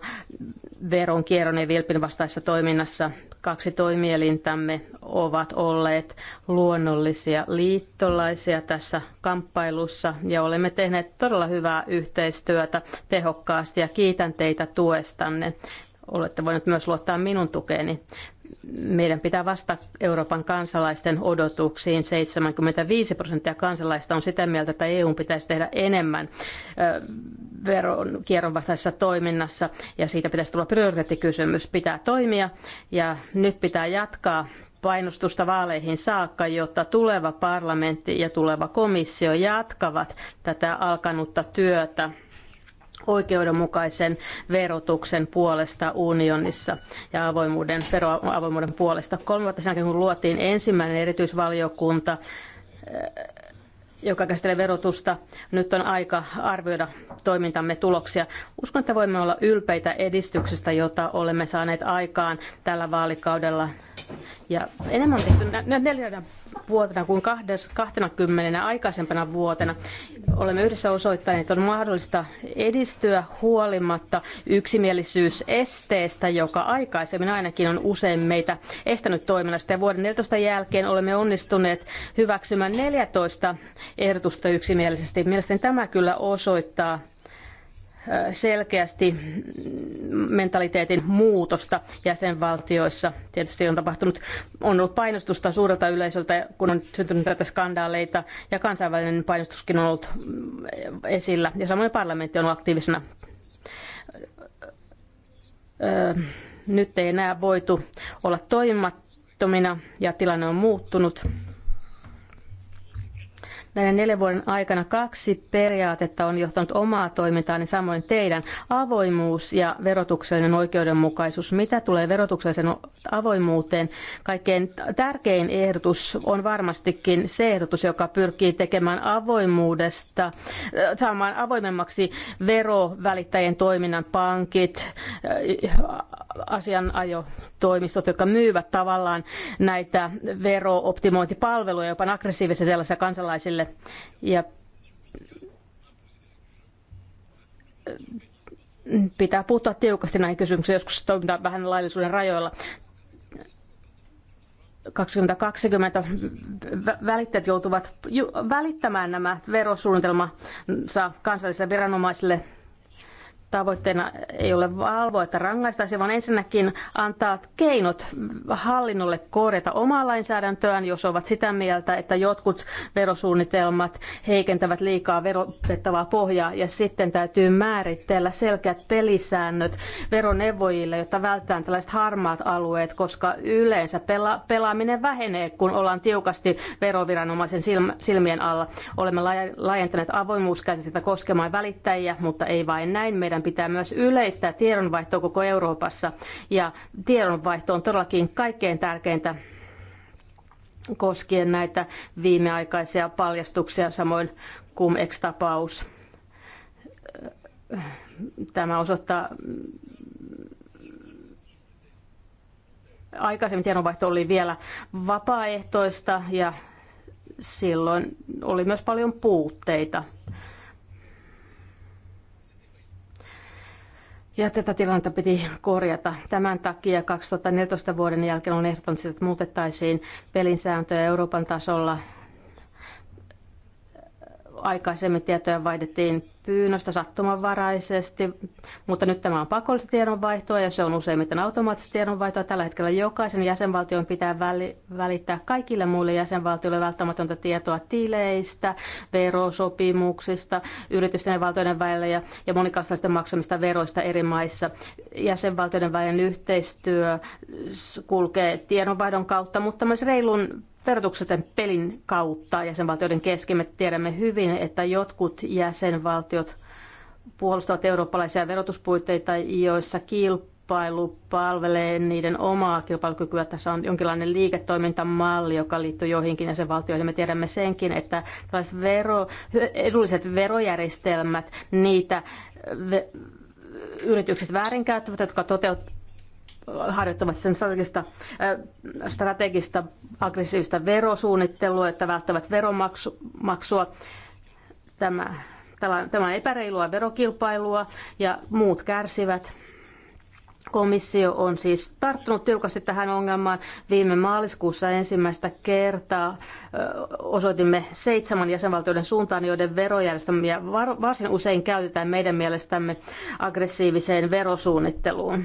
veronkierron ja vilpin vastaisessa toiminnassa. Kaksi toimielintämme ovat olleet luonnollisia liittolaisia tässä kamppailussa ja olemme tehneet todella hyvää yhteistyötä tehokkaasti ja kiitän teitä tuestanne olette voineet myös luottaa minun tukeeni meidän pitää vastata Euroopan kansalaisten odotuksiin. 75 prosenttia kansalaista on sitä mieltä, että EU pitäisi tehdä enemmän veronkierron vastaisessa toiminnassa ja siitä pitäisi tulla prioriteettikysymys. Pitää toimia ja nyt pitää jatkaa painostusta vaaleihin saakka, jotta tuleva parlamentti ja tuleva komissio jatkavat tätä alkanutta työtä oikeudenmukaisen verotuksen puolesta unionissa ja avoimuuden, veroavoimuuden puolesta. Kolme vuotta sen jälkeen, kun luotiin ensimmäinen erityisvaliokunta, eh, joka käsittelee verotusta. Nyt on aika arvioida toimintamme tuloksia. Uskon, että voimme olla ylpeitä edistyksestä, jota olemme saaneet aikaan tällä vaalikaudella. Ja enemmän on tehty neljännen vuotena kuin 20 aikaisempana vuotena. Olemme yhdessä osoittaneet, että on mahdollista edistyä huolimatta yksimielisyysesteestä, joka aikaisemmin ainakin on usein meitä estänyt toiminnasta. Ja vuoden 14 jälkeen olemme onnistuneet hyväksymään 14 ehdotusta yksimielisesti. Mielestäni tämä kyllä osoittaa selkeästi mentaliteetin muutosta jäsenvaltioissa. Tietysti on tapahtunut, on ollut painostusta suurelta yleisöltä, kun on syntynyt näitä skandaaleita, ja kansainvälinen painostuskin on ollut esillä. Ja samoin parlamentti on ollut aktiivisena. Nyt ei enää voitu olla toimimattomina, ja tilanne on muuttunut näiden neljän vuoden aikana kaksi periaatetta on johtanut omaa toimintaani niin samoin teidän. Avoimuus ja verotuksellinen oikeudenmukaisuus. Mitä tulee verotukselliseen avoimuuteen? Kaikkein tärkein ehdotus on varmastikin se ehdotus, joka pyrkii tekemään avoimuudesta, äh, saamaan avoimemmaksi verovälittäjien toiminnan pankit, äh, asianajotoimistot, jotka myyvät tavallaan näitä verooptimointipalveluja, jopa aggressiivisia sellaisia kansalaisille tielle. Ja pitää puuttua tiukasti näihin kysymyksiin, joskus toimitaan vähän laillisuuden rajoilla. 2020 välittäjät joutuvat välittämään nämä verosuunnitelmansa kansallisille viranomaisille tavoitteena ei ole valvoa, että rangaistaisiin, vaan ensinnäkin antaa keinot hallinnolle korjata omaa lainsäädäntöään, jos ovat sitä mieltä, että jotkut verosuunnitelmat heikentävät liikaa verotettavaa pohjaa, ja sitten täytyy määritellä selkeät pelisäännöt veroneuvojille, jotta vältetään tällaiset harmaat alueet, koska yleensä pela- pelaaminen vähenee, kun ollaan tiukasti veroviranomaisen silmien alla. Olemme laajentaneet avoimuuskäsitettä koskemaan välittäjiä, mutta ei vain näin. Meidän pitää myös yleistää tiedonvaihtoa koko Euroopassa. Ja tiedonvaihto on todellakin kaikkein tärkeintä koskien näitä viimeaikaisia paljastuksia, samoin CumEx-tapaus. Tämä osoittaa aikaisemmin tiedonvaihto oli vielä vapaaehtoista ja silloin oli myös paljon puutteita. Ja tätä tilannetta piti korjata. Tämän takia 2014 vuoden jälkeen on ehdottanut, että muutettaisiin pelinsääntöjä Euroopan tasolla aikaisemmin tietoja vaihdettiin pyynnöstä sattumanvaraisesti, mutta nyt tämä on pakollista tiedonvaihtoa ja se on useimmiten automaattista tiedonvaihtoa. Tällä hetkellä jokaisen jäsenvaltion pitää väli, välittää kaikille muille jäsenvaltioille välttämätöntä tietoa tileistä, verosopimuksista, yritysten ja valtioiden välillä ja, ja monikansallisten maksamista veroista eri maissa. Jäsenvaltioiden välinen yhteistyö kulkee tiedonvaihdon kautta, mutta myös reilun verotuksellisen pelin kautta jäsenvaltioiden kesken. Me tiedämme hyvin, että jotkut jäsenvaltiot puolustavat eurooppalaisia verotuspuitteita, joissa kilpailu palvelee niiden omaa kilpailukykyä. Tässä on jonkinlainen liiketoimintamalli, joka liittyy joihinkin jäsenvaltioihin. Me tiedämme senkin, että tällaiset vero, edulliset verojärjestelmät, niitä ve, yritykset väärinkäyttävät, jotka toteuttavat harjoittavat sen strategista, äh, strategista aggressiivista verosuunnittelua, että välttävät veromaksua. Tämä, tämä on epäreilua verokilpailua ja muut kärsivät. Komissio on siis tarttunut tiukasti tähän ongelmaan. Viime maaliskuussa ensimmäistä kertaa osoitimme seitsemän jäsenvaltioiden suuntaan, joiden verojärjestelmiä varsin usein käytetään meidän mielestämme aggressiiviseen verosuunnitteluun.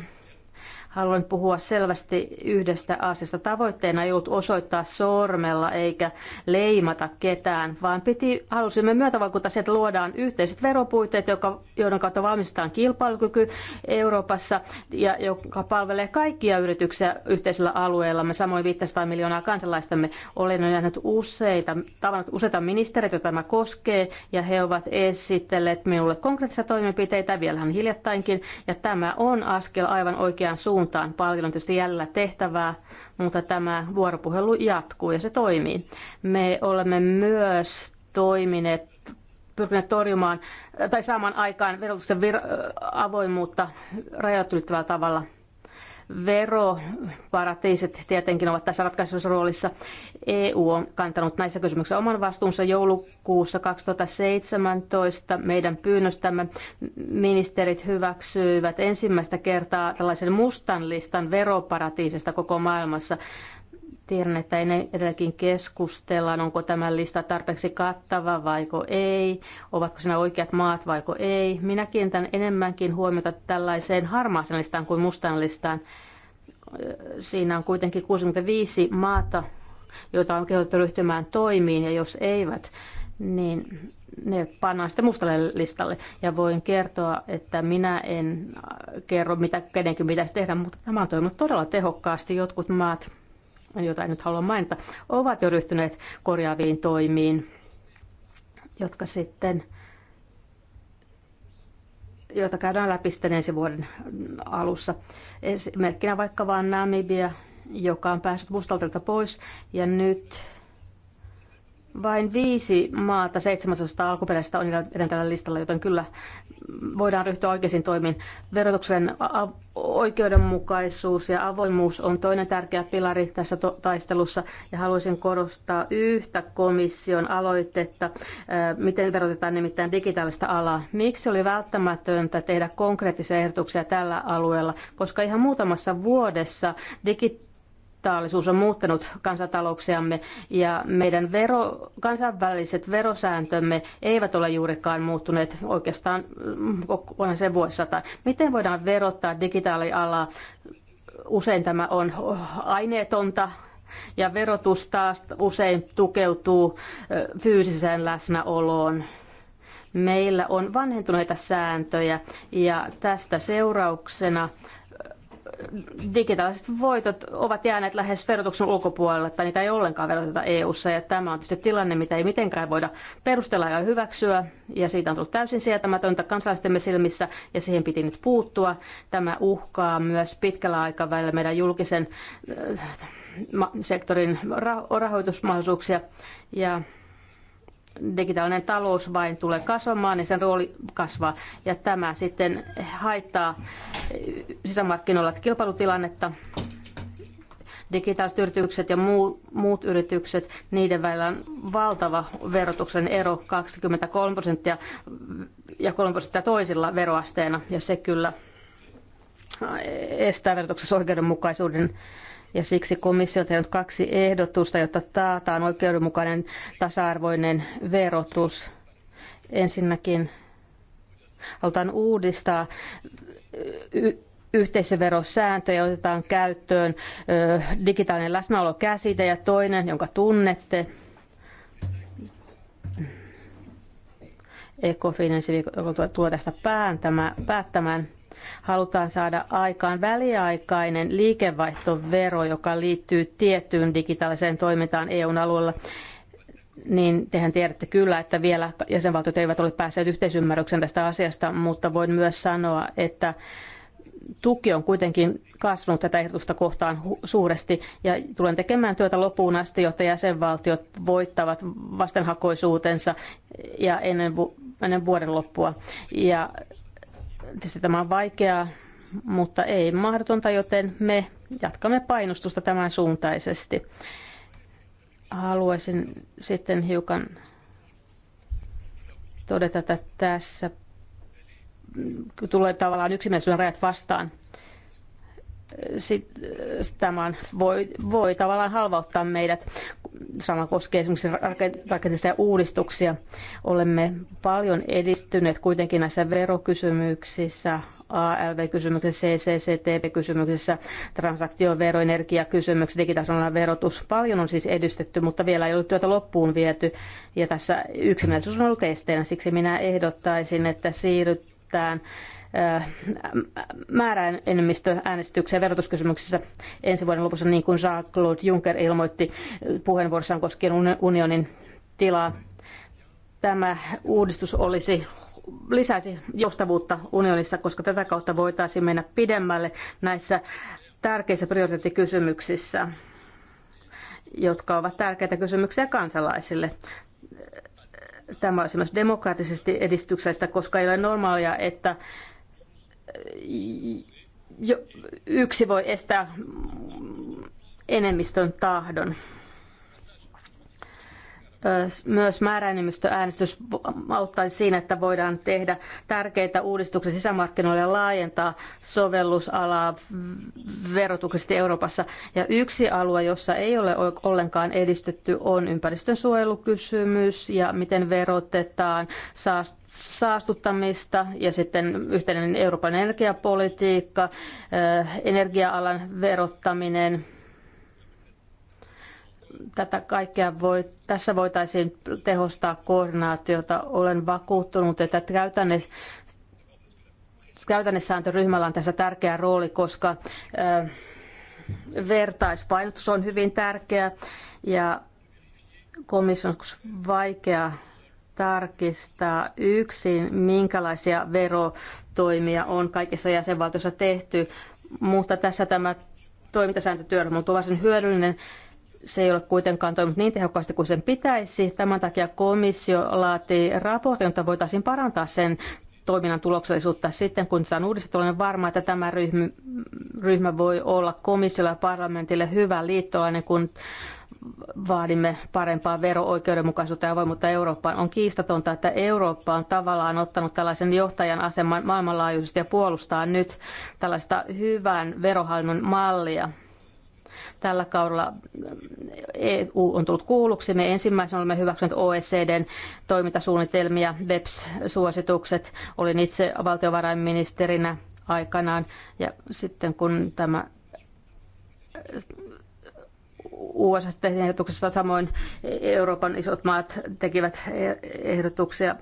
Haluan puhua selvästi yhdestä asiasta. Tavoitteena ei ollut osoittaa sormella eikä leimata ketään, vaan piti, halusimme myötävaikuttaa että luodaan yhteiset veropuitteet, joka, joiden kautta valmistetaan kilpailukyky Euroopassa ja joka palvelee kaikkia yrityksiä yhteisellä alueella. Me samoin 500 miljoonaa kansalaistamme olen nähnyt useita, tavannut useita ministereitä, joita tämä koskee, ja he ovat esitelleet minulle konkreettisia toimenpiteitä vielä hiljattainkin, ja tämä on askel aivan oikeaan suuntaan suuntaan. Paljon on tietysti jäljellä tehtävää, mutta tämä vuoropuhelu jatkuu ja se toimii. Me olemme myös toimineet, pyrkineet torjumaan tai saamaan aikaan verotuksen vir- avoimuutta rajat ylittävällä tavalla – Veroparatiisit tietenkin ovat tässä ratkaisussa roolissa. EU on kantanut näissä kysymyksissä oman vastuunsa joulukuussa 2017. Meidän pyynnöstämme ministerit hyväksyivät ensimmäistä kertaa tällaisen mustan listan veroparatiisista koko maailmassa. Tiedän, että edelläkin keskustellaan, onko tämä lista tarpeeksi kattava vaiko ei, ovatko siinä oikeat maat vaiko ei. Minä kiinnitän enemmänkin huomiota tällaiseen harmaaseen listaan kuin mustaan listaan. Siinä on kuitenkin 65 maata, joita on kehotettu ryhtymään toimiin, ja jos eivät, niin ne pannaan sitten mustalle listalle. Ja voin kertoa, että minä en äh, kerro, mitä kenenkin pitäisi tehdä, mutta tämä on toiminut todella tehokkaasti. Jotkut maat jota en nyt halua mainita, ovat jo ryhtyneet korjaaviin toimiin, jotka sitten joita käydään läpi sitten ensi vuoden alussa. Esimerkkinä vaikka vaan Namibia, joka on päässyt mustalta pois ja nyt vain viisi maata 700 alkuperäistä on edelleen tällä listalla, joten kyllä voidaan ryhtyä oikeisiin toimiin. Verotuksen oikeudenmukaisuus ja avoimuus on toinen tärkeä pilari tässä taistelussa ja haluaisin korostaa yhtä komission aloitetta, miten verotetaan nimittäin digitaalista alaa. Miksi oli välttämätöntä tehdä konkreettisia ehdotuksia tällä alueella, koska ihan muutamassa vuodessa digitaalista digitaalisuus on muuttanut kansantalouksiamme ja meidän vero, kansainväliset verosääntömme eivät ole juurikaan muuttuneet oikeastaan kokonaan mm, sen vuosisata. Miten voidaan verottaa digitaalialaa? Usein tämä on aineetonta ja verotus taas usein tukeutuu fyysiseen läsnäoloon. Meillä on vanhentuneita sääntöjä ja tästä seurauksena digitaaliset voitot ovat jääneet lähes verotuksen ulkopuolelle, tai niitä ei ollenkaan veroteta EU-ssa, ja tämä on tietysti tilanne, mitä ei mitenkään voida perustella ja hyväksyä, ja siitä on tullut täysin sietämätöntä kansalaistemme silmissä, ja siihen piti nyt puuttua. Tämä uhkaa myös pitkällä aikavälillä meidän julkisen äh, sektorin rahoitusmahdollisuuksia, ja digitaalinen talous vain tulee kasvamaan, niin sen rooli kasvaa. Ja tämä sitten haittaa sisämarkkinoilla kilpailutilannetta. Digitaaliset yritykset ja muu, muut yritykset, niiden välillä on valtava verotuksen ero, 23 prosenttia ja 3 prosenttia toisilla veroasteena, ja se kyllä estää verotuksessa oikeudenmukaisuuden ja siksi komissio on tehnyt kaksi ehdotusta, jotta taataan oikeudenmukainen tasa-arvoinen verotus. Ensinnäkin halutaan uudistaa y- yhteisöverosääntöjä, otetaan käyttöön ö, digitaalinen läsnäolokäsite ja toinen, jonka tunnette, Ecofin ensi viikolla tästä päättämään halutaan saada aikaan väliaikainen liikevaihtovero, joka liittyy tiettyyn digitaaliseen toimintaan EUn alueella, niin tehän tiedätte kyllä, että vielä jäsenvaltiot eivät ole päässeet yhteisymmärryksen tästä asiasta, mutta voin myös sanoa, että tuki on kuitenkin kasvanut tätä ehdotusta kohtaan suuresti ja tulen tekemään työtä loppuun asti, jotta jäsenvaltiot voittavat vastenhakoisuutensa ja ennen, vu- ennen vuoden loppua. Ja Tietysti tämä on vaikeaa, mutta ei mahdotonta, joten me jatkamme painostusta tämän suuntaisesti. Haluaisin sitten hiukan todeta, että tässä tulee tavallaan yksimielisyyden rajat vastaan sit, tämä voi, voi tavallaan halvauttaa meidät. Sama koskee esimerkiksi rakenteellisia uudistuksia. Olemme paljon edistyneet kuitenkin näissä verokysymyksissä, ALV-kysymyksessä, CCCTV-kysymyksessä, transaktiovero, energiakysymyksessä, digitaalisella verotus. Paljon on siis edistetty, mutta vielä ei ollut työtä loppuun viety. Ja tässä yksinäisyys on ollut esteenä, siksi minä ehdottaisin, että siirrytään määräenemmistöäänestykseen verotuskysymyksissä ensi vuoden lopussa, niin kuin Jean-Claude Juncker ilmoitti puheenvuorossaan koskien unionin tilaa. Tämä uudistus olisi lisäisi joustavuutta unionissa, koska tätä kautta voitaisiin mennä pidemmälle näissä tärkeissä prioriteettikysymyksissä, jotka ovat tärkeitä kysymyksiä kansalaisille. Tämä olisi myös demokraattisesti edistyksellistä, koska ei ole normaalia, että yksi voi estää enemmistön tahdon myös määräenemmistöäänestys auttaisi siinä, että voidaan tehdä tärkeitä uudistuksia sisämarkkinoille ja laajentaa sovellusalaa verotuksesti Euroopassa. Ja yksi alue, jossa ei ole ollenkaan edistytty, on ympäristönsuojelukysymys ja miten verotetaan saastuttamista ja sitten yhteinen Euroopan energiapolitiikka, energia-alan verottaminen – tätä kaikkea voi, tässä voitaisiin tehostaa koordinaatiota. Olen vakuuttunut, että käytänne, ryhmällä on tässä tärkeä rooli, koska vertaispainotus on hyvin tärkeä ja komission on vaikea tarkistaa yksin, minkälaisia verotoimia on kaikissa jäsenvaltioissa tehty, mutta tässä tämä toimintasääntötyöryhmä on tuollaisen hyödyllinen se ei ole kuitenkaan toiminut niin tehokkaasti kuin sen pitäisi. Tämän takia komissio laatii raportin, jotta voitaisiin parantaa sen toiminnan tuloksellisuutta sitten, kun se on uudistettu, olen varma, että tämä ryhmä, ryhmä voi olla komissiolle ja parlamentille hyvä liittolainen, kun vaadimme parempaa vero-oikeudenmukaisuutta ja avoimuutta Eurooppaan. On kiistatonta, että Eurooppa on tavallaan ottanut tällaisen johtajan aseman maailmanlaajuisesti ja puolustaa nyt tällaista hyvän verohallinnon mallia Tällä kaudella eh, EU on tullut kuulluksi. Me ensimmäisenä olemme hyväksyneet OECDn toimintasuunnitelmia, BEPS-suositukset. Olin itse valtiovarainministerinä aikanaan ja sitten kun tämä eh, USA tehtiin ehdotuksesta, samoin Euroopan isot maat tekivät eh, ehdotuksia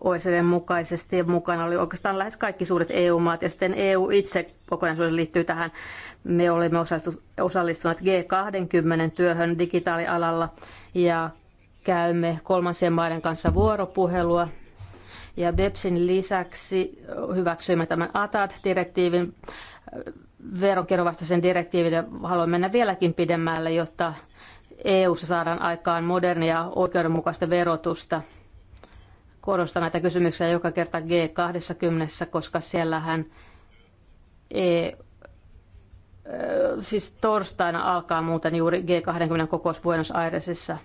OECDn mukaisesti ja mukana oli oikeastaan lähes kaikki suuret EU-maat ja sitten EU itse kokonaisuudessa liittyy tähän. Me olimme osallistuneet G20-työhön digitaalialalla ja käymme kolmansien maiden kanssa vuoropuhelua. Ja BEPSin lisäksi hyväksyimme tämän ATAD-direktiivin, veronkierrovastaisen direktiivin ja haluamme mennä vieläkin pidemmälle, jotta EU-ssa saadaan aikaan modernia oikeudenmukaista verotusta – Korostan näitä kysymyksiä joka kerta G20, koska siellähän e, siis torstaina alkaa muuten juuri G20 kokous Buenos Airesissa.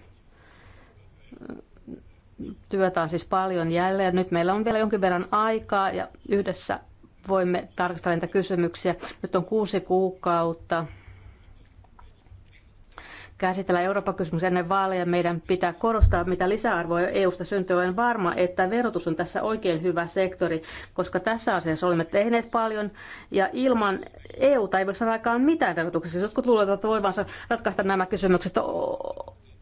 Työtä on siis paljon jälleen. Nyt meillä on vielä jonkin verran aikaa ja yhdessä voimme tarkastella niitä kysymyksiä. Nyt on kuusi kuukautta käsitellä Euroopan kysymys ennen vaaleja. Meidän pitää korostaa, mitä lisäarvoa EUsta syntyy. Olen varma, että verotus on tässä oikein hyvä sektori, koska tässä asiassa olemme tehneet paljon. Ja ilman EU ei voi saada aikaan mitään verotuksessa. Jotkut luulevat, että voivansa ratkaista nämä kysymykset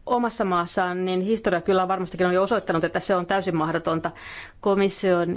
omassa maassaan, niin historia kyllä varmastikin on jo osoittanut, että se on täysin mahdotonta. Komission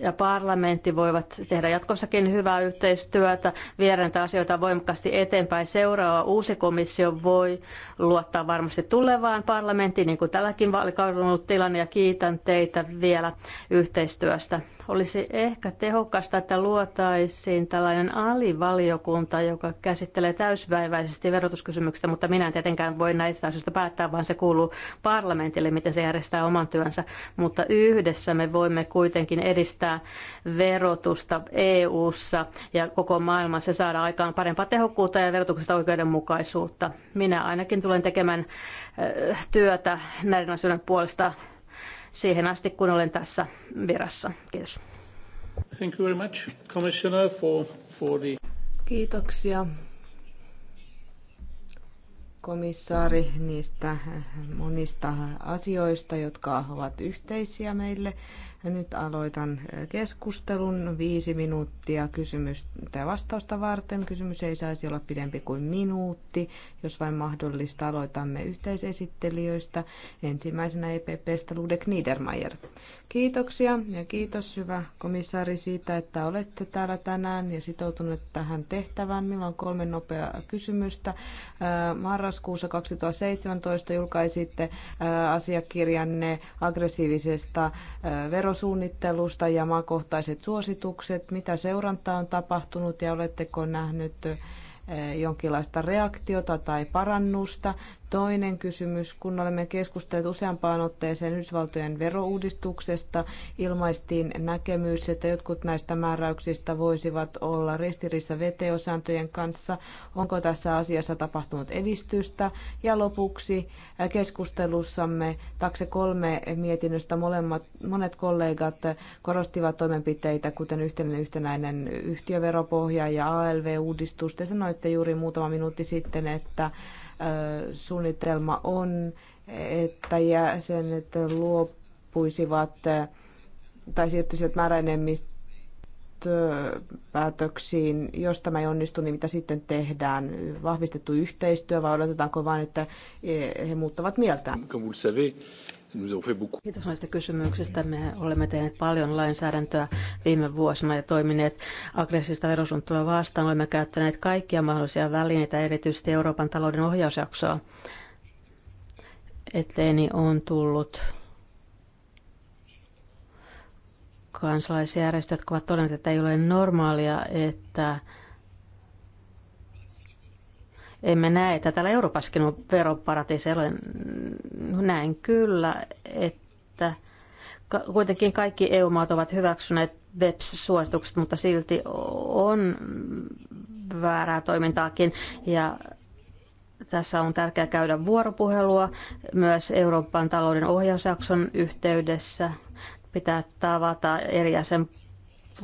ja parlamentti voivat tehdä jatkossakin hyvää yhteistyötä, viedä asioita voimakkaasti eteenpäin. Seuraava uusi komissio voi luottaa varmasti tulevaan parlamenttiin, niin kuin tälläkin vaalikaudella on ollut tilanne, ja kiitän teitä vielä yhteistyöstä. Olisi ehkä tehokasta, että luotaisiin tällainen alivaliokunta, joka käsittelee täysväiväisesti verotuskysymyksistä, mutta minä en tietenkään voi näistä asioista päättää, vaan se kuuluu parlamentille, miten se järjestää oman työnsä. Mutta yhdessä me voimme kuitenkin edistää keventää verotusta EU-ssa ja koko maailmassa saada aikaan parempaa tehokkuutta ja verotuksesta oikeudenmukaisuutta. Minä ainakin tulen tekemään äh, työtä näiden asioiden puolesta siihen asti, kun olen tässä virassa. Kiitos. Thank you very much, Commissioner, for, for the... Kiitoksia komissaari niistä monista asioista, jotka ovat yhteisiä meille. Nyt aloitan äh, keskustelun. Viisi minuuttia kysymystä ja vastausta varten. Kysymys ei saisi olla pidempi kuin minuutti. Jos vain mahdollista, aloitamme yhteisesittelijöistä. Ensimmäisenä EPPstä Ludek Niedermayer. Kiitoksia ja kiitos hyvä komissaari siitä, että olette täällä tänään ja sitoutuneet tähän tehtävään. Meillä on kolme nopeaa kysymystä. Äh, marraskuussa 2017 julkaisitte äh, asiakirjanne aggressiivisesta vero verosuunnittelusta ja maakohtaiset suositukset. Mitä seurantaa on tapahtunut ja oletteko nähnyt eh, jonkinlaista reaktiota tai parannusta? Toinen kysymys, kun olemme keskustelleet useampaan otteeseen Yhdysvaltojen verouudistuksesta, ilmaistiin näkemys, että jotkut näistä määräyksistä voisivat olla ristiriidassa VTO-sääntöjen kanssa. Onko tässä asiassa tapahtunut edistystä? Ja lopuksi äh, keskustelussamme takse kolme mietinnöstä molemmat, monet kollegat korostivat toimenpiteitä, kuten yhtenäinen yhtenäinen yhtiöveropohja ja ALV-uudistus. Te sanoitte juuri muutama minuutti sitten, että suunnitelma on, että jäsenet luopuisivat tai siirtyisivät määräenemmistö päätöksiin, jos tämä ei onnistu, niin mitä sitten tehdään? Vahvistettu yhteistyö vai odotetaanko vain, että he muuttavat mieltään? Kiitos näistä kysymyksistä. Me olemme tehneet paljon lainsäädäntöä viime vuosina ja toimineet aggressiivista verosuunnittelua vastaan. Olemme käyttäneet kaikkia mahdollisia välineitä, erityisesti Euroopan talouden ohjausjaksoa. Eteeni on tullut kansalaisjärjestöt, jotka ovat todenneet, että ei ole normaalia, että emme näe, että täällä Euroopassakin on veroparatiiseilla. Näen kyllä, että kuitenkin kaikki EU-maat ovat hyväksyneet BEPS-suositukset, mutta silti on väärää toimintaakin ja tässä on tärkeää käydä vuoropuhelua myös Euroopan talouden ohjausjakson yhteydessä. Pitää tavata eri jäsen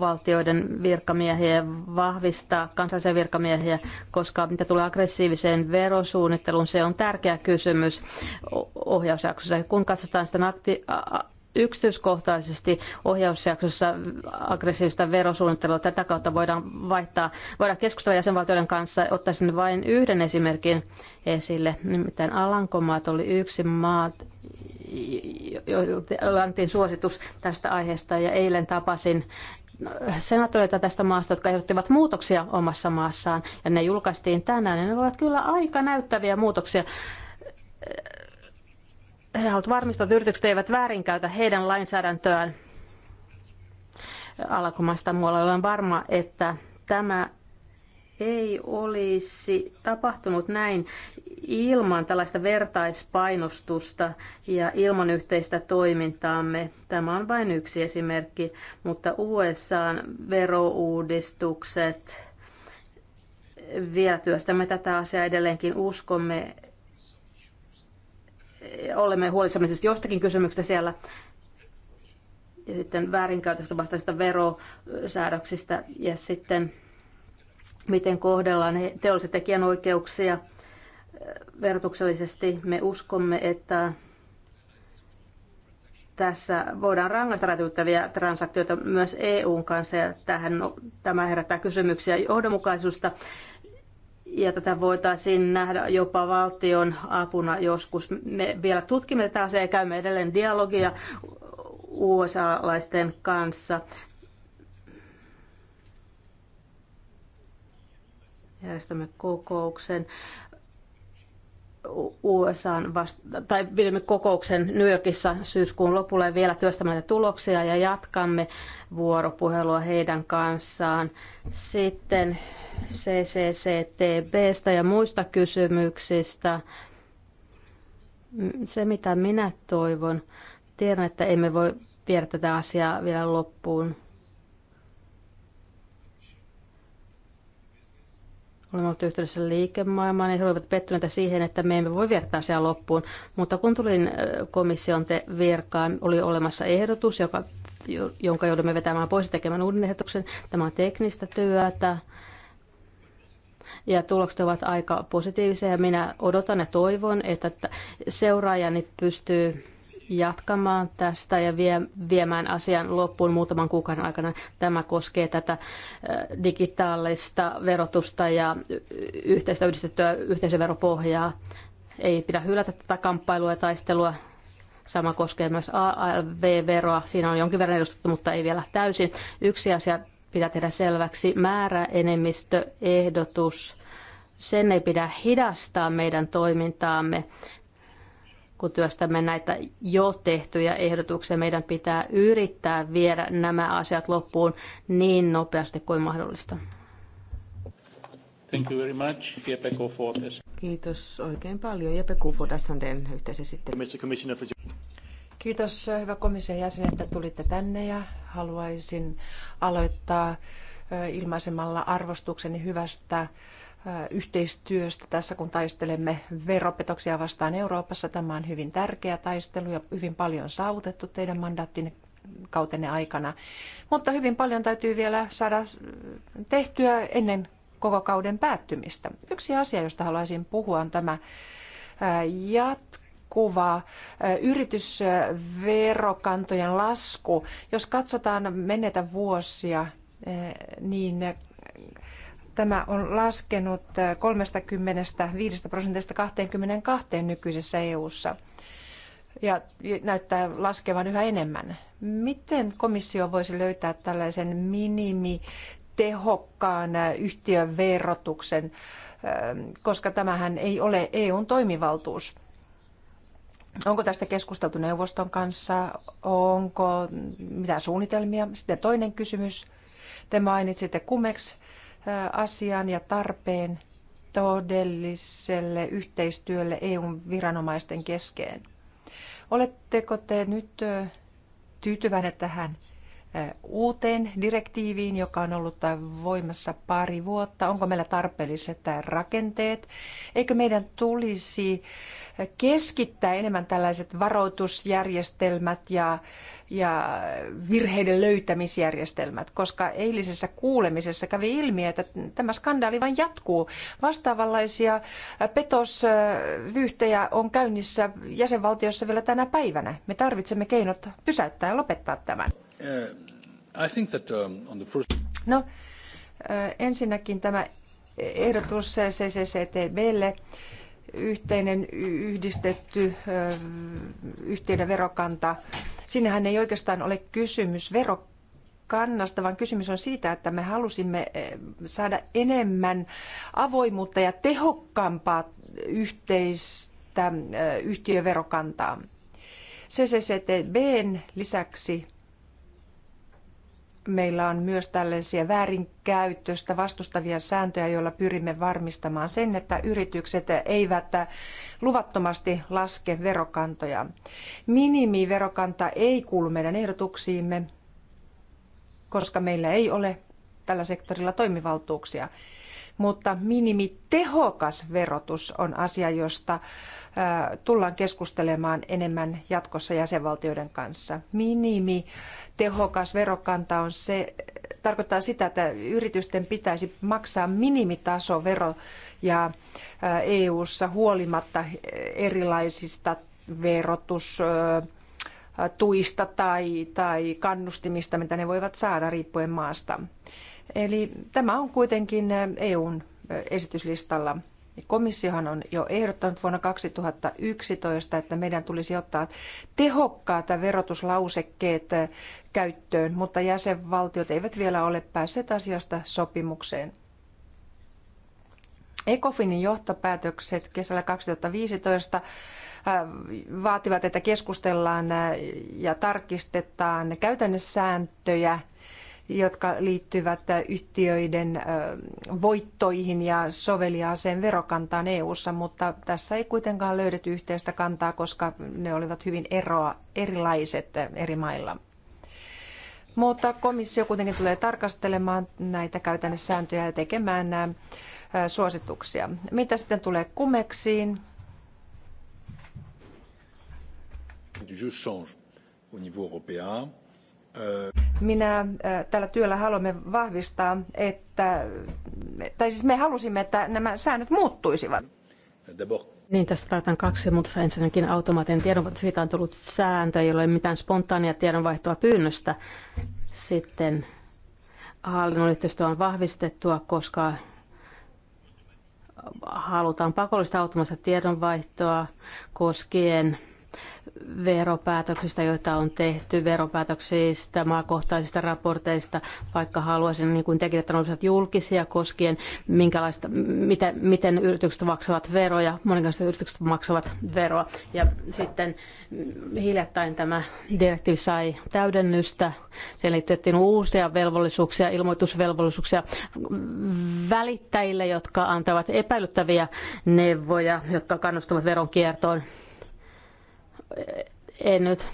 valtioiden virkamiehiä ja vahvistaa kansallisia virkamiehiä, koska mitä tulee aggressiiviseen verosuunnitteluun, se on tärkeä kysymys ohjausjaksossa. Kun katsotaan sitä yksityiskohtaisesti ohjausjaksossa aggressiivista verosuunnittelua. Tätä kautta voidaan vaihtaa, voidaan keskustella jäsenvaltioiden kanssa. Ottaisin vain yhden esimerkin esille. Nimittäin Alankomaat oli yksi maa, jolle antiin suositus tästä aiheesta ja eilen tapasin senaattoreita tästä maasta, jotka ehdottivat muutoksia omassa maassaan, ja ne julkaistiin tänään, ja ne ovat kyllä aika näyttäviä muutoksia. He haluavat varmistaa, että yritykset eivät väärinkäytä heidän lainsäädäntöään alakomaista muualla. Olen varma, että tämä ei olisi tapahtunut näin ilman tällaista vertaispainostusta ja ilman yhteistä toimintaamme. Tämä on vain yksi esimerkki, mutta USA verouudistukset, vielä työstämme tätä asiaa edelleenkin, uskomme, olemme huolissamme siis jostakin kysymyksestä siellä, ja sitten väärinkäytöstä vastaisista verosäädöksistä ja sitten miten kohdellaan teolliset tekijänoikeuksia verotuksellisesti. Me uskomme, että tässä voidaan rangaista räätyyttäviä transaktioita myös EUn kanssa, ja tähän, no, tämä herättää kysymyksiä johdonmukaisuudesta. Ja tätä voitaisiin nähdä jopa valtion apuna joskus. Me vielä tutkimme tätä asiaa ja käymme edelleen dialogia USA-laisten kanssa järjestämme kokouksen USA vasta- tai pidämme kokouksen New Yorkissa syyskuun lopulle vielä työstämällä tuloksia ja jatkamme vuoropuhelua heidän kanssaan. Sitten CCCTBstä ja muista kysymyksistä. Mm, se, mitä minä toivon, tiedän, että emme voi viedä tätä asiaa vielä loppuun Olemme olleet yhteydessä liikemaailmaan niin he olivat pettyneitä siihen, että me emme voi viettää siellä loppuun. Mutta kun tulin komission te virkaan, oli olemassa ehdotus, joka, jonka joudumme vetämään pois ja tekemään uuden ehdotuksen. Tämä on teknistä työtä ja tulokset ovat aika positiivisia ja minä odotan ja toivon, että seuraajani pystyy jatkamaan tästä ja vie, viemään asian loppuun muutaman kuukauden aikana. Tämä koskee tätä äh, digitaalista verotusta ja yhteistä yhdistettyä yhteisöveropohjaa. Ei pidä hylätä tätä kamppailua ja taistelua. Sama koskee myös ALV-veroa. Siinä on jonkin verran edustettu, mutta ei vielä täysin. Yksi asia pitää tehdä selväksi. Määräenemmistöehdotus. Sen ei pidä hidastaa meidän toimintaamme kun työstämme näitä jo tehtyjä ehdotuksia, meidän pitää yrittää viedä nämä asiat loppuun niin nopeasti kuin mahdollista. Thank you very much, Jeppe Kiitos oikein paljon, Jeppe Kofod, S&N sitten. Kiitos hyvä komission jäsen, että tulitte tänne ja haluaisin aloittaa ilmaisemalla arvostukseni hyvästä yhteistyöstä tässä, kun taistelemme veropetoksia vastaan Euroopassa. Tämä on hyvin tärkeä taistelu ja hyvin paljon saavutettu teidän mandaattinne kautenne aikana. Mutta hyvin paljon täytyy vielä saada tehtyä ennen koko kauden päättymistä. Yksi asia, josta haluaisin puhua, on tämä jatkuva yritysverokantojen lasku. Jos katsotaan menetä vuosia, niin tämä on laskenut 35 äh, prosentista 22 nykyisessä EU-ssa ja näyttää laskevan yhä enemmän. Miten komissio voisi löytää tällaisen minimi tehokkaan äh, yhtiöverotuksen, äh, koska tämähän ei ole EUn toimivaltuus. Onko tästä keskusteltu neuvoston kanssa? Onko mitään suunnitelmia? Sitten toinen kysymys. Te mainitsitte Cumex asian ja tarpeen todelliselle yhteistyölle EUn viranomaisten kesken. Oletteko te nyt tyytyväinen tähän uuteen direktiiviin, joka on ollut voimassa pari vuotta? Onko meillä tarpeelliset rakenteet? Eikö meidän tulisi keskittää enemmän tällaiset varoitusjärjestelmät ja, ja virheiden löytämisjärjestelmät, koska eilisessä kuulemisessa kävi ilmi, että tämä skandaali vain jatkuu. Vastaavanlaisia petosvyhtejä on käynnissä jäsenvaltioissa vielä tänä päivänä. Me tarvitsemme keinot pysäyttää ja lopettaa tämän. Uh, I think that um, on the first... No, uh, ensinnäkin tämä ehdotus CCCTBlle yhteinen yhdistetty uh, yhteinen verokanta. Siinähän ei oikeastaan ole kysymys verokannasta, vaan kysymys on siitä, että me halusimme saada enemmän avoimuutta ja tehokkaampaa yhteistä yhtiöverokantaa. CCCTBn lisäksi meillä on myös tällaisia väärinkäytöstä vastustavia sääntöjä, joilla pyrimme varmistamaan sen, että yritykset eivät luvattomasti laske verokantoja. Minimiverokanta ei kuulu meidän ehdotuksiimme, koska meillä ei ole tällä sektorilla toimivaltuuksia mutta minimitehokas verotus on asia, josta äh, tullaan keskustelemaan enemmän jatkossa jäsenvaltioiden kanssa. Minimitehokas verokanta on se, tarkoittaa sitä, että yritysten pitäisi maksaa minimitaso vero ja äh, EU-ssa huolimatta erilaisista verotus äh, tuista tai, tai kannustimista, mitä ne voivat saada riippuen maasta. Eli tämä on kuitenkin EUn esityslistalla. Komissiohan on jo ehdottanut vuonna 2011, että meidän tulisi ottaa tehokkaat verotuslausekkeet käyttöön, mutta jäsenvaltiot eivät vielä ole päässeet asiasta sopimukseen. Ecofinin johtopäätökset kesällä 2015 vaativat, että keskustellaan ja tarkistetaan käytännössääntöjä – jotka liittyvät yhtiöiden voittoihin ja soveliaaseen verokantaan EU-ssa, mutta tässä ei kuitenkaan löydetty yhteistä kantaa, koska ne olivat hyvin eroa, erilaiset eri mailla. Mutta komissio kuitenkin tulee tarkastelemaan näitä käytännössääntöjä ja tekemään nämä suosituksia. Mitä sitten tulee kumeksiin? Du change au niveau européen minä äh, tällä työllä haluamme vahvistaa, että, tai siis me halusimme, että nämä säännöt muuttuisivat. Niin, tässä tarvitaan kaksi muutosta. Ensinnäkin automaattinen tiedonvaihto, siitä on tullut sääntö, ei ole mitään spontaania tiedonvaihtoa pyynnöstä. Sitten hallinnon yhteistyö on vahvistettua, koska halutaan pakollista automaattista tiedonvaihtoa koskien veropäätöksistä, joita on tehty, veropäätöksistä, maakohtaisista raporteista, vaikka haluaisin, niin kuin tekin, että ne olisivat julkisia koskien, minkälaista, miten, miten yritykset maksavat veroja, monikansalliset yritykset maksavat veroa. Ja sitten hiljattain tämä direktiivi sai täydennystä. Siihen liittyettiin uusia velvollisuuksia, ilmoitusvelvollisuuksia välittäjille, jotka antavat epäilyttäviä neuvoja, jotka kannustavat veronkiertoon en nyt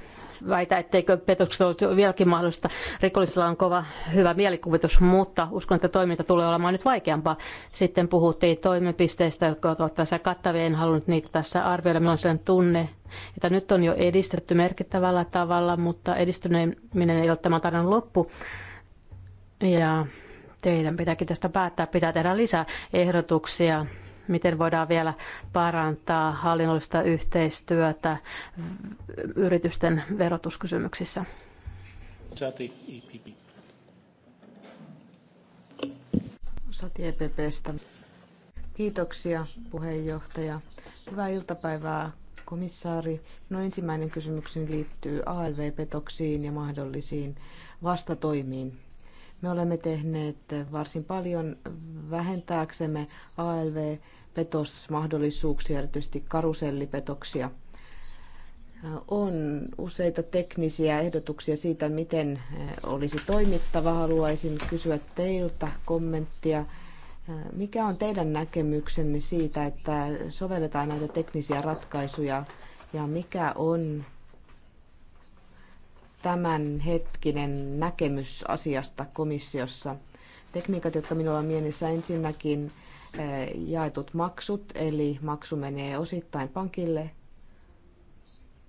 väitä, etteikö petokset ole vieläkin mahdollista. Rikollisilla on kova hyvä mielikuvitus, mutta uskon, että toiminta tulee olemaan nyt vaikeampaa. Sitten puhuttiin toimipisteistä, jotka ovat tässä kattavia. En halunnut niitä tässä arvioida. Minulla on sellainen tunne, että nyt on jo edistetty merkittävällä tavalla, mutta edistyneminen ei ole tämän tarinan loppu. Ja teidän pitääkin tästä päättää. Pitää tehdä lisää ehdotuksia miten voidaan vielä parantaa hallinnollista yhteistyötä yritysten verotuskysymyksissä. Sati, EPP. Sati EPPstä. Kiitoksia puheenjohtaja. Hyvää iltapäivää komissaari. No ensimmäinen kysymykseni liittyy ALV-petoksiin ja mahdollisiin vastatoimiin. Me olemme tehneet varsin paljon vähentääksemme ALV petosmahdollisuuksia, erityisesti karusellipetoksia. On useita teknisiä ehdotuksia siitä, miten eh, olisi toimittava. Haluaisin kysyä teiltä kommenttia. Eh, mikä on teidän näkemyksenne siitä, että sovelletaan näitä teknisiä ratkaisuja ja mikä on tämänhetkinen näkemys asiasta komissiossa? Tekniikat, jotka minulla on mielessä ensinnäkin Eh, jaetut maksut, eli maksu menee osittain pankille,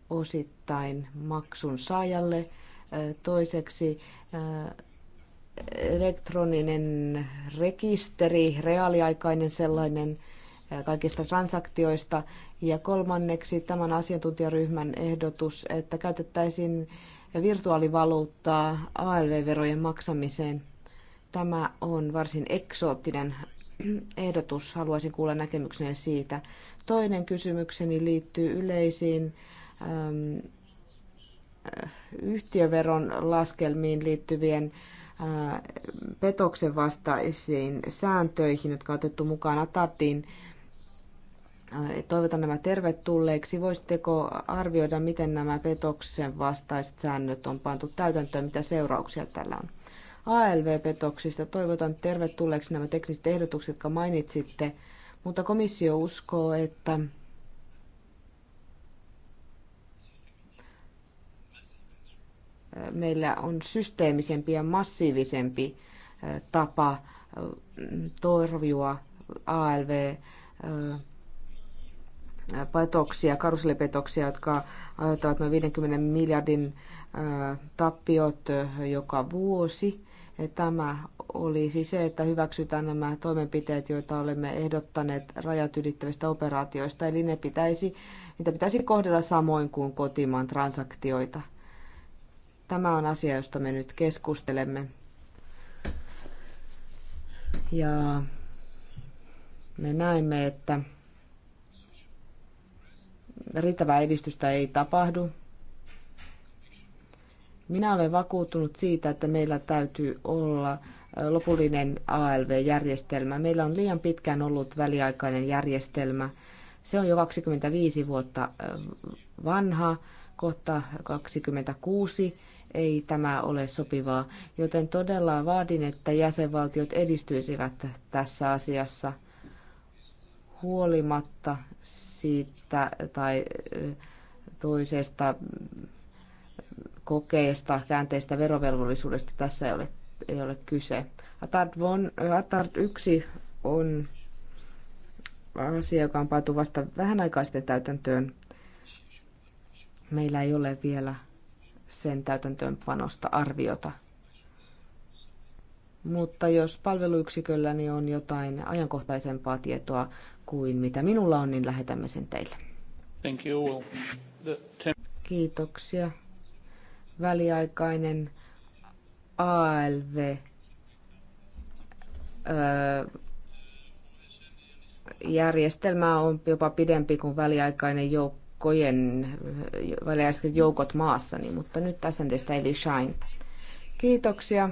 osittain maksun saajalle. Eh, toiseksi eh, elektroninen rekisteri, reaaliaikainen sellainen kaikista transaktioista. Ja kolmanneksi tämän asiantuntijaryhmän ehdotus, että käytettäisiin virtuaalivaluuttaa ALV-verojen maksamiseen. Tämä on varsin eksoottinen ehdotus. Haluaisin kuulla näkemyksenne siitä. Toinen kysymykseni liittyy yleisiin ähm, äh, yhtiöveron laskelmiin liittyvien äh, petoksen vastaisiin sääntöihin, jotka on otettu mukaan ATATin. Äh, toivotan nämä tervetulleeksi. Voisitteko arvioida, miten nämä petoksen vastaiset säännöt on pantu täytäntöön, mitä seurauksia tällä on? ALV-petoksista. Toivotan tervetulleeksi nämä tekniset ehdotukset, jotka mainitsitte, mutta komissio uskoo, että meillä on systeemisempi ja massiivisempi tapa torjua ALV petoksia, karuselipetoksia, jotka aiheuttavat noin 50 miljardin tappiot joka vuosi. Tämä olisi se, että hyväksytään nämä toimenpiteet, joita olemme ehdottaneet rajat ylittävistä operaatioista, eli ne pitäisi, niitä pitäisi kohdella samoin kuin kotimaan transaktioita. Tämä on asia, josta me nyt keskustelemme. Ja me näemme, että riittävää edistystä ei tapahdu. Minä olen vakuuttunut siitä, että meillä täytyy olla lopullinen ALV-järjestelmä. Meillä on liian pitkään ollut väliaikainen järjestelmä. Se on jo 25 vuotta vanha, kohta 26 ei tämä ole sopivaa, joten todella vaadin, että jäsenvaltiot edistyisivät tässä asiassa huolimatta siitä tai toisesta kokeesta, käänteistä verovelvollisuudesta tässä ei ole, ei ole kyse. Atard, von, Atard 1 on asia, joka on pantu vasta vähän aikaisten täytäntöön. Meillä ei ole vielä sen täytäntöönpanosta arviota. Mutta jos palveluyksikölläni niin on jotain ajankohtaisempaa tietoa kuin mitä minulla on, niin lähetämme sen teille. Thank you. Kiitoksia väliaikainen ALV järjestelmä on jopa pidempi kuin väliaikainen joukkojen, väliaikaiset joukot maassa, mutta nyt tässä teistä Eli Shine. Kiitoksia.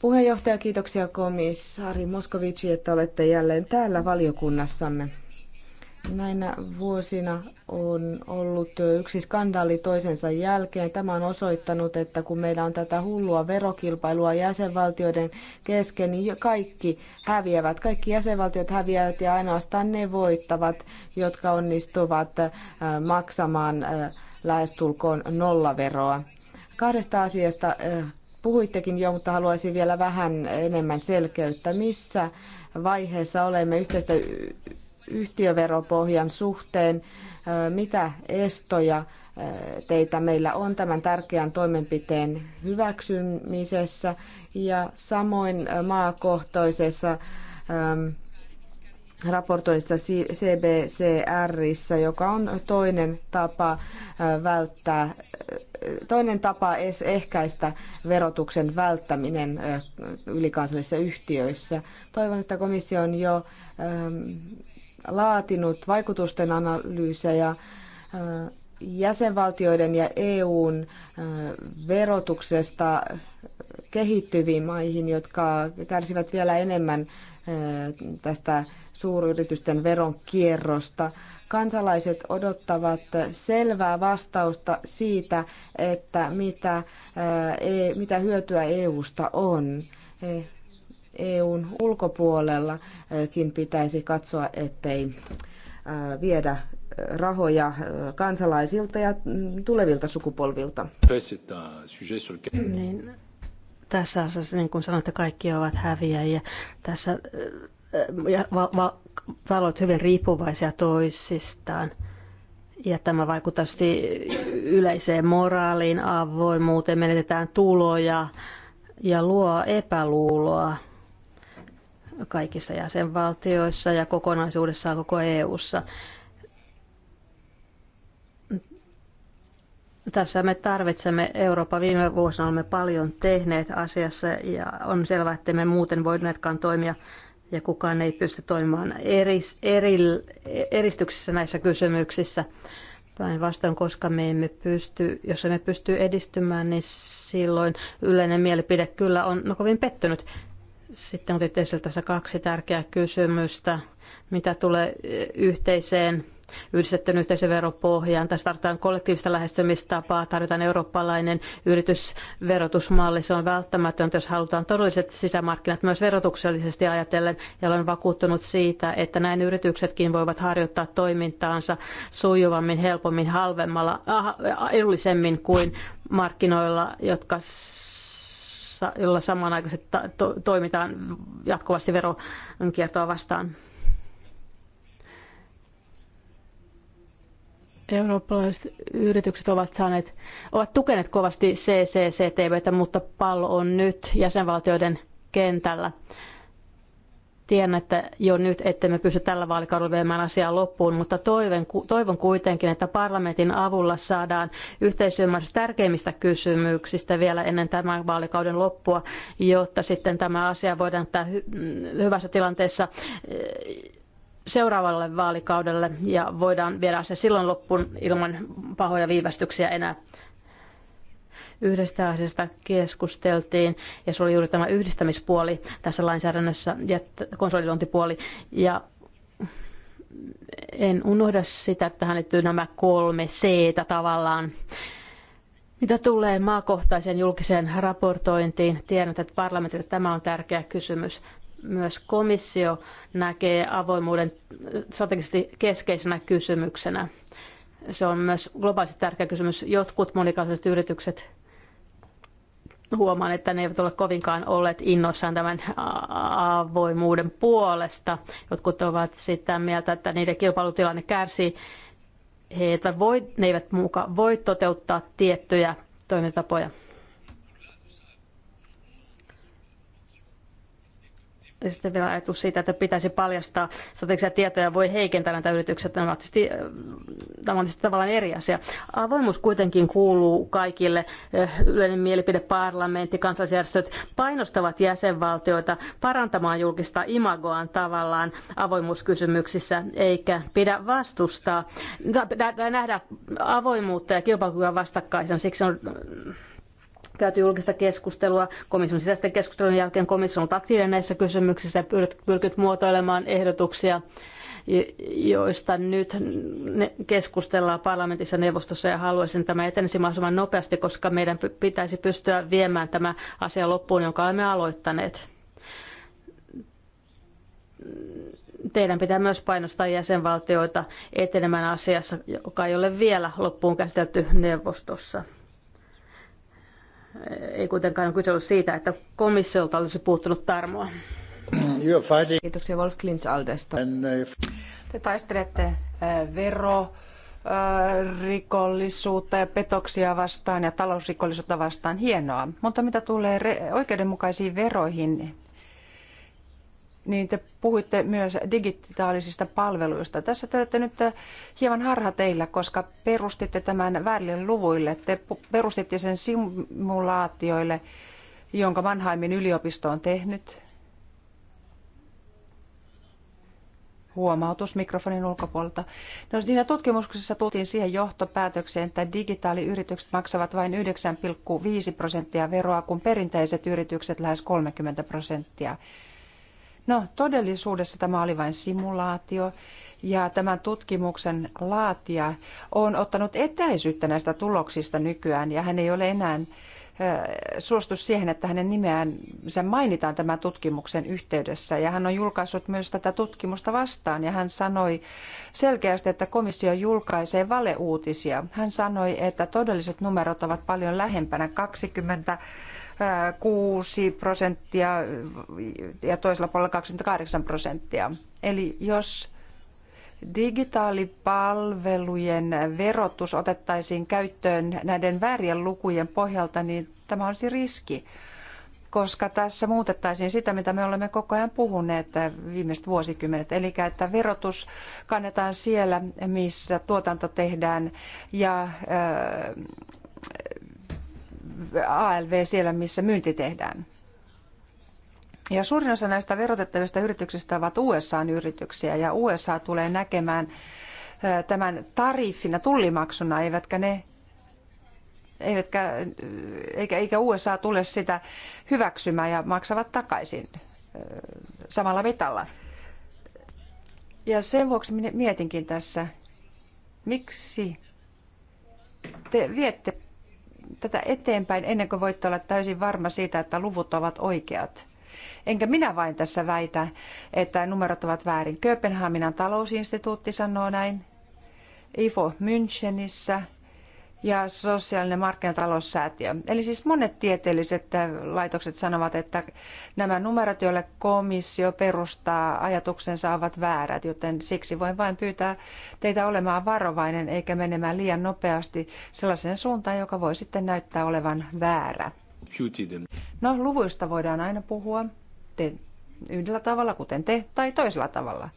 Puheenjohtaja, kiitoksia komissaari Moskovici, että olette jälleen täällä valiokunnassamme. Näinä vuosina on ollut yksi skandaali toisensa jälkeen. Tämä on osoittanut, että kun meillä on tätä hullua verokilpailua jäsenvaltioiden kesken, niin kaikki häviävät. Kaikki jäsenvaltiot häviävät ja ainoastaan ne voittavat, jotka onnistuvat äh, maksamaan äh, lähestulkoon nollaveroa. Kahdesta asiasta äh, puhuittekin jo, mutta haluaisin vielä vähän enemmän selkeyttä. Missä vaiheessa olemme yhteistä yhtiöveropohjan suhteen. Mitä estoja teitä meillä on tämän tärkeän toimenpiteen hyväksymisessä ja samoin maakohtaisessa ähm, raportoinnissa CBCRissä, joka on toinen tapa välttää, toinen tapa ehkäistä verotuksen välttäminen ylikansallisissa yhtiöissä. Toivon, että komissio on jo ähm, laatinut vaikutusten analyysejä jäsenvaltioiden ja EUn verotuksesta kehittyviin maihin, jotka kärsivät vielä enemmän tästä suuryritysten veronkierrosta. Kansalaiset odottavat selvää vastausta siitä, että mitä, e, mitä hyötyä EUsta on. EUn ulkopuolellakin pitäisi katsoa, ettei viedä rahoja kansalaisilta ja mm, tulevilta sukupolvilta. Niin, tässä asiassa, niin kuin sanoitte, kaikki ovat häviäjiä. Tässä ja va- va- talot hyvin riippuvaisia toisistaan. Ja tämä vaikuttaa yleiseen moraaliin, avoimuuteen, menetetään tuloja, ja luo epäluuloa kaikissa jäsenvaltioissa ja kokonaisuudessaan koko EU:ssa. Tässä me tarvitsemme Eurooppa. Viime vuosina olemme paljon tehneet asiassa ja on selvää, että me muuten voineetkaan toimia ja kukaan ei pysty toimimaan eri, eri, eristyksissä näissä kysymyksissä. Päinvastoin, koska me emme pysty, jos emme pysty edistymään, niin silloin yleinen mielipide kyllä on no, kovin pettynyt. Sitten otit esille tässä kaksi tärkeää kysymystä, mitä tulee yhteiseen yhdistettyyn yhteisöveropohjaan. Tässä tarvitaan kollektiivista lähestymistapaa, tarvitaan eurooppalainen yritysverotusmalli. Se on välttämätöntä, jos halutaan todelliset sisämarkkinat myös verotuksellisesti ajatellen. Ja olen vakuuttunut siitä, että näin yrityksetkin voivat harjoittaa toimintaansa sujuvammin, helpommin, halvemmalla, ah, edullisemmin kuin markkinoilla, jotka jolla samanaikaisesti toimitaan jatkuvasti veronkiertoa vastaan. Eurooppalaiset yritykset ovat saaneet, ovat tukeneet kovasti CCCTVtä, mutta pallo on nyt jäsenvaltioiden kentällä. Tiedän, että jo nyt ette me pysty tällä vaalikaudella viemään asiaa loppuun, mutta toivon, toivon kuitenkin, että parlamentin avulla saadaan yhteisymmärrys tärkeimmistä kysymyksistä vielä ennen tämän vaalikauden loppua, jotta sitten tämä asia voidaan tämä hyvässä tilanteessa seuraavalle vaalikaudelle ja voidaan viedä se silloin loppuun ilman pahoja viivästyksiä enää. Yhdestä asiasta keskusteltiin ja se oli juuri tämä yhdistämispuoli tässä lainsäädännössä ja konsolidointipuoli. Ja en unohda sitä, että tähän liittyy nämä kolme c tavallaan. Mitä tulee maakohtaiseen julkiseen raportointiin, tiedän, että parlamentille tämä on tärkeä kysymys myös komissio näkee avoimuuden strategisesti keskeisenä kysymyksenä. Se on myös globaalisti tärkeä kysymys. Jotkut monikansalliset yritykset huomaan, että ne eivät ole kovinkaan olleet innoissaan tämän avoimuuden puolesta. Jotkut ovat sitä mieltä, että niiden kilpailutilanne kärsii. He eivät voi, ne eivät muka voi toteuttaa tiettyjä toimintatapoja Ja sitten vielä ajatus siitä, että pitäisi paljastaa strategisia tietoja, voi heikentää näitä yrityksiä. Tämä on tietysti, tämä on tietysti tavallaan eri asia. Avoimuus kuitenkin kuuluu kaikille. Yleinen mielipide, parlamentti, kansalaisjärjestöt painostavat jäsenvaltioita parantamaan julkista imagoaan tavallaan avoimuuskysymyksissä, eikä pidä vastustaa tai nähdä avoimuutta ja kilpailukykyä vastakkaisen Siksi on käyty julkista keskustelua. Komission sisäisten keskustelun jälkeen komissio on ollut aktiivinen näissä kysymyksissä ja pyrkinyt muotoilemaan ehdotuksia, joista nyt keskustellaan parlamentissa, neuvostossa ja haluaisin, että tämä etenisi mahdollisimman nopeasti, koska meidän pitäisi pystyä viemään tämä asia loppuun, jonka olemme aloittaneet. Teidän pitää myös painostaa jäsenvaltioita etenemään asiassa, joka ei ole vielä loppuun käsitelty neuvostossa. Ei kuitenkaan ole kyse ollut siitä, että komissiolta olisi puuttunut tarmoa. Kiitoksia Wolf Klintsaldesta. Uh, Te taistelette uh, vero, uh, rikollisuutta ja petoksia vastaan ja talousrikollisuutta vastaan. Hienoa. Mutta mitä tulee oikeudenmukaisiin veroihin, niin te puhuitte myös digitaalisista palveluista. Tässä te olette nyt eh, hieman harha teillä, koska perustitte tämän väärille luvuille. Te perustitte sen simulaatioille, jonka Mannheimin yliopisto on tehnyt. Huomautus mikrofonin ulkopuolelta. No, siinä tutkimuksessa tultiin siihen johtopäätökseen, että digitaaliyritykset maksavat vain 9,5 prosenttia veroa, kun perinteiset yritykset lähes 30 prosenttia. No, todellisuudessa tämä oli vain simulaatio ja tämän tutkimuksen laatija on ottanut etäisyyttä näistä tuloksista nykyään ja hän ei ole enää suostu siihen, että hänen nimeään sen mainitaan tämän tutkimuksen yhteydessä. Ja hän on julkaissut myös tätä tutkimusta vastaan ja hän sanoi selkeästi, että komissio julkaisee valeuutisia. Hän sanoi, että todelliset numerot ovat paljon lähempänä 20 6 prosenttia ja toisella puolella 28 prosenttia. Eli jos digitaalipalvelujen verotus otettaisiin käyttöön näiden väärien lukujen pohjalta, niin tämä olisi riski, koska tässä muutettaisiin sitä, mitä me olemme koko ajan puhuneet viimeiset vuosikymmenet, eli että verotus kannetaan siellä, missä tuotanto tehdään ja ALV siellä, missä myynti tehdään. Ja suurin osa näistä verotettavista yrityksistä ovat USA-yrityksiä ja USA tulee näkemään tämän tariffina, tullimaksuna, eivätkä ne eivätkä, eikä, eikä USA tule sitä hyväksymään ja maksavat takaisin samalla mitalla. Ja sen vuoksi mietinkin tässä, miksi te viette tätä eteenpäin ennen kuin voitte olla täysin varma siitä, että luvut ovat oikeat. Enkä minä vain tässä väitä, että numerot ovat väärin. Kööpenhaminan talousinstituutti sanoo näin. IFO Münchenissä ja sosiaalinen markkinataloussäätiö. Eli siis monet tieteelliset äh, laitokset sanovat, että nämä numerot, joille komissio perustaa ajatuksensa, ovat väärät, joten siksi voin vain pyytää teitä olemaan varovainen eikä menemään liian nopeasti sellaiseen suuntaan, joka voi sitten näyttää olevan väärä. No, luvuista voidaan aina puhua te yhdellä tavalla, kuten te, tai toisella tavalla.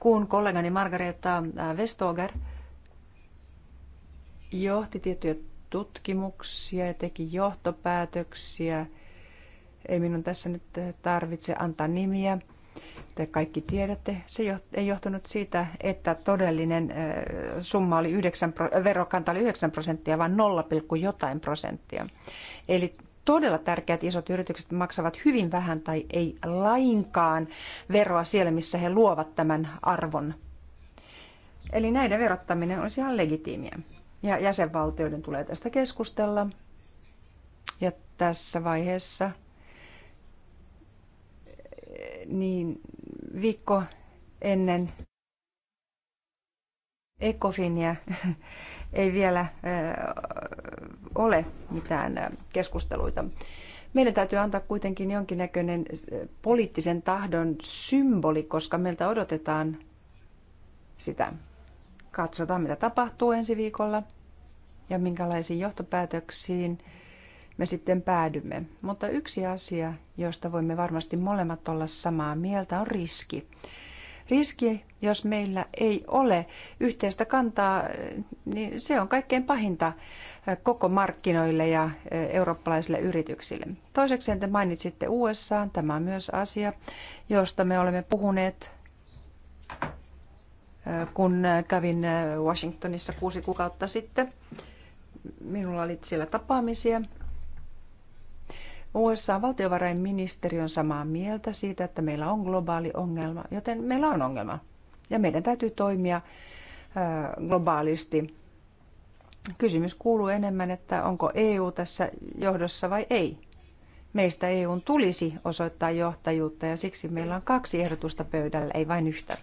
Kun kollegani Margareta Vestoger johti tiettyjä tutkimuksia ja teki johtopäätöksiä. Ei minun tässä nyt tarvitse antaa nimiä. Te kaikki tiedätte. Se ei johtunut siitä, että todellinen summa oli 9, verokanta oli 9 prosenttia, vaan 0, jotain prosenttia. Eli todella tärkeät isot yritykset maksavat hyvin vähän tai ei lainkaan veroa siellä, missä he luovat tämän arvon. Eli näiden verottaminen olisi ihan legitiimiä ja jäsenvaltioiden tulee tästä keskustella. Ja tässä vaiheessa niin viikko ennen ECOFINia ei vielä ole mitään keskusteluita. Meidän täytyy antaa kuitenkin jonkinnäköinen poliittisen tahdon symboli, koska meiltä odotetaan sitä. Katsotaan, mitä tapahtuu ensi viikolla – ja minkälaisiin johtopäätöksiin me sitten päädymme. Mutta yksi asia, josta voimme varmasti molemmat olla samaa mieltä, on riski. Riski, jos meillä ei ole yhteistä kantaa, niin se on kaikkein pahinta koko markkinoille ja e, eurooppalaisille yrityksille. Toiseksi te mainitsitte USA, tämä on myös asia, josta me olemme puhuneet e, kun e, kävin Washingtonissa kuusi kuukautta sitten. Minulla oli siellä tapaamisia. USA-valtiovarainministeri on samaa mieltä siitä, että meillä on globaali ongelma, joten meillä on ongelma. Ja meidän täytyy toimia globaalisti. Kysymys kuuluu enemmän, että onko EU tässä johdossa vai ei. Meistä EUn tulisi osoittaa johtajuutta ja siksi meillä on kaksi ehdotusta pöydällä, ei vain yhtä.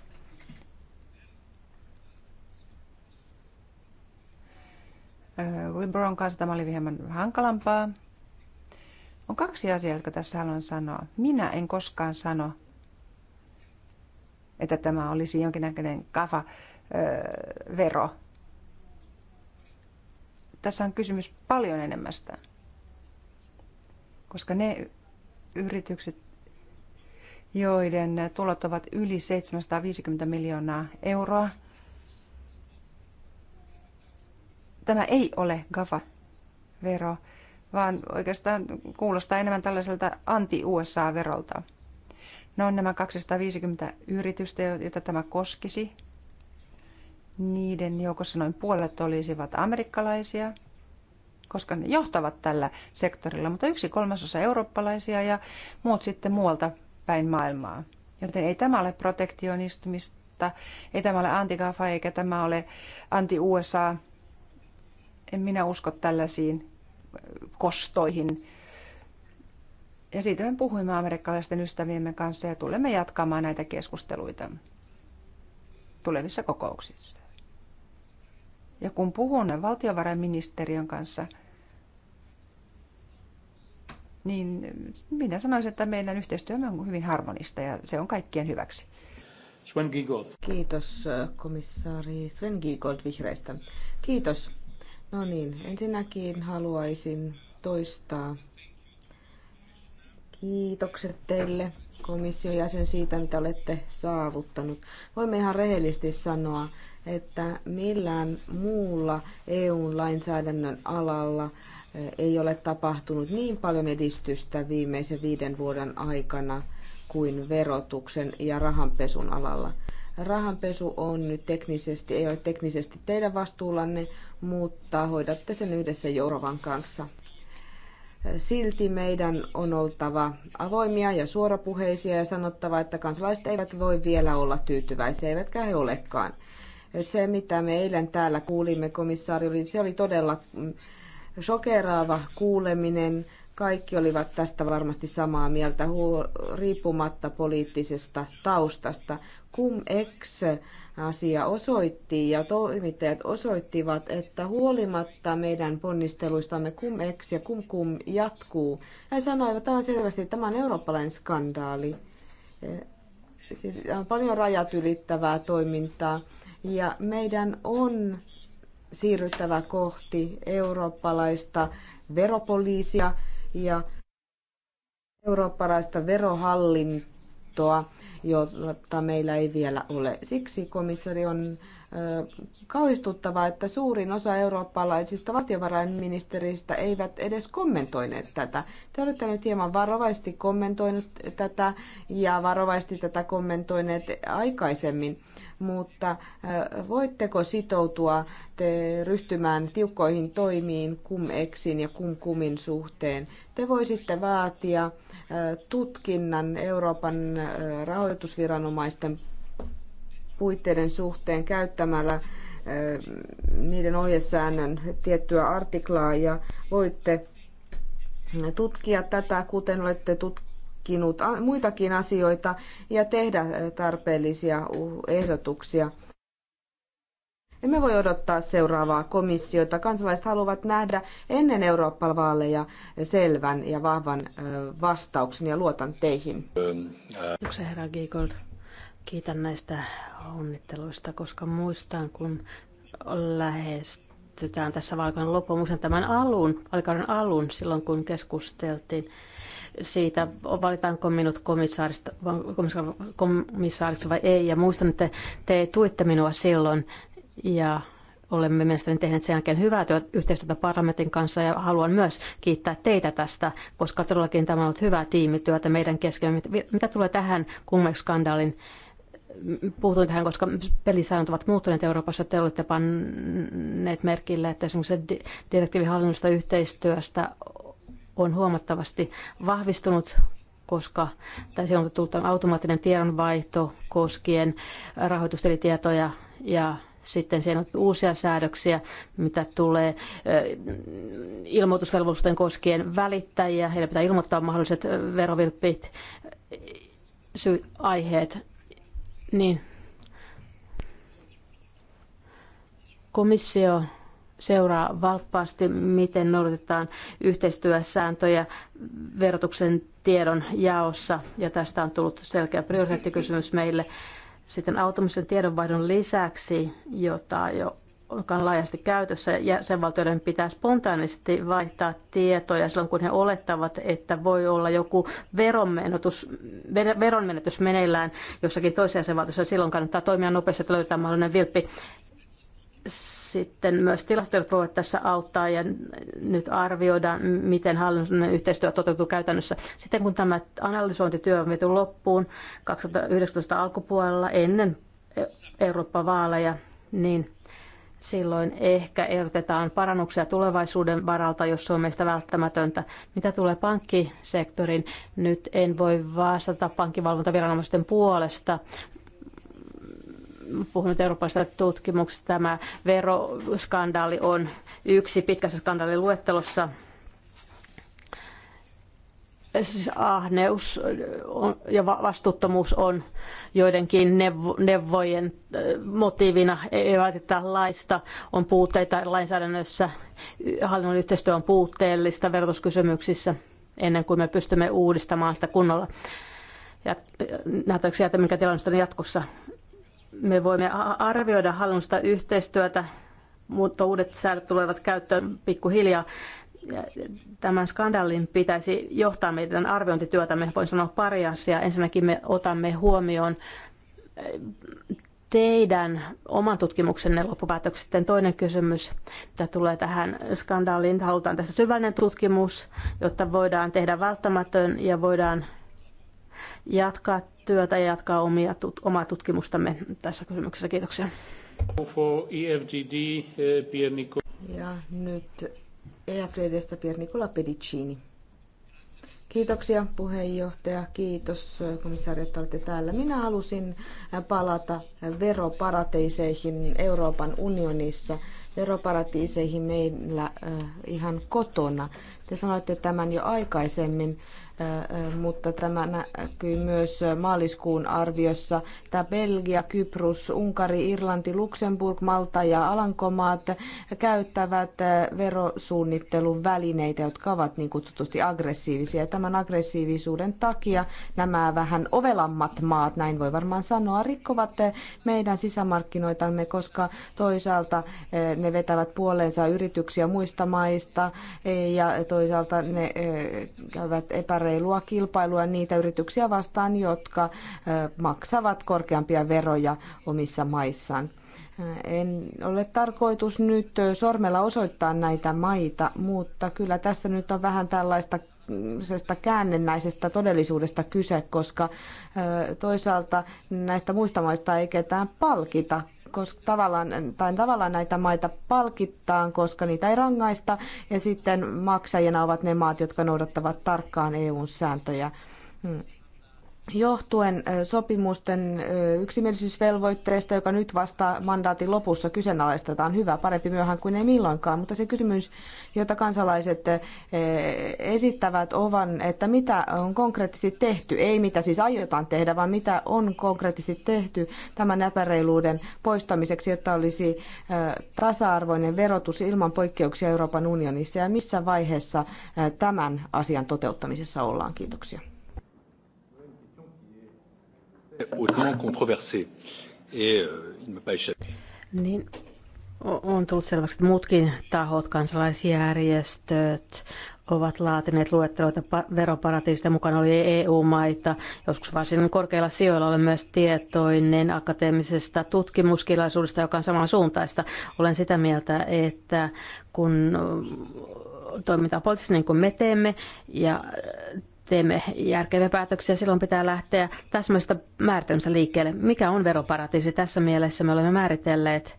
Äh, Wilburon kanssa tämä oli hieman hankalampaa. On kaksi asiaa, jotka tässä haluan sanoa. Minä en koskaan sano, että tämä olisi jonkinnäköinen kafa öö, vero. Tässä on kysymys paljon enemmästä. Koska ne yritykset, joiden tulot ovat yli 750 miljoonaa euroa – tämä ei ole GAFA-vero, vaan oikeastaan kuulostaa enemmän tällaiselta anti-USA-verolta. No nämä 250 yritystä, joita tämä koskisi. Niiden joukossa noin puolet olisivat amerikkalaisia, koska ne johtavat tällä sektorilla, mutta yksi kolmasosa eurooppalaisia ja muut sitten muualta päin maailmaa. Joten ei tämä ole protektionistumista, ei tämä ole anti eikä tämä ole anti-USA en minä usko tällaisiin äh, kostoihin. Ja siitä me puhuimme amerikkalaisten ystäviemme kanssa ja tulemme jatkamaan näitä keskusteluita tulevissa kokouksissa. Ja kun puhun valtiovarainministeriön kanssa, niin minä sanoisin, että meidän yhteistyömme on hyvin harmonista ja se on kaikkien hyväksi. Sven Giegold. Kiitos äh, komissaari Sven Giegold vihreistä. Kiitos No niin, ensinnäkin haluaisin toistaa kiitokset teille komission jäsen siitä, mitä olette saavuttanut. Voimme ihan rehellisesti sanoa, että millään muulla EU-lainsäädännön alalla eh, ei ole tapahtunut niin paljon edistystä viimeisen viiden vuoden aikana kuin verotuksen ja rahanpesun alalla. Rahanpesu on nyt teknisesti, ei ole teknisesti teidän vastuullanne, mutta hoidatte sen yhdessä Jourovan kanssa. Silti meidän on oltava avoimia ja suorapuheisia ja sanottava, että kansalaiset eivät voi vielä olla tyytyväisiä, eivätkä he olekaan. Se, mitä me eilen täällä kuulimme, komissaari, oli, se oli todella mm, shokeraava kuuleminen. Kaikki olivat tästä varmasti samaa mieltä riippumatta poliittisesta taustasta. Cum ex asia osoitti ja toimittajat osoittivat, että huolimatta meidän ponnisteluistamme cum ex ja cum cum jatkuu. He sanoivat aivan selvästi, että tämä on eurooppalainen skandaali. Siinä on paljon rajat ylittävää toimintaa ja meidän on siirryttävä kohti eurooppalaista veropoliisia, ja eurooppalaista verohallintoa, jota meillä ei vielä ole. Siksi komissari on kauhistuttavaa, että suurin osa eurooppalaisista valtiovarainministeristä eivät edes kommentoineet tätä. Te olette nyt hieman varovaisesti kommentoinut tätä ja varovaisesti tätä kommentoineet aikaisemmin, mutta voitteko sitoutua te ryhtymään tiukkoihin toimiin kum ja kum kumin suhteen? Te voisitte vaatia tutkinnan Euroopan rahoitusviranomaisten puitteiden suhteen käyttämällä niiden ohjesäännön tiettyä artiklaa ja voitte tutkia tätä, kuten olette tutkinut muitakin asioita ja tehdä tarpeellisia ehdotuksia. Emme voi odottaa seuraavaa komissiota. Kansalaiset haluavat nähdä ennen Euroopan vaaleja selvän ja vahvan vastauksen ja luotan teihin. Yksi herra Giegold. Kiitän näistä onnitteluista, koska muistan, kun lähestytään tässä valkoinen loppu. Muistan tämän alun, valkoinen alun, silloin kun keskusteltiin siitä, valitaanko minut komissaariksi vai ei. Ja muistan, että te tuitte minua silloin ja olemme mielestäni tehneet sen jälkeen hyvää työtä, yhteistyötä parlamentin kanssa ja haluan myös kiittää teitä tästä, koska todellakin tämä on ollut hyvää tiimityötä meidän kesken. Mitä tulee tähän kummeksi skandaalin puutuin tähän, koska pelisäännöt ovat muuttuneet Euroopassa. Te olette panneet merkille, että esimerkiksi direktiivi hallinnosta yhteistyöstä on huomattavasti vahvistunut koska tässä on tullut automaattinen tiedonvaihto koskien rahoitustilitietoja ja sitten siellä on uusia säädöksiä, mitä tulee ilmoitusvelvollisuuteen koskien välittäjiä. Heillä pitää ilmoittaa mahdolliset verovilppit, syy, aiheet niin. Komissio seuraa valppaasti, miten noudatetaan yhteistyösääntöjä verotuksen tiedon jaossa, ja tästä on tullut selkeä prioriteettikysymys meille. Sitten automaattisen tiedonvaihdon lisäksi, jota jo on laajasti käytössä. Jäsenvaltioiden pitää spontaanisti vaihtaa tietoja silloin, kun he olettavat, että voi olla joku veronmenetys, veronmenetys meneillään jossakin toisessa jäsenvaltiossa. Silloin kannattaa toimia nopeasti, että löytää mahdollinen vilppi. Sitten myös tilastot voivat tässä auttaa ja nyt arvioidaan, miten hallinnollinen yhteistyö toteutuu käytännössä. Sitten kun tämä analysointityö on viety loppuun 2019 alkupuolella ennen Eurooppa-vaaleja, niin silloin ehkä ehdotetaan parannuksia tulevaisuuden varalta, jos se on meistä välttämätöntä. Mitä tulee pankkisektorin, nyt en voi vastata pankkivalvontaviranomaisten puolesta, puhunut Euroopasta tutkimuksesta. Tämä veroskandaali on yksi pitkässä skandaaliluettelossa siis ahneus ja vastuuttomuus on joidenkin neuvojen äh, motiivina, ei laiteta laista, on puutteita lainsäädännössä, hallinnon yhteistyö on puutteellista verotuskysymyksissä ennen kuin me pystymme uudistamaan sitä kunnolla. Ja äh, nähtäväksi että mikä tilanne on jatkossa. Me voimme arvioida hallinnollista yhteistyötä, mutta uudet säädöt tulevat käyttöön pikkuhiljaa tämän skandaalin pitäisi johtaa meidän arviointityötämme. Voin sanoa pari asiaa. Ensinnäkin me otamme huomioon eh, teidän oman tutkimuksenne loppupäätökset. Sitten toinen kysymys, mitä tulee tähän skandaaliin. Halutaan tässä syvällinen tutkimus, jotta voidaan tehdä välttämätön ja voidaan jatkaa työtä ja jatkaa omia, tut, omaa tutkimustamme tässä kysymyksessä. Kiitoksia. E eh, ja nyt EFDstä Pier-Nikola Pedicini. Kiitoksia puheenjohtaja, kiitos komissaari, että olette täällä. Minä halusin palata veroparateiseihin Euroopan unionissa, veroparatiiseihin meillä äh, ihan kotona. Te sanoitte tämän jo aikaisemmin, mutta tämä näkyy myös maaliskuun arviossa. Tämä Belgia, Kyprus, Unkari, Irlanti, Luxemburg, Malta ja Alankomaat käyttävät verosuunnittelun välineitä, jotka ovat niin kutsutusti aggressiivisia. Tämän aggressiivisuuden takia nämä vähän ovelammat maat, näin voi varmaan sanoa, rikkovat meidän sisämarkkinoitamme, koska toisaalta ne vetävät puoleensa yrityksiä muista maista ja toisaalta ne käyvät epä epäreilua kilpailua niitä yrityksiä vastaan, jotka maksavat korkeampia veroja omissa maissaan. En ole tarkoitus nyt sormella osoittaa näitä maita, mutta kyllä tässä nyt on vähän tällaista käännennäisestä todellisuudesta kyse, koska toisaalta näistä muista maista ei ketään palkita koska tavallaan, tai tavallaan näitä maita palkittaan, koska niitä ei rangaista, ja sitten maksajina ovat ne maat, jotka noudattavat tarkkaan EUn sääntöjä. Hmm johtuen sopimusten yksimielisyysvelvoitteesta, joka nyt vasta mandaatin lopussa kyseenalaistetaan, hyvä, parempi myöhään kuin ei milloinkaan, mutta se kysymys, jota kansalaiset esittävät, on, että mitä on konkreettisesti tehty, ei mitä siis aiotaan tehdä, vaan mitä on konkreettisesti tehty tämän epäreiluuden poistamiseksi, jotta olisi tasa-arvoinen verotus ilman poikkeuksia Euroopan unionissa ja missä vaiheessa tämän asian toteuttamisessa ollaan. Kiitoksia hautement controversé. Et euh, il ne pas échappé. Niin on tullut selväksi, että muutkin tahot, kansalaisjärjestöt, ovat laatineet luetteloita veroparatiisista. Mukana oli EU-maita, joskus varsin korkeilla sijoilla olen myös tietoinen akateemisesta tutkimuskilaisuudesta, joka on samansuuntaista. Olen sitä mieltä, että kun toimitaan poliittisesti niin kuin me teemme ja teemme järkeviä päätöksiä, silloin pitää lähteä täsmällistä määritelmistä liikkeelle. Mikä on veroparatiisi? Tässä mielessä me olemme määritelleet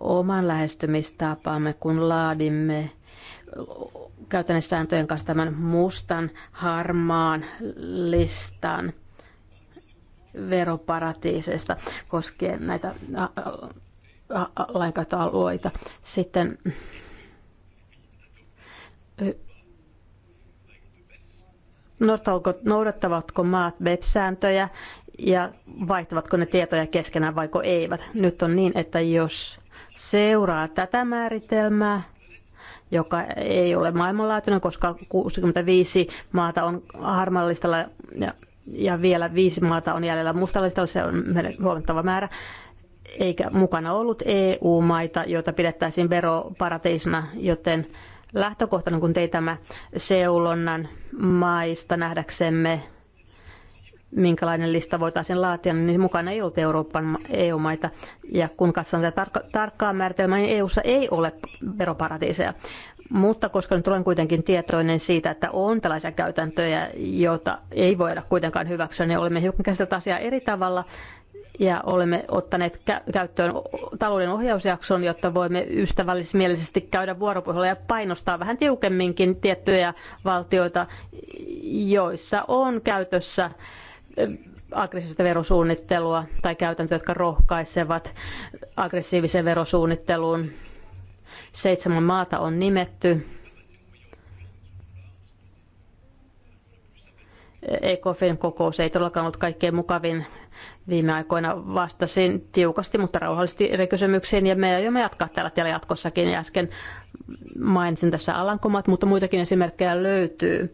oman lähestymistapaamme, kun laadimme sääntöjen kanssa tämän mustan, harmaan listan veroparatiiseista koskien näitä lainkäyttöalueita. Sitten noudattavatko maat web e sääntöjä ja vaihtavatko ne tietoja keskenään vaiko eivät. Nyt on niin, että jos seuraa tätä määritelmää, joka ei ole maailmanlaatuinen, koska 65 maata on harmallistalla ja, ja vielä viisi maata on jäljellä mustallistalla, se on huomattava määrä, eikä mukana ollut EU-maita, joita pidettäisiin veroparateisina, joten lähtökohtana, kun tein tämä seulonnan maista nähdäksemme, minkälainen lista voitaisiin laatia, niin mukana ei ollut Euroopan EU-maita. Ja kun katsotaan tätä tarkka- tarkkaa määritelmää, niin EUssa ei ole veroparatiiseja. Mutta koska nyt olen kuitenkin tietoinen siitä, että on tällaisia käytäntöjä, joita ei voida kuitenkaan hyväksyä, niin olemme hiukan käsitelleet asiaa eri tavalla ja olemme ottaneet käyttöön talouden ohjausjakson, jotta voimme ystävällismielisesti käydä vuoropuhelua ja painostaa vähän tiukemminkin tiettyjä valtioita, joissa on käytössä aggressiivista verosuunnittelua tai käytäntöjä, jotka rohkaisevat aggressiiviseen verosuunnitteluun. Seitsemän maata on nimetty. E- ECOFIN kokous ei todellakaan ollut kaikkein mukavin Viime aikoina vastasin tiukasti, mutta rauhallisesti eri kysymyksiin, ja me aiomme jatkaa tällä tiellä jatkossakin. Ja äsken mainitsin tässä Alankomat, mutta muitakin esimerkkejä löytyy.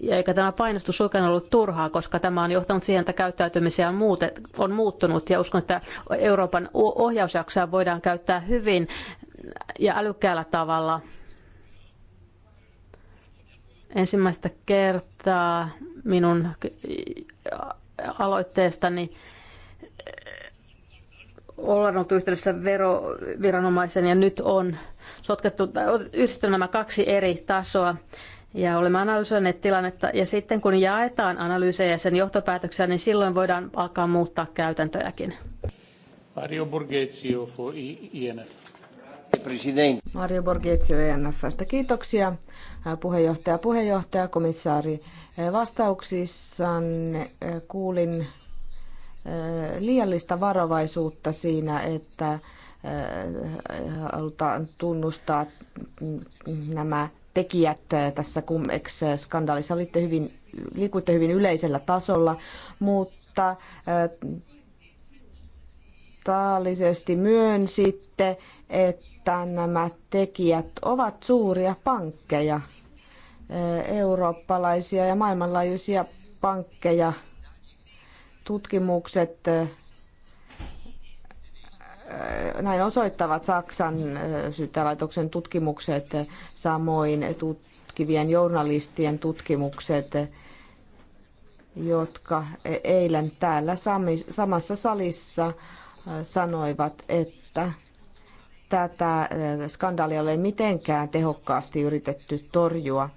Ja eikä tämä painostus suinkaan ollut turhaa, koska tämä on johtanut siihen, että käyttäytymisiä on, muute, on muuttunut. Ja uskon, että Euroopan ohjausjaksoa voidaan käyttää hyvin ja älykkäällä tavalla. Ensimmäistä kertaa minun aloitteestani ollaan ollut yhteydessä veroviranomaisen ja nyt on sotkettu, yhdistetty nämä kaksi eri tasoa ja olemme analysoineet tilannetta. Ja sitten kun jaetaan analyysejä ja sen johtopäätöksiä, niin silloin voidaan alkaa muuttaa käytäntöjäkin. Mario Borghezio for INF. Mario Borghezio ENFstä. Kiitoksia puheenjohtaja, puheenjohtaja, komissaari. Vastauksissanne kuulin liiallista varovaisuutta siinä, että halutaan tunnustaa nämä tekijät tässä CumEx-skandaalissa. Olitte hyvin, liikuitte hyvin yleisellä tasolla, mutta taallisesti myönsitte, että nämä tekijät ovat suuria pankkeja, eurooppalaisia ja maailmanlaajuisia pankkeja – tutkimukset äh, näin osoittavat Saksan äh, syyttäjälaitoksen tutkimukset, samoin tutkivien journalistien tutkimukset, jotka eilen täällä samassa salissa äh, sanoivat, että tätä skandaalia ei ole mitenkään tehokkaasti yritetty torjua.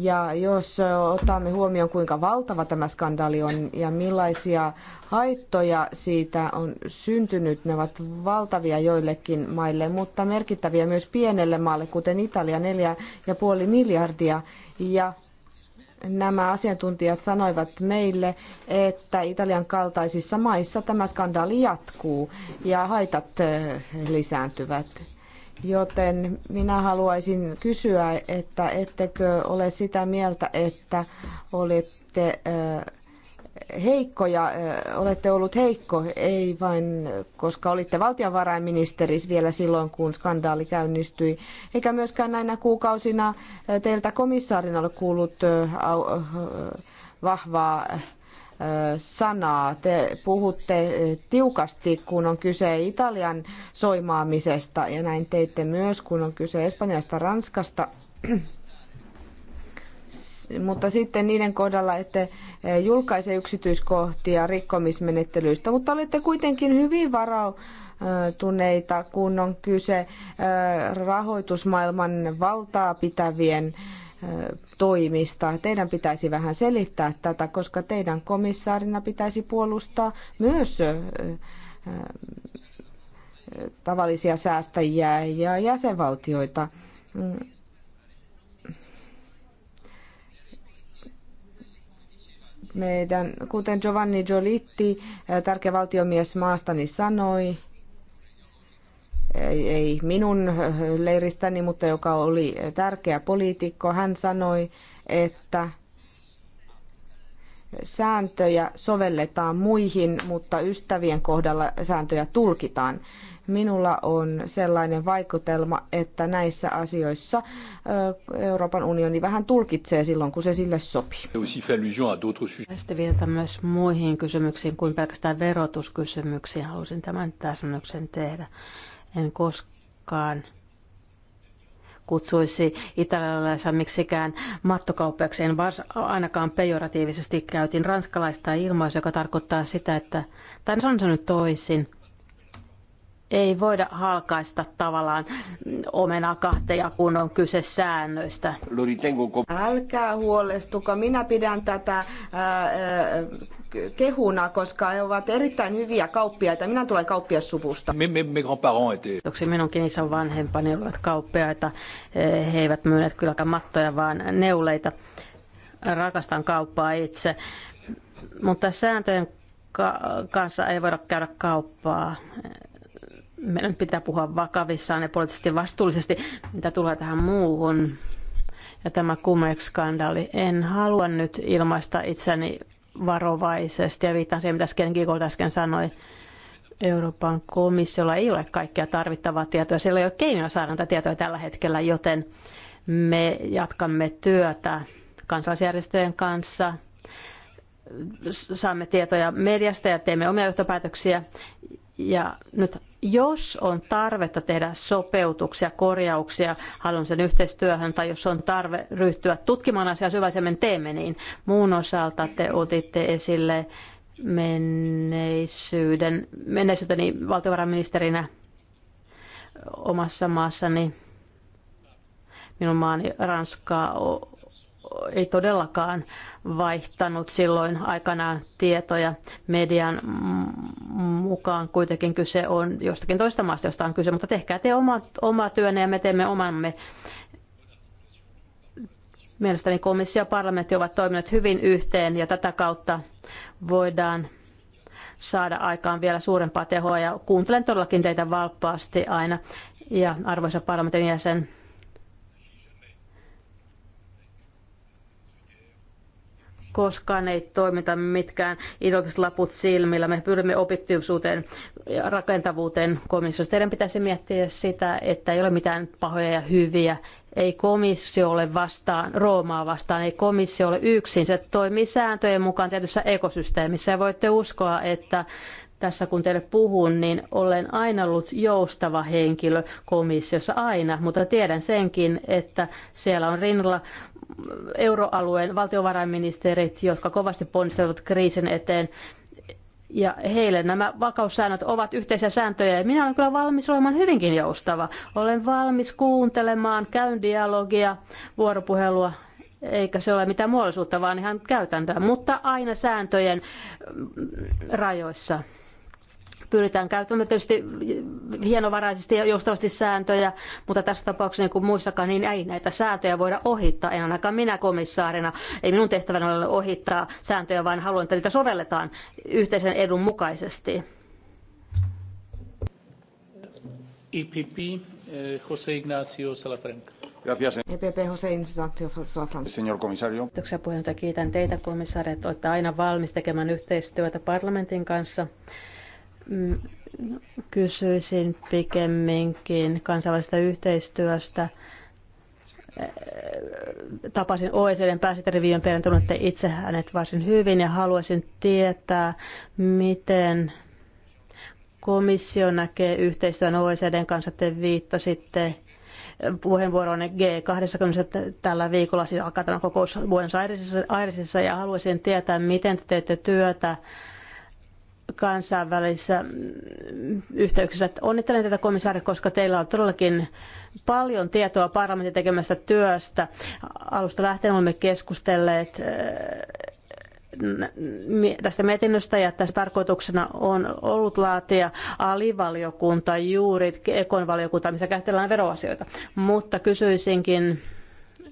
Ja jos otamme huomioon, kuinka valtava tämä skandaali on ja millaisia haittoja siitä on syntynyt, ne ovat valtavia joillekin maille, mutta merkittäviä myös pienelle maalle, kuten Italia, 4,5 ja puoli miljardia. Ja nämä asiantuntijat sanoivat meille, että Italian kaltaisissa maissa tämä skandaali jatkuu ja haitat lisääntyvät. Joten minä haluaisin kysyä, että ettekö ole sitä mieltä, että olette heikkoja, olette ollut heikko, ei vain koska olitte valtiovarainministeri vielä silloin, kun skandaali käynnistyi, eikä myöskään näinä kuukausina teiltä komissaarina ole kuullut vahvaa sanaa. Te puhutte tiukasti, kun on kyse Italian soimaamisesta ja näin teitte myös, kun on kyse Espanjasta, Ranskasta. Mutta sitten niiden kohdalla ette julkaise yksityiskohtia rikkomismenettelyistä, mutta olette kuitenkin hyvin varautuneita, kun on kyse rahoitusmaailman valtaa pitävien toimista. Teidän pitäisi vähän selittää tätä, koska teidän komissaarina pitäisi puolustaa myös tavallisia säästäjiä ja jäsenvaltioita. Meidän, kuten Giovanni Giolitti, tärkeä valtiomies maastani sanoi, ei minun leiristäni, mutta joka oli tärkeä poliitikko, hän sanoi, että sääntöjä sovelletaan muihin, mutta ystävien kohdalla sääntöjä tulkitaan. Minulla on sellainen vaikutelma, että näissä asioissa Euroopan unioni vähän tulkitsee silloin, kun se sille sopii. Sitten vielä myös muihin kysymyksiin kuin pelkästään verotuskysymyksiin. Halusin tämän täsmennyksen tehdä. En koskaan kutsuisi italialaisia miksikään vars, ainakaan pejoratiivisesti käytin ranskalaista ilmaisua, joka tarkoittaa sitä, että, tai se on se nyt toisin, ei voida halkaista tavallaan omenakahteja, kun on kyse säännöistä. Älkää huolestuka, minä pidän tätä ää, kehuna, koska he ovat erittäin hyviä kauppiaita. Minä tulen kauppiassuvusta. Joksi minunkin isän vanhempani olivat kauppiaita. He eivät myyneet kylläkään mattoja, vaan neuleita. Rakastan kauppaa itse. Mutta sääntöjen kanssa ei voida käydä kauppaa meidän pitää puhua vakavissaan ja poliittisesti vastuullisesti, mitä tulee tähän muuhun. Ja tämä Cumex-skandaali. En halua nyt ilmaista itseni varovaisesti ja viittaan siihen, mitä Sken Giegold äsken sanoi. Euroopan komissiolla ei ole kaikkea tarvittavaa tietoa. Siellä ei ole keinoja saada tätä tietoa tällä hetkellä, joten me jatkamme työtä kansalaisjärjestöjen kanssa. Saamme tietoja mediasta ja teemme omia johtopäätöksiä ja nyt jos on tarvetta tehdä sopeutuksia, korjauksia haluan sen yhteistyöhön tai jos on tarve ryhtyä tutkimaan asiaa syvällisemmin, teemme niin. Muun osalta te otitte esille menneisyyden, menneisyyteni valtiovarainministerinä omassa maassani. Minun maani Ranskaa ei todellakaan vaihtanut silloin aikanaan tietoja median mukaan. Kuitenkin kyse on jostakin toista maasta, josta on kyse, mutta tehkää te oma, oma työnne ja me teemme omamme. Mielestäni komissio ja parlamentti ovat toimineet hyvin yhteen ja tätä kautta voidaan saada aikaan vielä suurempaa tehoa ja kuuntelen todellakin teitä valppaasti aina. Ja arvoisa parlamentin jäsen, koskaan ei toimita mitkään ideologiset laput silmillä. Me pyrimme objektiivisuuteen ja rakentavuuteen komissiossa. Teidän pitäisi miettiä sitä, että ei ole mitään pahoja ja hyviä. Ei komissio ole vastaan, Roomaa vastaan, ei komissio ole yksin. Se toimii sääntöjen mukaan tietyssä ekosysteemissä ja voitte uskoa, että tässä kun teille puhun, niin olen aina ollut joustava henkilö komissiossa aina, mutta tiedän senkin, että siellä on rinnalla euroalueen valtiovarainministerit, jotka kovasti ponnistelevat kriisin eteen. Ja heille nämä vakaussäännöt ovat yhteisiä sääntöjä ja minä olen kyllä valmis olemaan hyvinkin joustava. Olen valmis kuuntelemaan, käyn dialogia, vuoropuhelua, eikä se ole mitään muodollisuutta, vaan ihan käytäntöä, mutta aina sääntöjen rajoissa pyritään käyttämään tietysti hienovaraisesti ja joustavasti sääntöjä, mutta tässä tapauksessa niin kuin muissakaan, niin ei näitä sääntöjä voida ohittaa. En ainakaan minä komissaarina, ei minun tehtävänä ole ohittaa sääntöjä, vaan haluan, että niitä sovelletaan yhteisen edun mukaisesti. EPP, eh, José Ignacio Salafranca. EPP e José Ignacio Salafranca. Señor comisario. Kiitoksia puheenjohtaja. Kiitän teitä komissaari, että olette aina valmis tekemään yhteistyötä parlamentin kanssa kysyisin pikemminkin kansainvälisestä yhteistyöstä. Tapasin OECDn pääsihteeri viime perin, tunnette itse hänet varsin hyvin ja haluaisin tietää, miten komissio näkee yhteistyön OECDn kanssa. Te viittasitte puheenvuoronne G20 tällä viikolla, siis alkaa tämän kokous vuoden ja haluaisin tietää, miten te teette työtä kansainvälisissä mm, yhteyksissä. Onnittelen tätä komissaari, koska teillä on todellakin paljon tietoa parlamentin tekemästä työstä. Alusta lähtien olemme keskustelleet äh, tästä mietinnöstä ja tässä tarkoituksena on ollut laatia alivaliokunta, juuri ekonvaliokunta, missä käsitellään veroasioita. Mutta kysyisinkin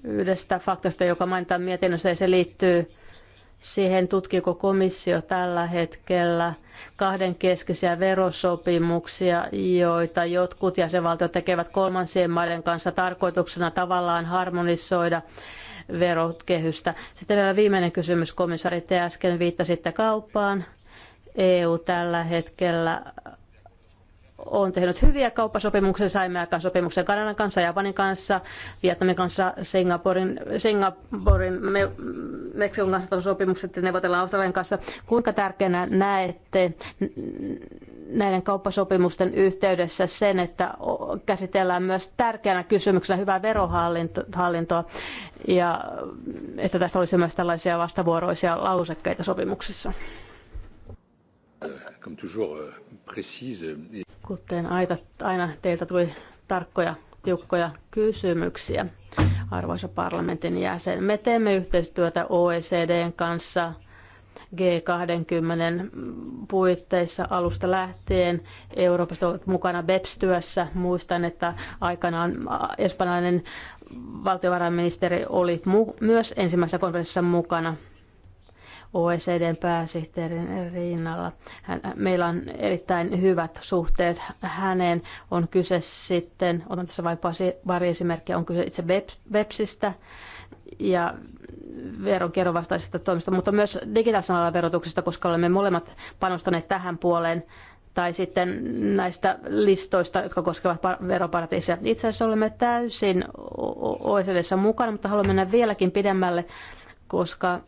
yhdestä faktasta, joka mainitaan mietinnössä ja se liittyy siihen tutkiko komissio tällä hetkellä kahdenkeskisiä verosopimuksia, joita jotkut jäsenvaltiot tekevät kolmansien maiden kanssa tarkoituksena tavallaan harmonisoida verokehystä. Sitten vielä viimeinen kysymys, komissari, te äsken viittasitte kauppaan. EU tällä hetkellä on tehnyt hyviä kauppasopimuksia, saimme aikaan sopimuksen Kanadan kanssa, Japanin kanssa, Vietnamin kanssa, Singaporen, Singaporen me, Meksikon kanssa sopimukset ja neuvotellaan Australian kanssa. Kuinka tärkeänä näette näiden kauppasopimusten yhteydessä sen, että käsitellään myös tärkeänä kysymyksenä hyvää verohallintoa ja että tästä olisi myös tällaisia vastavuoroisia lausekkeita sopimuksissa? Comme toujours, euh, Kuten aina teiltä tuli tarkkoja, tiukkoja kysymyksiä, arvoisa parlamentin jäsen. Me teemme yhteistyötä OECDn kanssa G20 puitteissa alusta lähtien. Euroopasta olet mukana BEPS-työssä. Muistan, että aikanaan espanjalainen valtiovarainministeri oli myös ensimmäisessä konferenssissa mukana – OECDn pääsihteerin rinnalla. Hän, meillä on erittäin hyvät suhteet häneen. On kyse sitten, otan tässä vain pari esimerkkiä, on kyse itse web websistä ja veronkierron vastaisista toimista, mutta myös digitaalisella verotuksesta, koska olemme molemmat panostaneet tähän puoleen tai sitten näistä listoista, jotka koskevat veroparatiisia. Itse asiassa olemme täysin OECDssä mukana, mutta haluamme mennä vieläkin pidemmälle, koska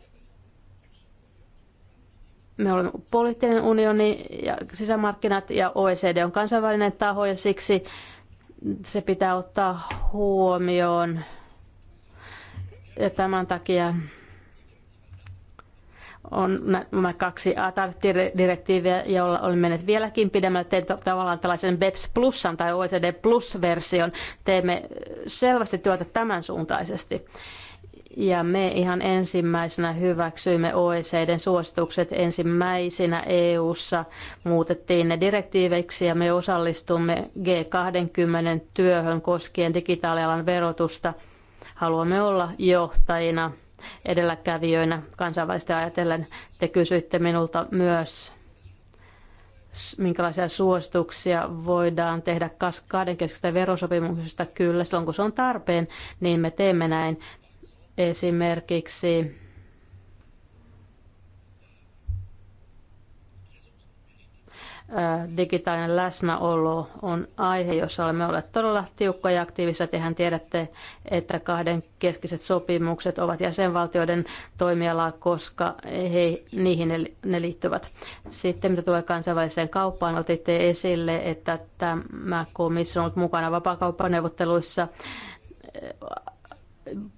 me olemme poliittinen unioni ja sisämarkkinat ja OECD on kansainvälinen taho ja siksi se pitää ottaa huomioon. Ja tämän takia on nämä kaksi ATAR-direktiiviä, joilla olemme mennyt vieläkin pidemmälle. Teemme tavallaan tällaisen BEPS Plusan tai OECD Plus-version. Teemme selvästi työtä tämän suuntaisesti ja me ihan ensimmäisenä hyväksyimme OECDn suositukset eu EU:ssa muutettiin ne direktiiveiksi ja me osallistumme G20 työhön koskien digitaalialan verotusta. Haluamme olla johtajina, edelläkävijöinä kansainvälisesti ajatellen. Te kysyitte minulta myös minkälaisia suosituksia voidaan tehdä kahdenkeskisestä verosopimuksesta. Kyllä, silloin kun se on tarpeen, niin me teemme näin. Esimerkiksi digitaalinen läsnäolo on aihe, jossa olemme olleet todella tiukkoja ja aktiivisia. Tehän tiedätte, että kahden keskiset sopimukset ovat jäsenvaltioiden toimialaa, koska he, niihin ne liittyvät. Sitten mitä tulee kansainväliseen kauppaan, otitte esille, että tämä komissio on ollut mukana vapaakauppaneuvotteluissa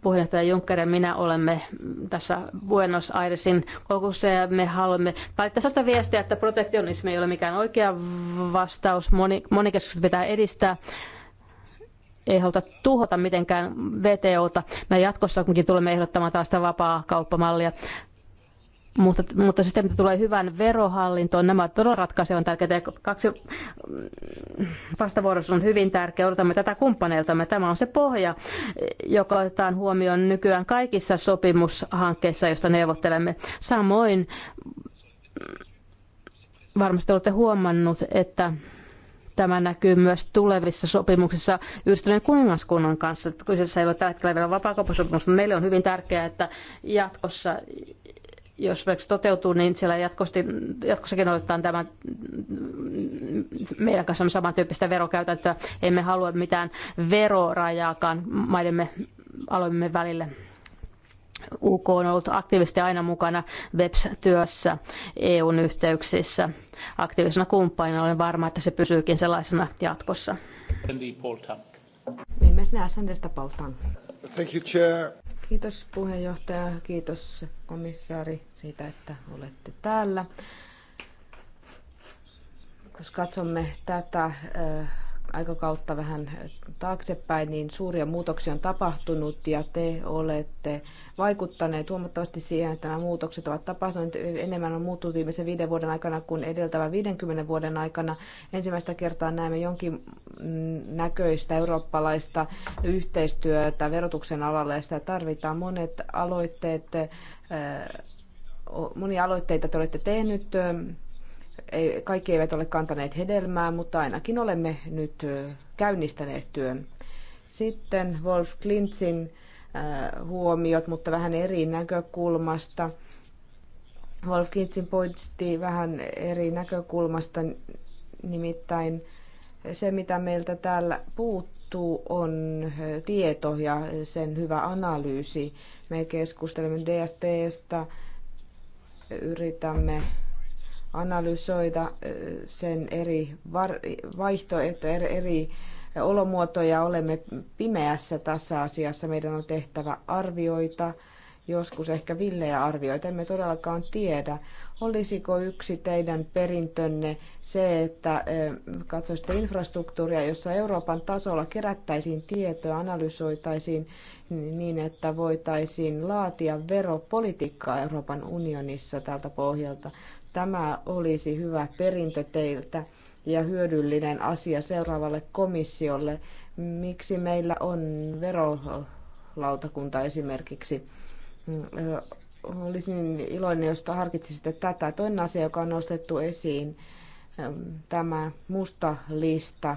puheenjohtaja Juncker ja minä olemme tässä Buenos Airesin kokouksessa ja me haluamme laittaa sellaista viestiä, että protektionismi ei ole mikään oikea vastaus. Moni, monikeskukset pitää edistää. Ei haluta tuhota mitenkään VTOta. Me jatkossakin tulemme ehdottamaan tällaista vapaa kauppamallia. Mutta, mutta sitten mitä tulee hyvän verohallintoon, nämä ovat todella ratkaisevan tärkeitä. Ja kaksi mm, vastavuoroisuus on hyvin tärkeä. Odotamme tätä kumppaneilta. Tämä on se pohja, joka otetaan huomioon nykyään kaikissa sopimushankkeissa, joista neuvottelemme. Samoin mm, varmasti olette huomannut, että Tämä näkyy myös tulevissa sopimuksissa yhdistyneen kuningaskunnan kanssa. Kyseessä ei ole tällä hetkellä vielä vapaakauppasopimus, mutta meille on hyvin tärkeää, että jatkossa jos Brexit toteutuu, niin siellä jatkosti, jatkossakin otetaan tämä meidän kanssamme samantyyppistä verokäytäntöä. Emme halua mitään verorajaakaan maidemme aloimme välille. UK on ollut aktiivisesti aina mukana BEPS-työssä EUn yhteyksissä. Aktiivisena kumppanina olen varma, että se pysyykin sellaisena jatkossa. Viimeisenä Paul Thank you, Chair. Kiitos puheenjohtaja, kiitos komissaari siitä, että olette täällä. Jos katsomme tätä aikakautta vähän taaksepäin, niin suuria muutoksia on tapahtunut ja te olette vaikuttaneet huomattavasti siihen, että nämä muutokset ovat tapahtuneet. Enemmän on muuttunut viimeisen viiden vuoden aikana kuin edeltävän 50 vuoden aikana. Ensimmäistä kertaa näemme jonkin näköistä eurooppalaista yhteistyötä verotuksen alalla ja sitä tarvitaan. Monet aloitteet, monia aloitteita te olette tehneet ei, kaikki eivät ole kantaneet hedelmää, mutta ainakin olemme nyt käynnistäneet työn. Sitten Wolf Klintzin huomiot, mutta vähän eri näkökulmasta. Wolf Klintzin pointti vähän eri näkökulmasta, nimittäin se, mitä meiltä täällä puuttuu, on tieto ja sen hyvä analyysi. Me keskustelemme DSTstä, yritämme analysoida äh, sen eri vaihtoehtoja, eri olomuotoja. Olemme pimeässä tässä asiassa. Meidän on tehtävä arvioita, joskus ehkä villejä arvioita. Emme todellakaan tiedä. Olisiko yksi teidän perintönne se, että äh, katsoisitte infrastruktuuria, jossa Euroopan tasolla kerättäisiin tietoa, analysoitaisiin niin, että voitaisiin laatia veropolitiikkaa Euroopan unionissa tältä pohjalta. Tämä olisi hyvä perintö teiltä ja hyödyllinen asia seuraavalle komissiolle. Miksi meillä on verolautakunta esimerkiksi? Mm, olisin iloinen, jos harkitsisitte tätä. Toinen asia, joka on nostettu esiin, mm, tämä musta lista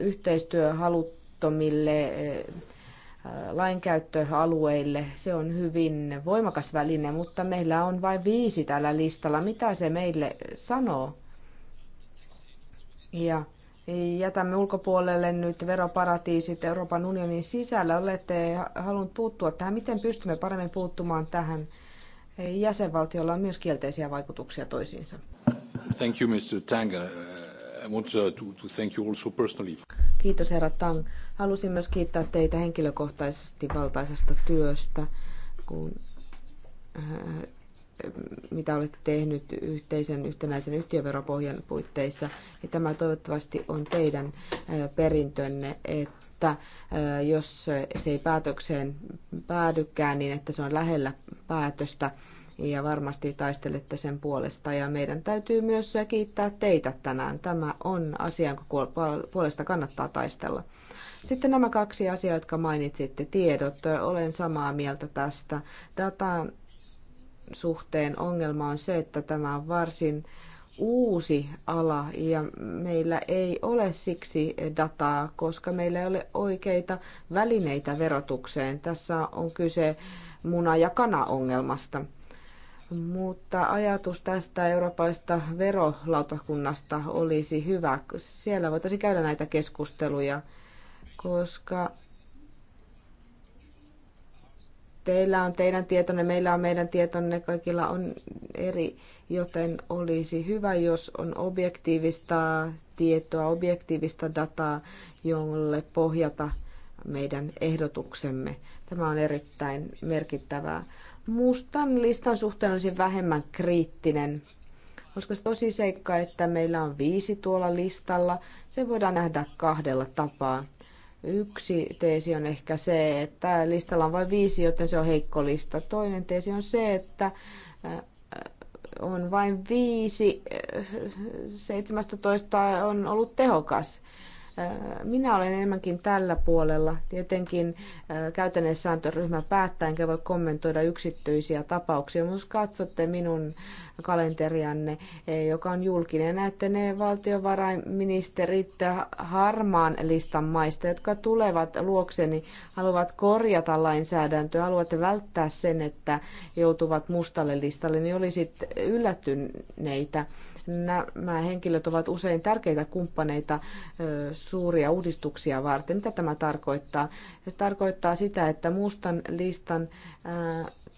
yhteistyöhaluttomille lainkäyttöalueille. Se on hyvin voimakas väline, mutta meillä on vain viisi tällä listalla. Mitä se meille sanoo? Ja jätämme ulkopuolelle nyt veroparatiisit Euroopan unionin sisällä. Olette halunnut puuttua tähän. Miten pystymme paremmin puuttumaan tähän? Jäsenvaltiolla on myös kielteisiä vaikutuksia toisiinsa. Thank you, Mr. Tanger. Uh, Kiitos herra Tang. Halusin myös kiittää teitä henkilökohtaisesti valtaisesta työstä, kun, äh, mitä olette tehnyt yhteisen yhtenäisen yhtiöveropohjan puitteissa. Ja tämä toivottavasti on teidän äh, perintönne, että äh, jos se ei päätökseen päädykään, niin että se on lähellä päätöstä ja varmasti taistelette sen puolesta. Ja meidän täytyy myös kiittää teitä tänään. Tämä on asia, jonka puolesta kannattaa taistella. Sitten nämä kaksi asiaa, jotka mainitsitte, tiedot. Olen samaa mieltä tästä. Datan suhteen ongelma on se, että tämä on varsin uusi ala ja meillä ei ole siksi dataa, koska meillä ei ole oikeita välineitä verotukseen. Tässä on kyse muna- ja kana-ongelmasta. Mutta ajatus tästä eurooppalaisesta verolautakunnasta olisi hyvä. Siellä voitaisiin käydä näitä keskusteluja, koska teillä on teidän tietonne, meillä on meidän tietonne, kaikilla on eri, joten olisi hyvä, jos on objektiivista tietoa, objektiivista dataa, jolle pohjata meidän ehdotuksemme. Tämä on erittäin merkittävää mustan listan suhteen olisin vähemmän kriittinen. Koska se tosi seikka, että meillä on viisi tuolla listalla, se voidaan nähdä kahdella tapaa. Yksi teesi on ehkä se, että listalla on vain viisi, joten se on heikko lista. Toinen teesi on se, että äh, on vain viisi, 17 äh, on ollut tehokas. Minä olen enemmänkin tällä puolella. Tietenkin käytännössä sääntöryhmä päättää, enkä voi kommentoida yksityisiä tapauksia, mutta jos katsotte minun kalenterianne, e, joka on julkinen, näette ne valtiovarainministerit harmaan listan maista, jotka tulevat luokseni, haluavat korjata lainsäädäntöä, haluavat välttää sen, että joutuvat mustalle listalle, niin olisit yllättyneitä Nämä henkilöt ovat usein tärkeitä kumppaneita suuria uudistuksia varten. Mitä tämä tarkoittaa? Se tarkoittaa sitä, että mustan listan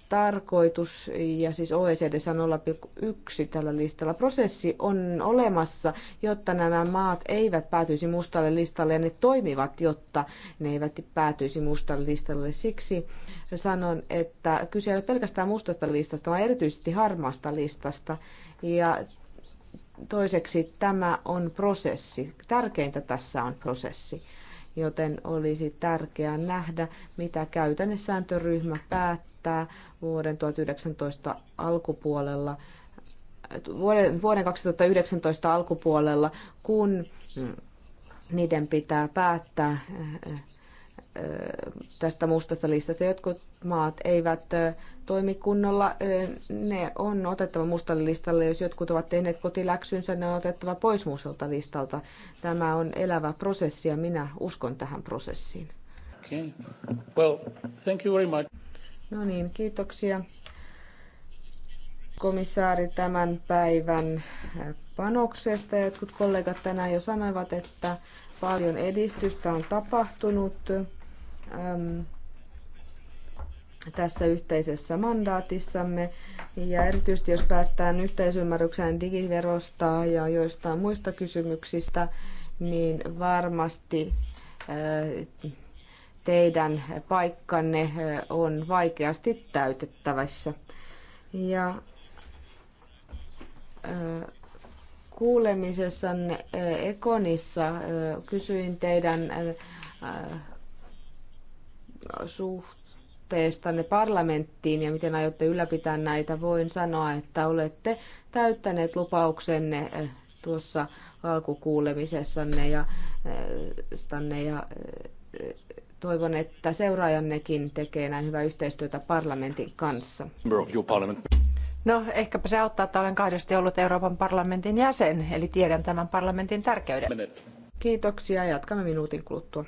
tarkoitus, ja siis OECD 0,1 tällä listalla. Prosessi on olemassa, jotta nämä maat eivät päätyisi mustalle listalle, ja ne toimivat, jotta ne eivät päätyisi mustalle listalle. Siksi sanon, että kyse ei ole pelkästään mustasta listasta, vaan erityisesti harmaasta listasta. Ja Toiseksi tämä on prosessi. Tärkeintä tässä on prosessi, joten olisi tärkeää nähdä, mitä sääntöryhmä päättää vuoden 2019 alkupuolella vuoden, vuoden 2019 alkupuolella, kun mm, niiden pitää päättää äh, äh, tästä mustasta listasta. Jotkut maat eivät toimi kunnolla. Ne on otettava mustalle listalle. Jos jotkut ovat tehneet kotiläksynsä, ne on otettava pois mustalta listalta. Tämä on elävä prosessi ja minä uskon tähän prosessiin. Okay. Well, thank you very much. No niin, kiitoksia komissaari tämän päivän panoksesta. Jotkut kollegat tänään jo sanoivat, että Paljon edistystä on tapahtunut äm, tässä yhteisessä mandaatissamme. Ja erityisesti jos päästään yhteisymmärrykseen digiverosta ja joistain muista kysymyksistä, niin varmasti äh, teidän paikkanne äh, on vaikeasti täytettävässä Ja äh, kuulemisessanne Ekonissa kysyin teidän suhteestanne parlamenttiin ja miten aiotte ylläpitää näitä, voin sanoa, että olette täyttäneet lupauksenne tuossa alkukuulemisessanne ja, stanne ja toivon, että seuraajannekin tekee näin hyvää yhteistyötä parlamentin kanssa. No, ehkäpä se auttaa, että olen kahdesti ollut Euroopan parlamentin jäsen, eli tiedän tämän parlamentin tärkeyden. Kiitoksia, jatkamme minuutin kuluttua.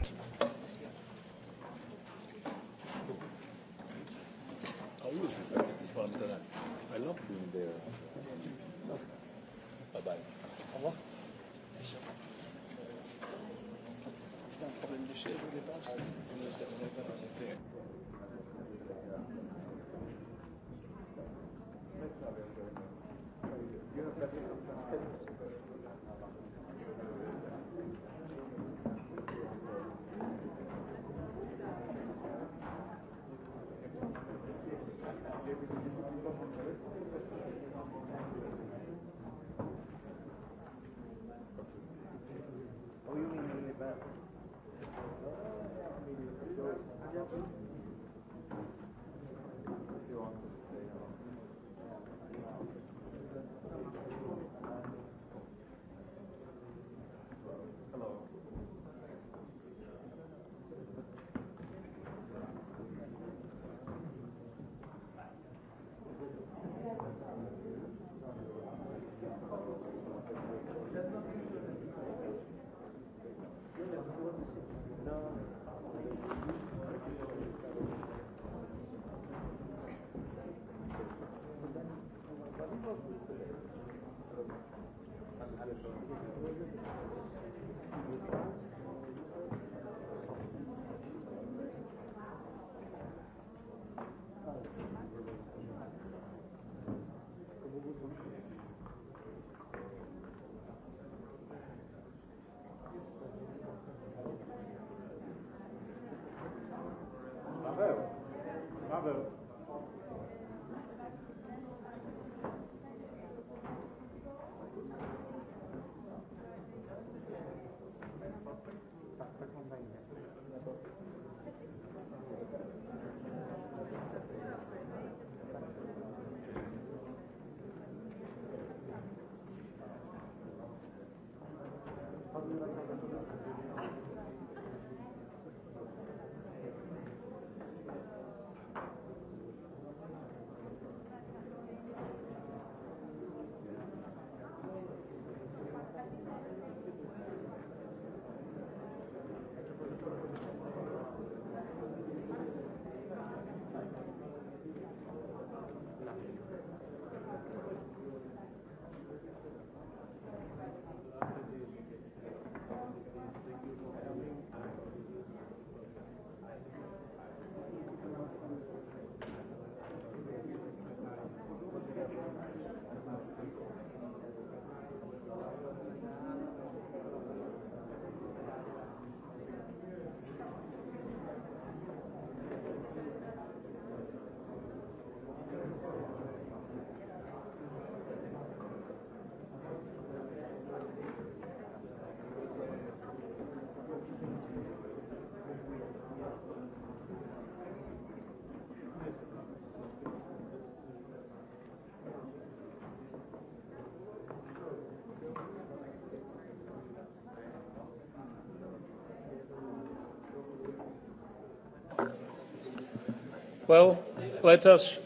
Well, let us,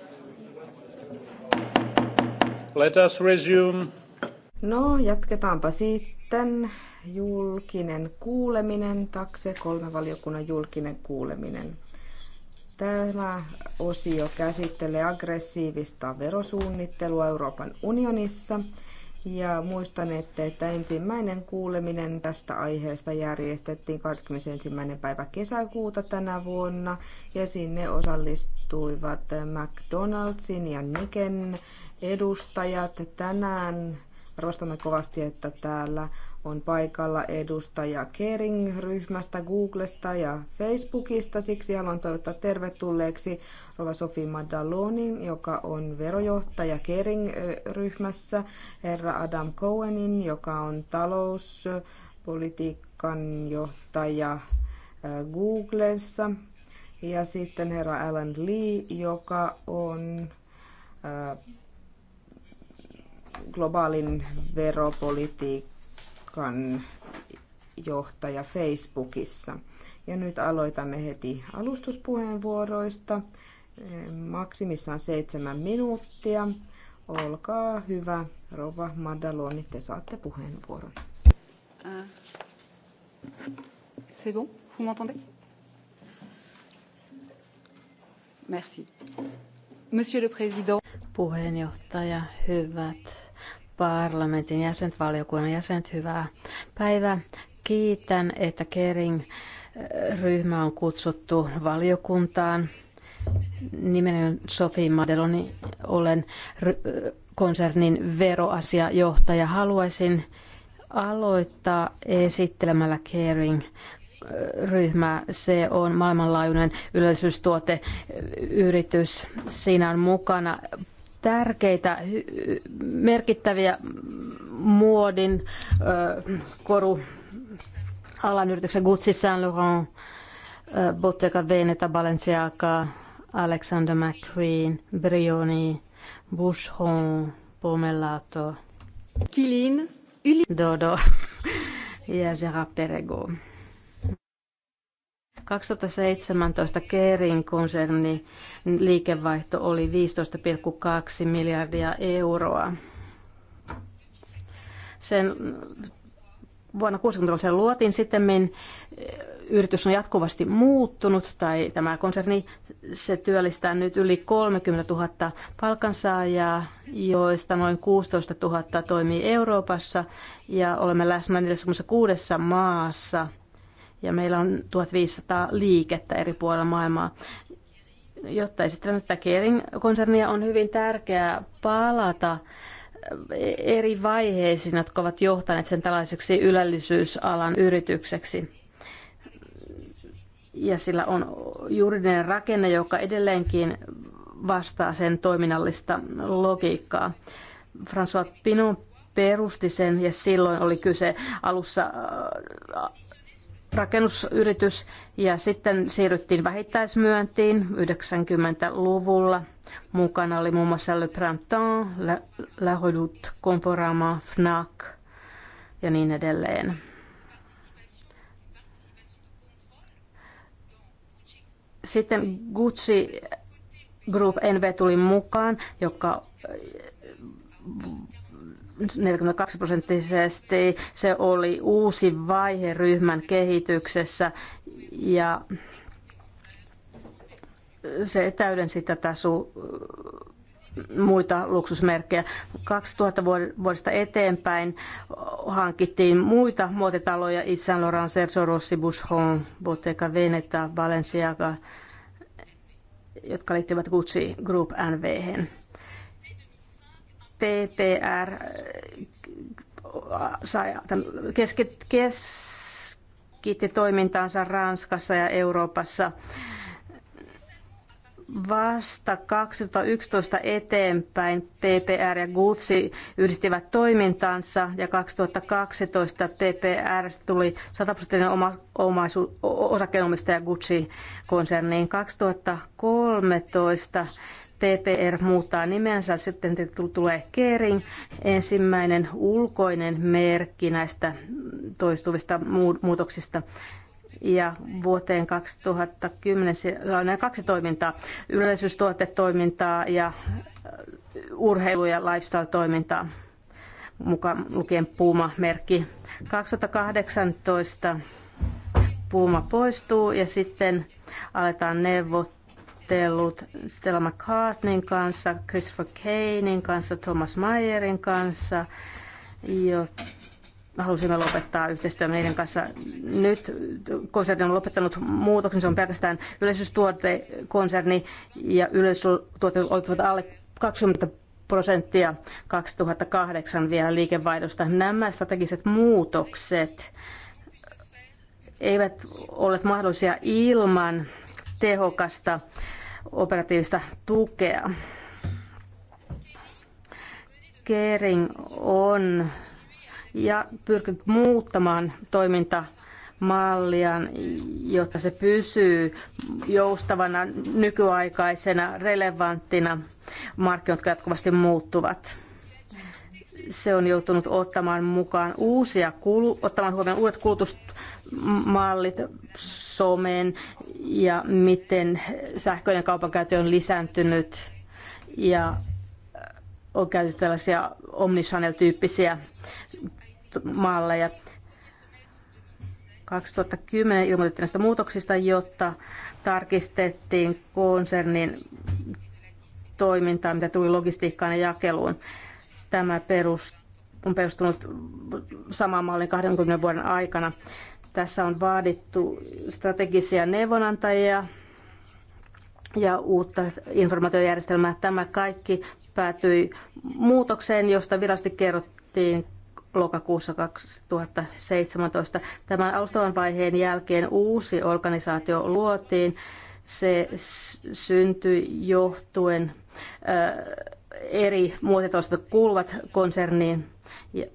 let us resume. No, jatketaanpa sitten. Julkinen kuuleminen, takse kolme valiokunnan julkinen kuuleminen. Tämä osio käsittelee aggressiivista verosuunnittelua Euroopan unionissa ja että, että ensimmäinen kuuleminen tästä aiheesta järjestettiin 21. päivä kesäkuuta tänä vuonna ja sinne osallistuivat McDonaldsin ja Niken edustajat tänään. Arvostamme kovasti, että täällä on paikalla edustaja Kering ryhmästä, Googlesta ja Facebookista. Siksi haluan toivottaa tervetulleeksi Rova Sofi Madalonin, joka on verojohtaja Kering-ryhmässä, herra Adam Cohenin, joka on talouspolitiikan johtaja Googlessa, ja sitten herra Alan Lee, joka on globaalin veropolitiikan Tanskan johtaja Facebookissa. Ja nyt aloitamme heti alustuspuheenvuoroista. Maksimissaan seitsemän minuuttia. Olkaa hyvä, Rova Madaloni, te saatte puheenvuoron. Euh, c'est bon, vous m'entendez Merci. Monsieur le Président. Puheenjohtaja, hyvät parlamentin jäsentvaliokunnan jäsent, hyvää päivää. Kiitän, että Kering ryhmä on kutsuttu valiokuntaan. Nimeni on Sofi Madeloni, olen konsernin veroasiajohtaja. Haluaisin aloittaa esittelemällä Kering ryhmä. Se on maailmanlaajuinen yleisyystuoteyritys. Siinä on mukana tärkeitä, merkittäviä muodin koru alan yrityksen Gucci Saint Laurent, Bottega Veneta, Balenciaga, Alexander McQueen, Brioni, Boucheron, Pomelato, Kilin, Yli, Dodo ja Gérard Perregaux. 2017 Kerin konserni niin liikevaihto oli 15,2 miljardia euroa. Sen vuonna 60 luotiin sitten eh, yritys on jatkuvasti muuttunut tai tämä konserni se työllistää nyt yli 30 000 palkansaajaa, joista noin 16 000 toimii Euroopassa ja olemme läsnä 46 maassa – ja meillä on 1500 liikettä eri puolilla maailmaa. Jotta esittelen, että Kering-konsernia, on hyvin tärkeää palata eh, eri vaiheisiin, jotka ovat johtaneet sen tällaiseksi ylellisyysalan yritykseksi ja sillä on juridinen rakenne, joka edelleenkin vastaa sen toiminnallista logiikkaa. François Pinon perusti sen ja silloin oli kyse alussa äh, rakennusyritys ja sitten siirryttiin vähittäismyöntiin 90-luvulla. Mukana oli muun muassa Le Printemps, La Redoute, Conforama, Fnac ja niin edelleen. Sitten Gucci Group NV tuli mukaan, joka 42 prosenttisesti. Se oli uusi vaihe ryhmän kehityksessä ja se täydensi tätä su- muita luksusmerkkejä. 2000 vuodesta eteenpäin hankittiin muita muotitaloja, Yves Saint Laurent, Sergio Rossi, Boucheron, Bottega Veneta, Balenciaga, jotka liittyvät Gucci Group NVhen. PPR sai, keskit, keskitti toimintaansa Ranskassa ja Euroopassa vasta 2011 eteenpäin PPR ja Gucci yhdistivät toimintansa ja 2012 PPR tuli 100 prosenttinen oma, osakkeenomistaja Gucci-konserniin. 2013 PPR muuttaa nimensä, sitten tulee Kering, ensimmäinen ulkoinen merkki näistä toistuvista muutoksista. Ja vuoteen 2010 siellä on nämä kaksi toimintaa, yleisyystuotetoimintaa ja äh, urheilu- ja lifestyle-toimintaa, mukaan lukien Puuma-merkki. 2018 Puuma poistuu ja sitten aletaan neuvot keskustellut Stella McCartneyn kanssa, Christopher Kanein kanssa, Thomas Mayerin kanssa, Jo, halusimme lopettaa yhteistyön meidän kanssa. Nyt konserni on lopettanut muutoksen, se on pelkästään yleisöstuotekonserni ja yleisötuotteet olivat alle 20 prosenttia 2008 vielä liikevaihdosta. Nämä strategiset muutokset eivät ole mahdollisia ilman tehokasta operatiivista tukea. Kering on ja pyrkinyt muuttamaan toiminta mallian jotta se pysyy joustavana, nykyaikaisena, relevanttina. Markkinat jatkuvasti muuttuvat. Se on joutunut ottamaan mukaan uusia, ottamaan huomioon uudet kulutusmallit, someen ja miten sähköinen kaupankäynti on lisääntynyt ja on käyty tällaisia omnichannel-tyyppisiä malleja. 2010 ilmoitettiin näistä muutoksista, jotta tarkistettiin konsernin toimintaa, mitä tuli logistiikkaan ja jakeluun. Tämä perustuu on perustunut samaan malliin 20 vuoden aikana. Tässä on vaadittu strategisia neuvonantajia ja uutta informaatiojärjestelmää. Tämä kaikki päätyi muutokseen, josta virasti kerrottiin lokakuussa 2017. Tämän alustavan vaiheen jälkeen uusi organisaatio luotiin. Se syntyi johtuen eri muotitoista kuuluvat konserniin. Ja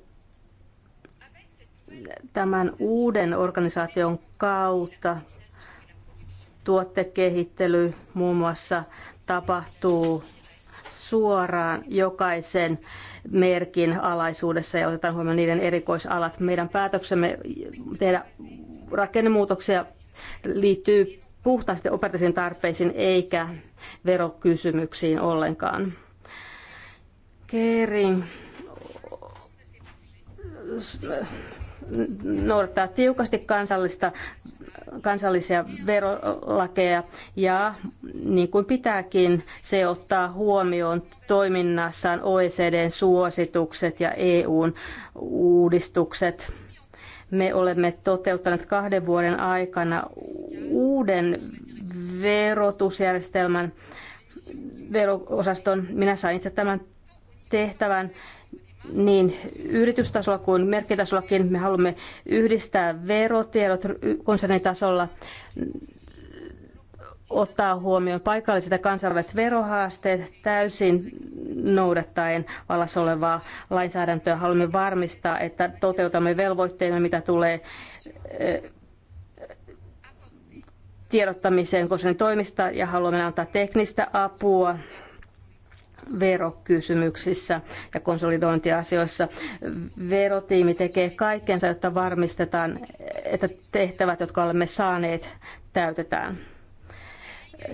tämän uuden organisaation kautta tuottekehittely muun muassa tapahtuu suoraan jokaisen merkin alaisuudessa ja otetaan huomioon niiden erikoisalat. Meidän päätöksemme tehdä rakennemuutoksia liittyy puhtaasti operatiivisiin tarpeisiin eikä verokysymyksiin ollenkaan. Kering noudattaa tiukasti kansallista, kansallisia verolakeja ja niin kuin pitääkin, se ottaa huomioon toiminnassaan OECDn suositukset ja EUn uudistukset. Me olemme toteuttaneet kahden vuoden aikana uuden verotusjärjestelmän veroosaston. Minä sain itse tämän tehtävän niin yritystasolla kuin merkkitasollakin. Me haluamme yhdistää verotiedot konsernitasolla ottaa huomioon paikalliset ja kansainväliset verohaasteet täysin noudattaen vallassa olevaa lainsäädäntöä. Haluamme varmistaa, että toteutamme velvoitteemme, mitä tulee eh, tiedottamiseen konsernin toimista ja haluamme antaa teknistä apua verokysymyksissä ja konsolidointiasioissa. Verotiimi tekee kaikkensa, jotta varmistetaan, että tehtävät, jotka olemme saaneet, täytetään.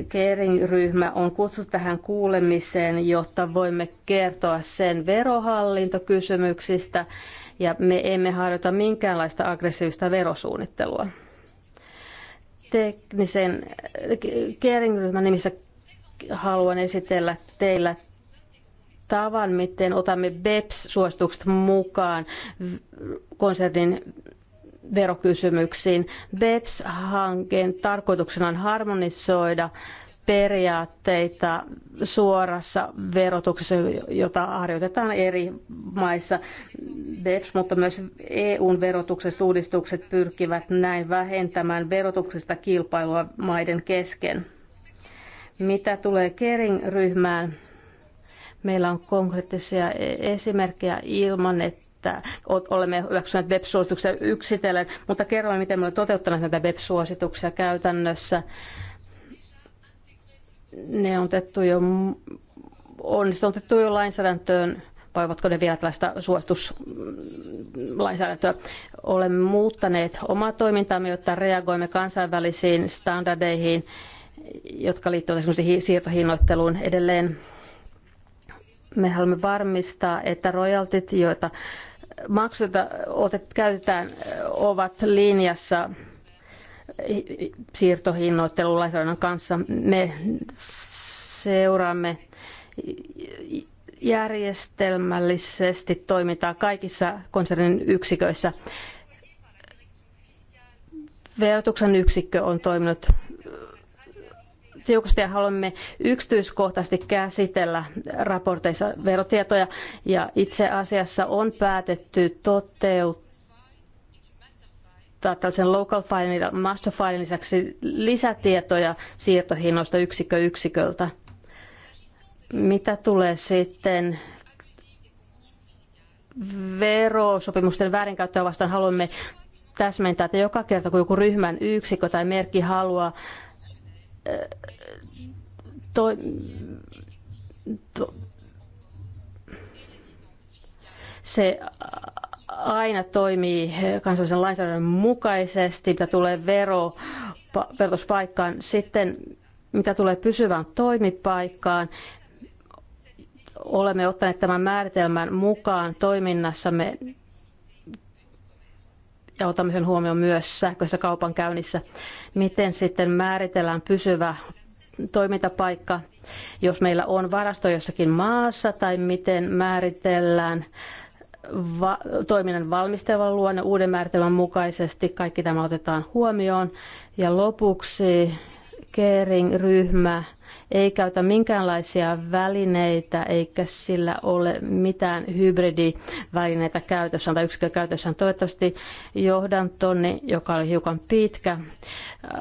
Kering-ryhmä on kutsuttu tähän kuulemiseen, jotta voimme kertoa sen verohallintokysymyksistä ja me emme harjoita minkäänlaista aggressiivista verosuunnittelua. Teknisen Kering-ryhmän nimissä haluan esitellä teillä tavan, miten otamme BEPS-suositukset mukaan konsernin verokysymyksiin. BEPS-hankkeen tarkoituksena on harmonisoida periaatteita suorassa verotuksessa, jota harjoitetaan eri maissa. BEPS, mutta myös EUn verotukset uudistukset pyrkivät näin vähentämään verotuksesta kilpailua maiden kesken. Mitä tulee Kering-ryhmään, Meillä on konkreettisia esimerkkejä ilman, että olemme hyväksyneet web suosituksia yksitellen, mutta kerroin, miten me olemme toteuttaneet näitä web suosituksia käytännössä. Ne on otettu jo, on, on otettu jo lainsäädäntöön vai ovatko ne vielä tällaista suosituslainsäädäntöä. Olemme muuttaneet omaa toimintaamme, jotta reagoimme kansainvälisiin standardeihin, jotka liittyvät esimerkiksi siirtohinnoitteluun edelleen. Me haluamme varmistaa, että royaltit, joita maksuta otet, käytetään, ovat linjassa siirtohinnoittelulainsäädännön kanssa. Me seuraamme järjestelmällisesti toimintaa kaikissa konsernin yksiköissä. Verotuksen yksikkö on toiminut tiukasti ja haluamme yksityiskohtaisesti käsitellä raporteissa verotietoja. Ja itse asiassa on päätetty toteuttaa tällaisen local filein ja master filein lisäksi lisätietoja siirtohinnoista yksikkö yksiköltä. Mitä tulee sitten verosopimusten väärinkäyttöä vastaan, haluamme täsmentää, että joka kerta kun joku ryhmän yksikkö tai merkki haluaa to, to se aina toimii kansallisen lainsäädännön mukaisesti, mitä tulee vero, verotuspaikkaan. Sitten mitä tulee pysyvään toimipaikkaan, olemme ottaneet tämän määritelmän mukaan toiminnassamme ja otamme sen huomioon myös sähköisessä kaupankäynnissä. Miten sitten määritellään pysyvä toimintapaikka, jos meillä on varasto jossakin maassa tai miten määritellään va- toiminnan valmistavan luonne uuden määritelmän mukaisesti. Kaikki tämä otetaan huomioon. Ja lopuksi Kering-ryhmä ei käytä minkäänlaisia välineitä eikä sillä ole mitään hybridivälineitä käytössä tai yksikö käytössä. Toivottavasti johdantoni, joka oli hiukan pitkä,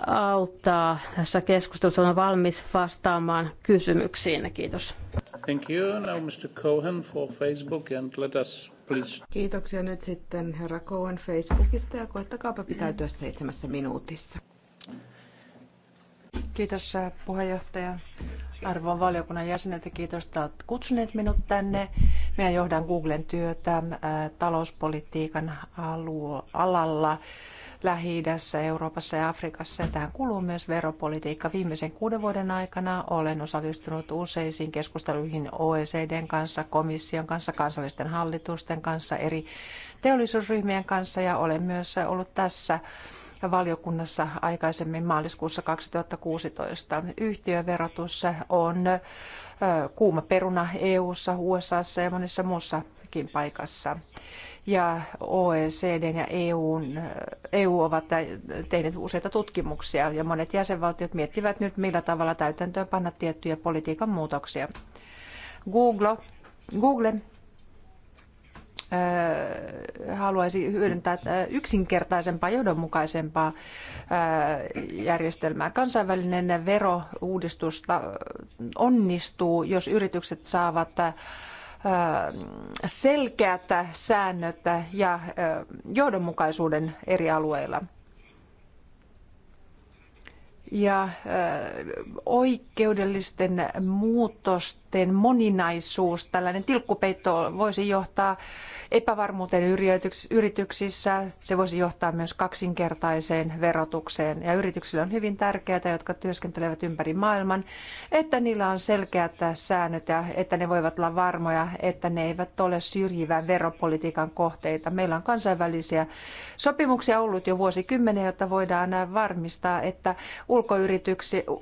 auttaa tässä keskustelussa. on valmis vastaamaan kysymyksiin. Kiitos. Thank you. Now Mr. Cohen for Facebook and let us please. Kiitoksia nyt sitten herra Cohen Facebookista ja koettakaapa pitäytyä seitsemässä minuutissa. Kiitos puheenjohtaja. Arvon valiokunnan jäsenet ja kiitos, että olet kutsuneet minut tänne. Minä johdan Googlen työtä talouspolitiikan alue, alalla lähi Euroopassa ja Afrikassa. Ja tähän kuuluu myös veropolitiikka. Viimeisen kuuden vuoden aikana olen osallistunut useisiin keskusteluihin OECDn kanssa, komission kanssa, kansallisten hallitusten kanssa, eri teollisuusryhmien kanssa ja olen myös ollut tässä valiokunnassa aikaisemmin maaliskuussa 2016. Yhtiöverotus on kuuma peruna EU:ssa, USAssa ja monessa muussakin paikassa. Ja OECD ja EUn, EU ovat tehneet useita tutkimuksia ja monet jäsenvaltiot miettivät nyt, millä tavalla täytäntöön panna tiettyjä politiikan muutoksia. Google, Google haluaisi hyödyntää yksinkertaisempaa, johdonmukaisempaa järjestelmää. Kansainvälinen verouudistus onnistuu, jos yritykset saavat selkeät säännöt ja johdonmukaisuuden eri alueilla. Ja oikeudellisten muutosten tuotteen moninaisuus, tällainen tilkkupeitto voisi johtaa epävarmuuteen yrityksissä, se voisi johtaa myös kaksinkertaiseen verotukseen. Ja yrityksille on hyvin tärkeää, jotka työskentelevät ympäri maailman, että niillä on selkeät säännöt ja että ne voivat olla varmoja, että ne eivät ole syrjivän veropolitiikan kohteita. Meillä on kansainvälisiä sopimuksia ollut jo vuosikymmeniä, jotta voidaan varmistaa, että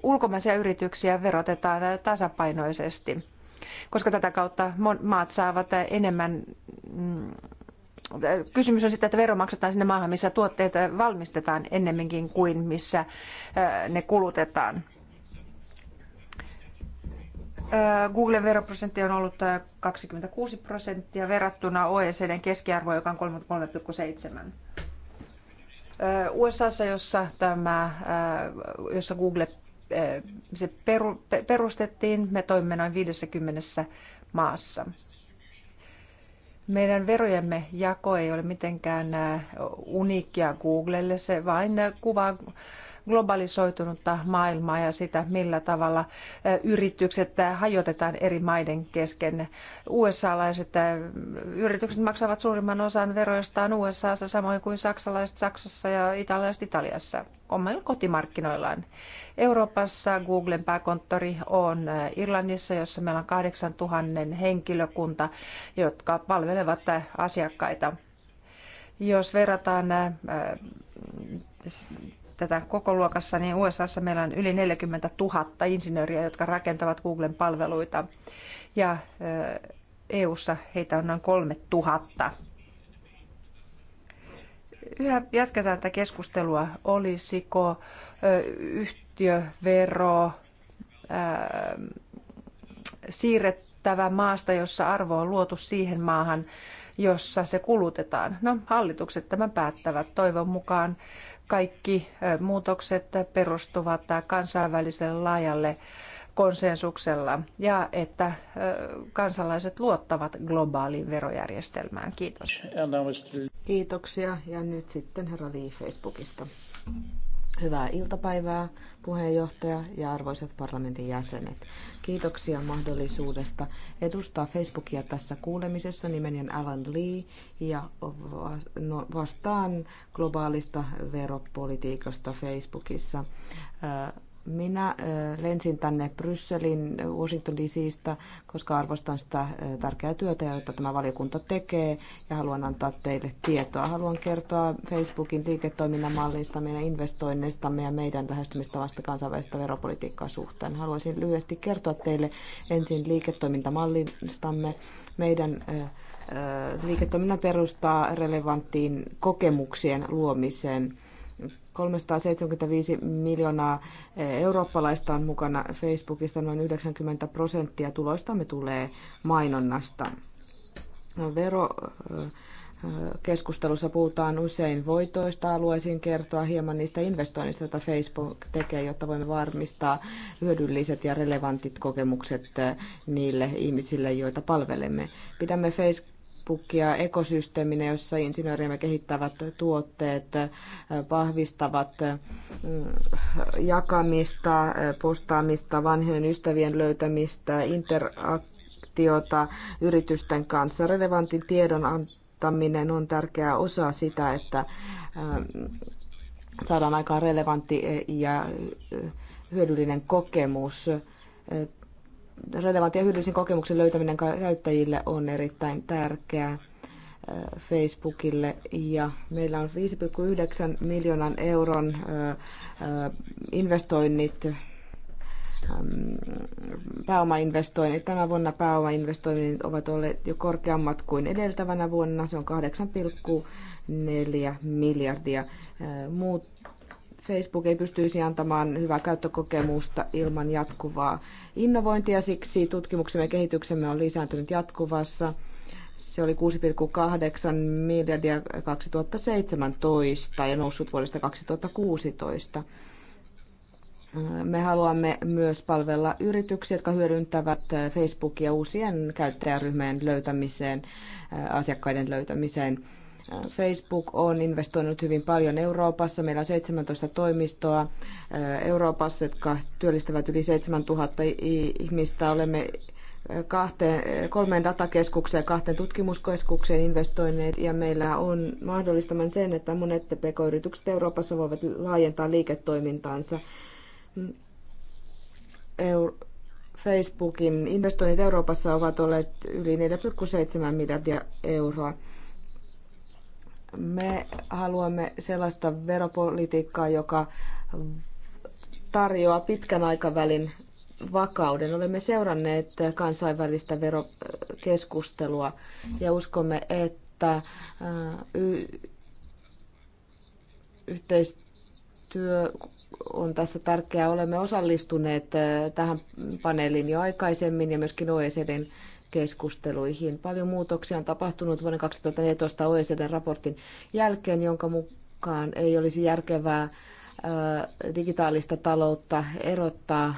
ulkomaisia yrityksiä verotetaan tasapainoisesti koska tätä kautta maat saavat enemmän. Mm, kysymys on sitten, että vero maksetaan sinne maahan, missä tuotteet valmistetaan ennemminkin kuin missä äh, ne kulutetaan. Äh, Googlen veroprosentti on ollut 26 äh, prosenttia verrattuna OECDn keskiarvoon, joka on 33,7. USAssa, jossa, tämä, jossa Google se peru, perustettiin. Me toimme noin 50 maassa. Meidän verojemme jako ei ole mitenkään uniikkia Googlelle, se vain kuvaa globalisoitunutta maailmaa ja sitä, millä tavalla yritykset hajotetaan eri maiden kesken. USA-laiset yritykset maksavat suurimman osan veroistaan USAssa, samoin kuin saksalaiset Saksassa ja italialaiset Italiassa omilla kotimarkkinoillaan. Euroopassa Googlen pääkonttori on Irlannissa, jossa meillä on 8000 henkilökunta, jotka palvelevat asiakkaita. Jos verrataan tätä koko luokassa, niin USAssa meillä on yli 40 000 insinööriä, jotka rakentavat Googlen palveluita. Ja EUssa heitä on noin 3 000. Yhä jatketaan tätä keskustelua, olisiko yhtiövero siirrettävä maasta, jossa arvo on luotu siihen maahan, jossa se kulutetaan. No, hallitukset tämän päättävät. Toivon mukaan kaikki muutokset perustuvat kansainväliselle laajalle konsensuksella ja että kansalaiset luottavat globaaliin verojärjestelmään. Kiitos. Kiitoksia ja nyt sitten herra Lee Facebookista. Hyvää iltapäivää puheenjohtaja ja arvoisat parlamentin jäsenet. Kiitoksia mahdollisuudesta edustaa Facebookia tässä kuulemisessa. Nimeni on Alan Lee ja vastaan globaalista veropolitiikasta Facebookissa. Minä lensin tänne Brysselin Washington DCstä, koska arvostan sitä tärkeää työtä, jota tämä valiokunta tekee ja haluan antaa teille tietoa. Haluan kertoa Facebookin liiketoiminnan mallista, meidän investoinneistamme ja meidän lähestymistavasta kansainvälistä veropolitiikkaa suhteen. Haluaisin lyhyesti kertoa teille ensin liiketoimintamallistamme, meidän liiketoiminnan perustaa relevanttiin kokemuksien luomiseen – 375 miljoonaa eh, eurooppalaista on mukana Facebookista, noin 90 prosenttia tuloistamme tulee mainonnasta. No, vero, eh, keskustelussa puhutaan usein voitoista. Haluaisin kertoa hieman niistä investoinnista, joita Facebook tekee, jotta voimme varmistaa hyödylliset ja relevantit kokemukset eh, niille ihmisille, joita palvelemme. Pidämme Facebook Facebookia ekosysteeminä, jossa insinöörimme kehittävät tuotteet, vahvistavat jakamista, postaamista, vanhojen ystävien löytämistä, interaktiota yritysten kanssa. Relevantin tiedon antaminen on tärkeä osa sitä, että saadaan aikaan relevantti ja hyödyllinen kokemus relevantin ja hyödyllisen kokemuksen löytäminen käyttäjille on erittäin tärkeää äh, Facebookille ja meillä on 5,9 miljoonan euron äh, äh, investoinnit ähm, pääomainvestoinnit. Tämä vuonna pääomainvestoinnit ovat olleet jo korkeammat kuin edeltävänä vuonna. Se on 8,4 miljardia. Muut Facebook ei pystyisi antamaan hyvää käyttökokemusta ilman jatkuvaa innovointia, siksi tutkimuksemme ja kehityksemme on lisääntynyt jatkuvassa. Se oli 6,8 miljardia 2017 ja noussut vuodesta 2016. Me haluamme myös palvella yrityksiä, jotka hyödyntävät Facebookia uusien käyttäjäryhmien löytämiseen, asiakkaiden löytämiseen. Facebook on investoinut hyvin paljon Euroopassa. Meillä on 17 toimistoa eh, Euroopassa, jotka työllistävät yli 7000 ihmistä. Olemme eh, kahteen, eh, kolmeen datakeskukseen ja kahteen tutkimuskeskukseen investoineet ja meillä on mahdollistaman sen, että monet pk-yritykset Euroopassa voivat laajentaa liiketoimintaansa. Mm. Facebookin investoinnit Euroopassa ovat olleet yli 4,7 miljardia euroa. Me haluamme sellaista veropolitiikkaa, joka tarjoaa pitkän aikavälin vakauden. Olemme seuranneet kansainvälistä verokeskustelua ja uskomme, että yhteistyö on tässä tärkeää. Olemme osallistuneet tähän paneeliin jo aikaisemmin ja myöskin OECDn keskusteluihin. Paljon muutoksia on tapahtunut vuoden 2014 oecd raportin jälkeen, jonka mukaan ei olisi järkevää digitaalista taloutta erottaa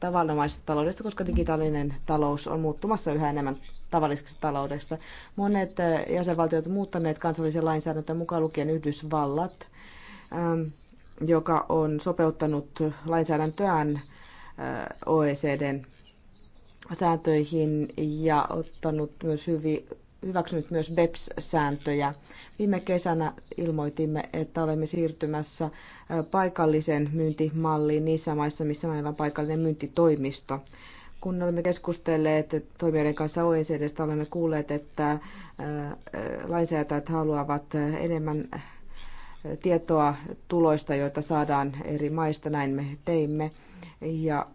tavanomaisesta taloudesta, koska digitaalinen talous on muuttumassa yhä enemmän tavallisesta taloudesta. Monet jäsenvaltiot ovat muuttaneet kansallisen lainsäädäntöön mukaan lukien Yhdysvallat, joka on sopeuttanut lainsäädäntöään OECDn sääntöihin ja ottanut myös hyvin hyväksynyt myös BEPS-sääntöjä. Viime kesänä ilmoitimme, että olemme siirtymässä paikallisen myyntimalliin niissä maissa, missä meillä on paikallinen myyntitoimisto. Kun olemme keskustelleet toimijoiden kanssa OECDstä, olemme kuulleet, että lainsäätäjät haluavat enemmän tietoa tuloista, joita saadaan eri maista. Näin me teimme. Ja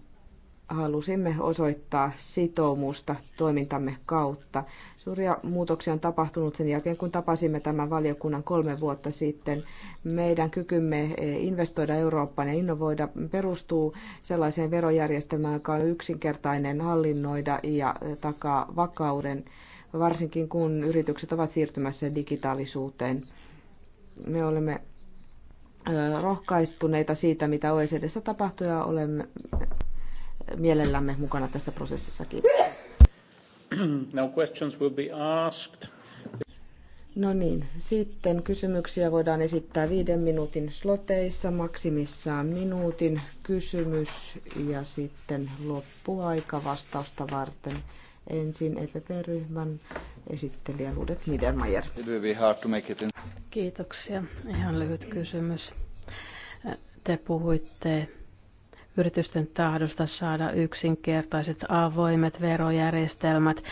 halusimme osoittaa sitoumusta toimintamme kautta. Suuria muutoksia on tapahtunut sen jälkeen, kun tapasimme tämän valiokunnan kolme vuotta sitten. Meidän kykymme eh, investoida Eurooppaan ja innovoida perustuu sellaiseen verojärjestelmään, joka on yksinkertainen hallinnoida ja eh, takaa vakauden, varsinkin kun yritykset ovat siirtymässä digitaalisuuteen. Me olemme eh, rohkaistuneita siitä, mitä OECDssä tapahtuu ja olemme mielellämme mukana tässä prosessissa. Kiitos. Now questions will be asked. No niin, sitten kysymyksiä voidaan esittää viiden minuutin sloteissa, maksimissaan minuutin kysymys ja sitten loppuaika vastausta varten. Ensin EPP-ryhmän esittelijä Ludet Niedermayer. Kiitoksia. Ihan lyhyt kysymys. Te puhuitte yritysten tahdosta saada yksinkertaiset avoimet verojärjestelmät.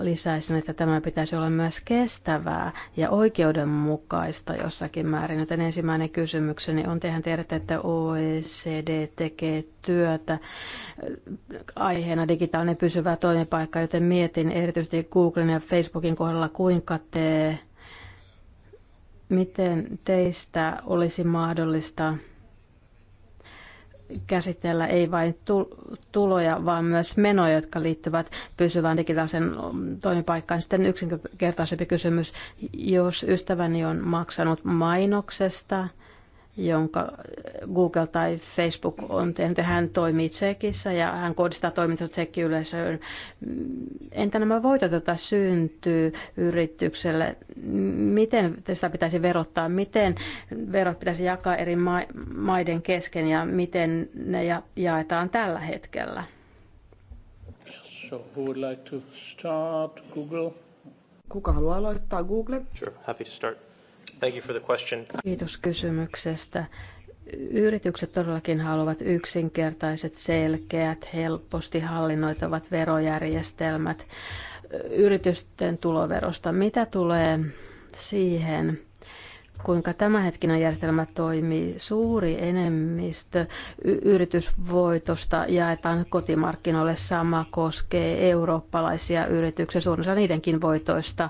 Lisäisin, että tämä pitäisi olla myös kestävää ja oikeudenmukaista jossakin määrin. Joten ensimmäinen kysymykseni on, tehän tiedätte, että OECD tekee työtä aiheena digitaalinen pysyvä toimipaikka, joten mietin erityisesti Googlen ja Facebookin kohdalla, kuinka te miten teistä olisi mahdollista käsitellä ei vain tuloja, vaan myös menoja, jotka liittyvät pysyvään digitaalisen toimipaikkaan. Sitten yksinkertaisempi kysymys, jos ystäväni on maksanut mainoksesta, jonka Google tai Facebook on tehnyt. Hän toimii Tsekissä ja hän kohdistaa toimintansa Tsekki-yleisöön. Entä nämä voitot, joita syntyy yritykselle? Miten sitä pitäisi verottaa? Miten verot pitäisi jakaa eri maiden kesken ja miten ne ja jaetaan tällä hetkellä? So who would like to start Google? Kuka haluaa aloittaa Google? Sure, happy to start. Thank you for the question. Kiitos kysymyksestä. Yritykset todellakin haluavat yksinkertaiset, selkeät, helposti hallinnoitavat verojärjestelmät yritysten tuloverosta. Mitä tulee siihen, kuinka tämänhetkinen järjestelmä toimii. Suuri enemmistö yritysvoitosta jaetaan kotimarkkinoille. Sama koskee eurooppalaisia yrityksiä, suurin osa niidenkin voitoista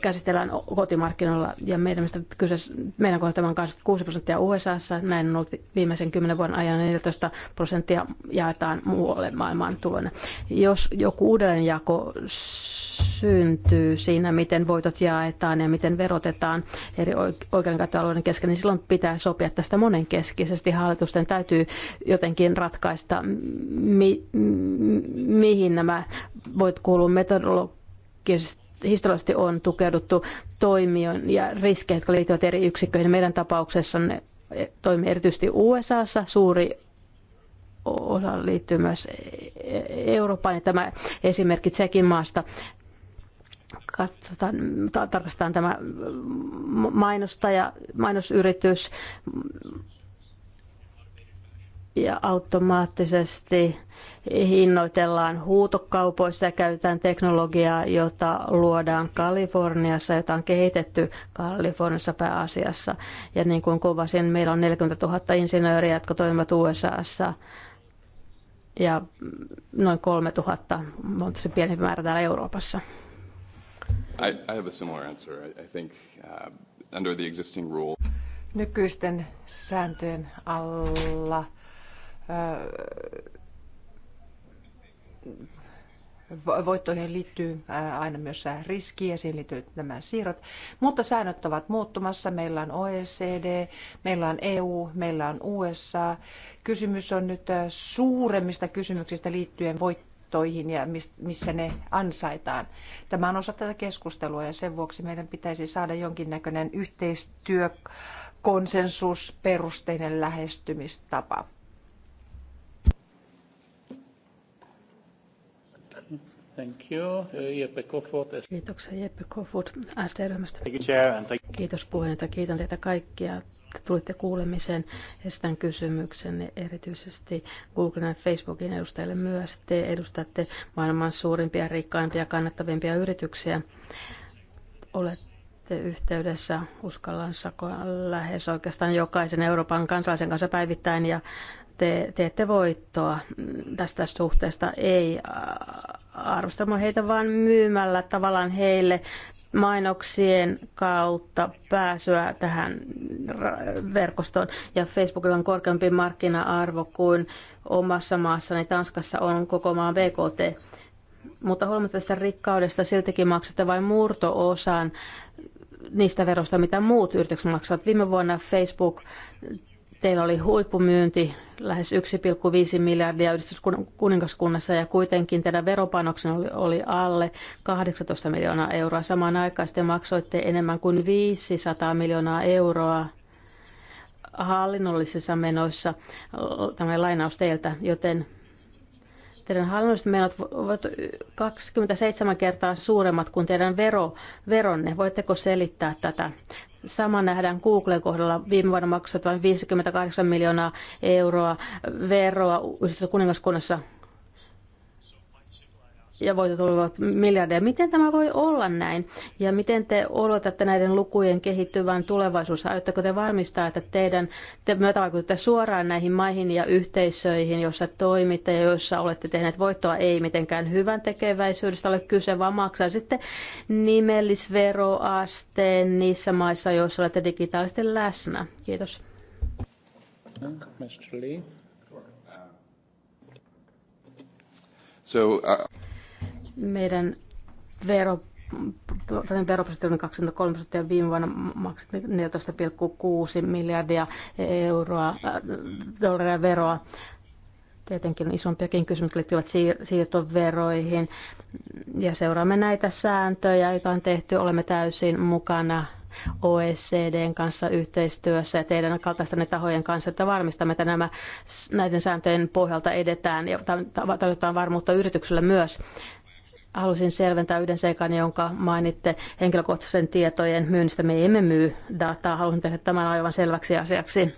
käsitellään kotimarkkinoilla ja meidän, mistä kyseessä, meidän kohdalla on 6 prosenttia USAssa, näin on ollut viimeisen 10 vuoden ajan 14 prosenttia jaetaan muualle maailmaan tulona. Jos joku uudelleenjako syntyy siinä, miten voitot jaetaan ja miten verotetaan eri oikeudenkäyttöalueiden kesken, niin silloin pitää sopia tästä monenkeskisesti. Hallitusten täytyy jotenkin ratkaista, mi- mihin nämä voit kuulua metodologisesti historiallisesti on tukeuduttu toimijoihin ja riskeihin, jotka liittyvät eri yksikköihin. Meidän tapauksessa ne eh, toimii erityisesti USAssa, suuri osa liittyy myös e-, Eurooppaan ja tämä esimerkki Tsekin maasta. Katsotaan, tarkastetaan tämä mainostaja, mainosyritys ja automaattisesti hinnoitellaan huutokaupoissa ja käytetään teknologiaa, jota luodaan Kaliforniassa, jota on kehitetty Kaliforniassa pääasiassa. Ja niin kuin kuvasin, meillä on 40 000 insinööriä, jotka toimivat USAssa ja noin 3000 on se pienempi määrä täällä Euroopassa. I, I have a similar answer. I, I think uh, under the existing rule. Nykyisten sääntöjen alla uh, voittoihin liittyy aina myös riski ja siihen liittyy nämä siirrot. Mutta säännöt ovat muuttumassa. Meillä on OECD, meillä on EU, meillä on USA. Kysymys on nyt suuremmista kysymyksistä liittyen voittoihin ja missä ne ansaitaan. Tämä on osa tätä keskustelua ja sen vuoksi meidän pitäisi saada jonkinnäköinen yhteistyö, konsensus, perusteinen lähestymistapa. Thank you. Jeppe Kofod. Kiitoksia Jeppe Kofod st ryhmästä Kiitos puheenjohtaja. Kiitän teitä kaikkia tulitte kuulemiseen. ja kysymyksen erityisesti Googlen ja Facebookin edustajille myös. Te edustatte maailman suurimpia, rikkaimpia ja kannattavimpia yrityksiä. Olette yhteydessä uskallan lähes oikeastaan jokaisen Euroopan kansalaisen kanssa päivittäin ja te teette voittoa tästä suhteesta, ei arvostamaan heitä vain myymällä tavallaan heille mainoksien kautta pääsyä tähän verkostoon. Ja Facebookilla on korkeampi markkina-arvo kuin omassa maassani Tanskassa on koko maan BKT. Mutta huolimatta tästä rikkaudesta siltikin maksatte vain murto-osan niistä veroista, mitä muut yritykset maksavat. Viime vuonna Facebook Teillä oli huippumyynti lähes 1,5 miljardia yhdistyskuningaskunnassa ja kuitenkin teidän veropanoksen oli, oli alle 18 miljoonaa euroa. Samaan aikaan te maksoitte enemmän kuin 500 miljoonaa euroa hallinnollisissa menoissa, tämä lainaus teiltä, joten teidän hallinnolliset menot ovat 27 kertaa suuremmat kuin teidän vero, veronne. Voitteko selittää tätä Sama nähdään Googlen kohdalla. Viime vuonna maksettiin 58 miljoonaa euroa veroa yhdistetty kuningaskunnassa ja voitot olivat miljardeja. Miten tämä voi olla näin? Ja miten te odotatte näiden lukujen kehittyvän tulevaisuudessa? Aiotteko te varmistaa, että teidän, te myötävaikutatte suoraan näihin maihin ja yhteisöihin, joissa toimitte ja joissa olette tehneet voittoa? Ei mitenkään hyvän tekeväisyydestä ole kyse, vaan maksaa sitten nimellisveroasteen niissä maissa, joissa olette digitaalisesti läsnä. Kiitos. Mr. Lee. So, uh... Meidän vero veroprosentti on 23 prosenttia, viime vuonna maksettiin 14,6 miljardia euroa, äh, dollaria veroa. Tietenkin on isompiakin kysymyksiä liittyvät siirtoveroihin ja seuraamme näitä sääntöjä, joita on tehty. Olemme täysin mukana OECDn kanssa yhteistyössä ja teidän kaltaistanne tahojen kanssa, että varmistamme, että nämä, näiden sääntöjen pohjalta edetään ja tarjotaan varmuutta yrityksille myös Haluaisin selventää yhden seikan, jonka mainitte henkilökohtaisen tietojen myynnistä. Me emme myy dataa. Haluaisin tehdä tämän aivan selväksi asiaksi.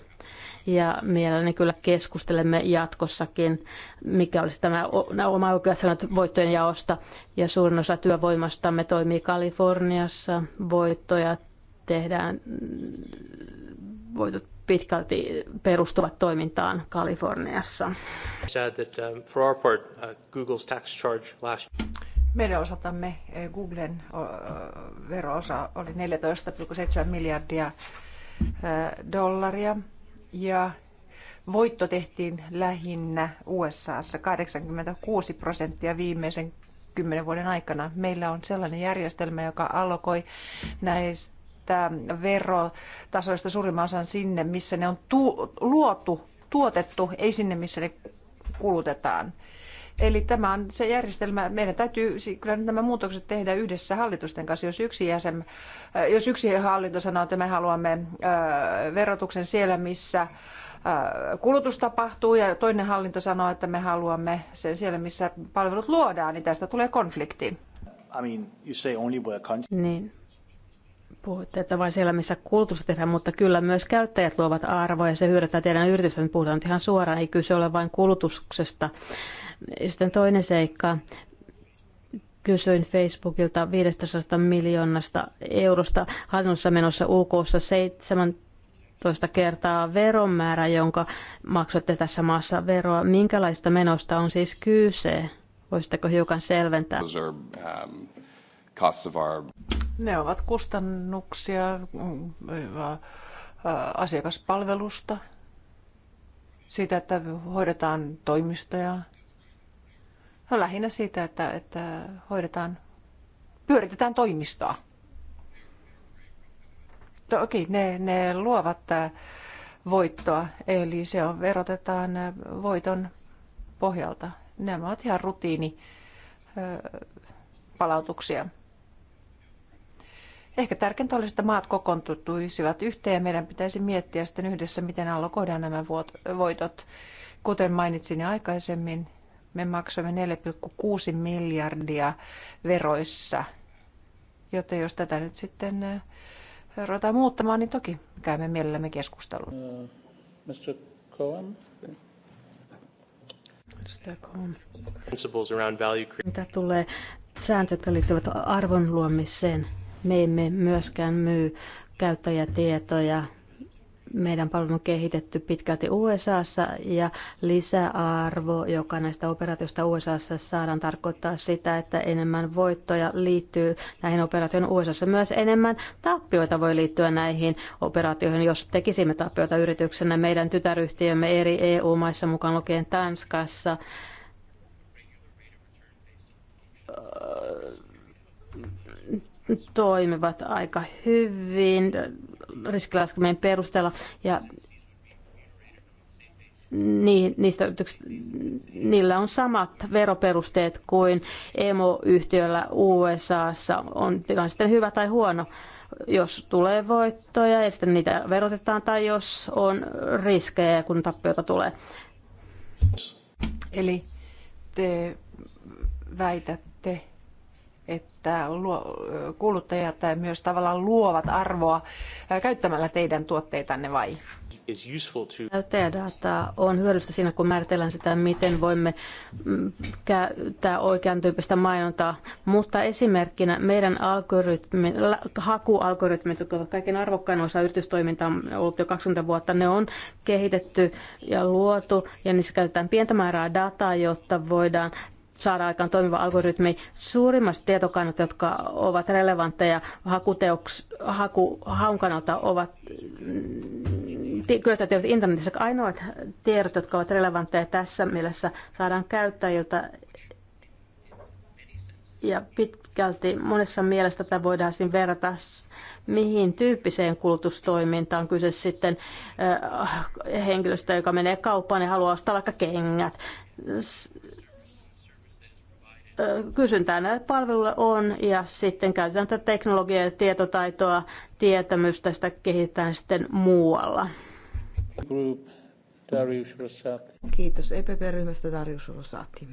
Ja mielelläni kyllä keskustelemme jatkossakin, mikä olisi tämä oma oikea sanat voittojen jaosta. Ja suurin osa työvoimastamme toimii Kaliforniassa. Voittoja tehdään, voitot pitkälti perustuvat toimintaan Kaliforniassa. Meidän osaltamme eh, Googlen veroosa oli 14,7 miljardia eh, dollaria ja voitto tehtiin lähinnä USAssa 86 prosenttia viimeisen kymmenen vuoden aikana. Meillä on sellainen järjestelmä, joka alkoi näistä verotasoista suurimman osan sinne, missä ne on tu- luotu, tuotettu, ei sinne, missä ne kulutetaan. Eli tämä on se järjestelmä. Meidän täytyy kyllä nämä muutokset tehdä yhdessä hallitusten kanssa. Jos yksi, jäsen, äh, jos yksi hallinto sanoo, että me haluamme äh, verotuksen siellä, missä äh, kulutus tapahtuu, ja toinen hallinto sanoo, että me haluamme sen siellä, missä palvelut luodaan, niin tästä tulee konflikti. I mean, you say only where country... Niin. Puhutte, että vain siellä, missä kulutusta tehdään, mutta kyllä myös käyttäjät luovat arvoa ja se hyödyttää teidän yritystä. puhutaan nyt ihan suoraan, ei kyse ole vain kulutuksesta sitten toinen seikka. Kysyin Facebookilta 500 miljoonasta eurosta hallinnossa menossa UK 17 kertaa veron määrä, jonka maksatte tässä maassa veroa. Minkälaista menosta on siis kyse? Voisitteko hiukan selventää? Um, ne ovat kustannuksia mm, asiakaspalvelusta, siitä, että hoidetaan toimistoja, No lähinnä siitä, että, että hoidetaan, pyöritetään toimistoa. Toki ne, ne luovat äh, voittoa, eli se on, verotetaan äh, voiton pohjalta. Nämä ovat ihan rutiinipalautuksia. Äh, palautuksia. Ehkä tärkeintä olisi, että maat kokoontuisivat yhteen ja meidän pitäisi miettiä sitten yhdessä, miten allokoidaan nämä voitot. Kuten mainitsin aikaisemmin, me maksoimme 4,6 miljardia veroissa. Joten jos tätä nyt sitten eh, ruvetaan muuttamaan, niin toki käymme mielellämme keskustelun. Uh, Mr. Cohen? Mitä tulee sääntöjä, jotka liittyvät arvon luomiseen, me emme myöskään myy käyttäjätietoja meidän palvelu on kehitetty pitkälti USAssa ja lisäarvo, joka näistä operaatioista USAssa saadaan tarkoittaa sitä, että enemmän voittoja liittyy näihin operaatioihin USAssa. Myös enemmän tappioita voi liittyä näihin operaatioihin, jos tekisimme tappioita yrityksenä. Meidän tytäryhtiömme eri EU-maissa mukaan lukien Tanskassa toimivat aika hyvin riskilaskelmien perusteella. Ja niistä niillä on samat veroperusteet kuin emoyhtiöllä USAssa. On tilanne sitten hyvä tai huono, jos tulee voittoja ja sitten niitä verotetaan tai jos on riskejä, kun tappiota tulee. Eli te väitätte, että kuluttajat myös tavallaan luovat arvoa käyttämällä teidän tuotteitanne vai? Käyttäjädata on hyödyllistä siinä, kun määritellään sitä, miten voimme mm, käyttää oikean tyyppistä mainontaa. Mutta esimerkkinä meidän algoritmi, hakualgoritmit, jotka ovat kaiken arvokkain osa yritystoimintaa on ollut jo 20 vuotta, ne on kehitetty ja luotu ja niissä käytetään pientä määrää dataa, jotta voidaan saada aikaan toimiva algoritmi. Suurimmat tietokannat, jotka ovat relevantteja hakuteoks, haku, haun kannalta, ovat kyllä mm, tietysti internetissä. Ainoat tiedot, jotka ovat relevantteja tässä mielessä, saadaan käyttäjiltä ja pitkälti monessa mielessä tätä voidaan siinä verrata mihin tyyppiseen kulutustoimintaan kyse sitten äh, henkilöstä, joka menee kauppaan ja haluaa ostaa vaikka kengät kysyntää näille palveluille on ja sitten käytetään tätä teknologiaa ja tietotaitoa, tietämystä, sitä kehitetään sitten muualla. Group, Kiitos EPP-ryhmästä Darius Rosati.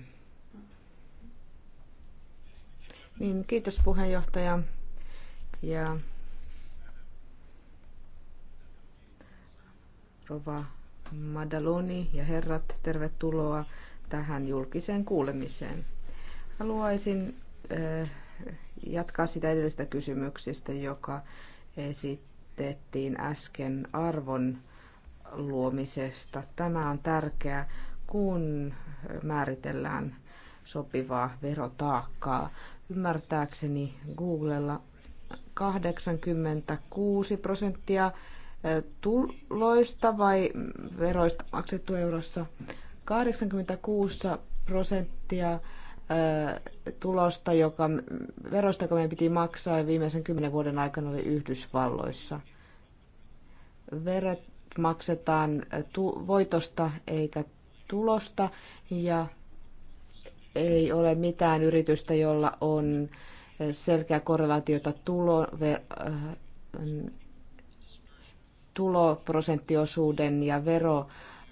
Niin, kiitos puheenjohtaja. Ja Rova Madaloni ja herrat, tervetuloa tähän julkiseen kuulemiseen. Haluaisin eh, jatkaa sitä edellisestä kysymyksistä, joka esitettiin äsken arvon luomisesta. Tämä on tärkeää, kun määritellään sopivaa verotaakkaa. Ymmärtääkseni Googlella 86 prosenttia eh, tuloista vai veroista maksettu eurossa. 86 prosenttia tulosta, joka, verosta, joka meidän piti maksaa viimeisen kymmenen vuoden aikana oli Yhdysvalloissa. Verot maksetaan tu- voitosta eikä tulosta ja ei ole mitään yritystä, jolla on selkeä korrelaatiota tulo, ver, tuloprosenttiosuuden ja vero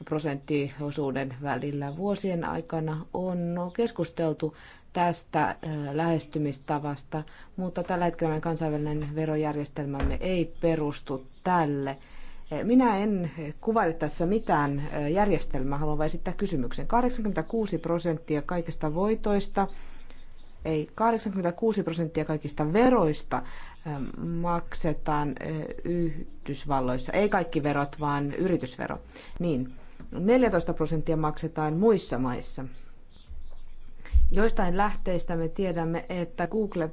prosenttiosuuden välillä. Vuosien aikana on keskusteltu tästä lähestymistavasta, mutta tällä hetkellä meidän kansainvälinen verojärjestelmämme ei perustu tälle. Minä en kuvaile tässä mitään järjestelmää, haluan vain esittää kysymyksen. 86 prosenttia kaikista voitoista, ei 86 prosenttia kaikista veroista maksetaan Yhdysvalloissa. Ei kaikki verot, vaan yritysvero. Niin, 14 prosenttia maksetaan muissa maissa. Joistain lähteistä me tiedämme, että Google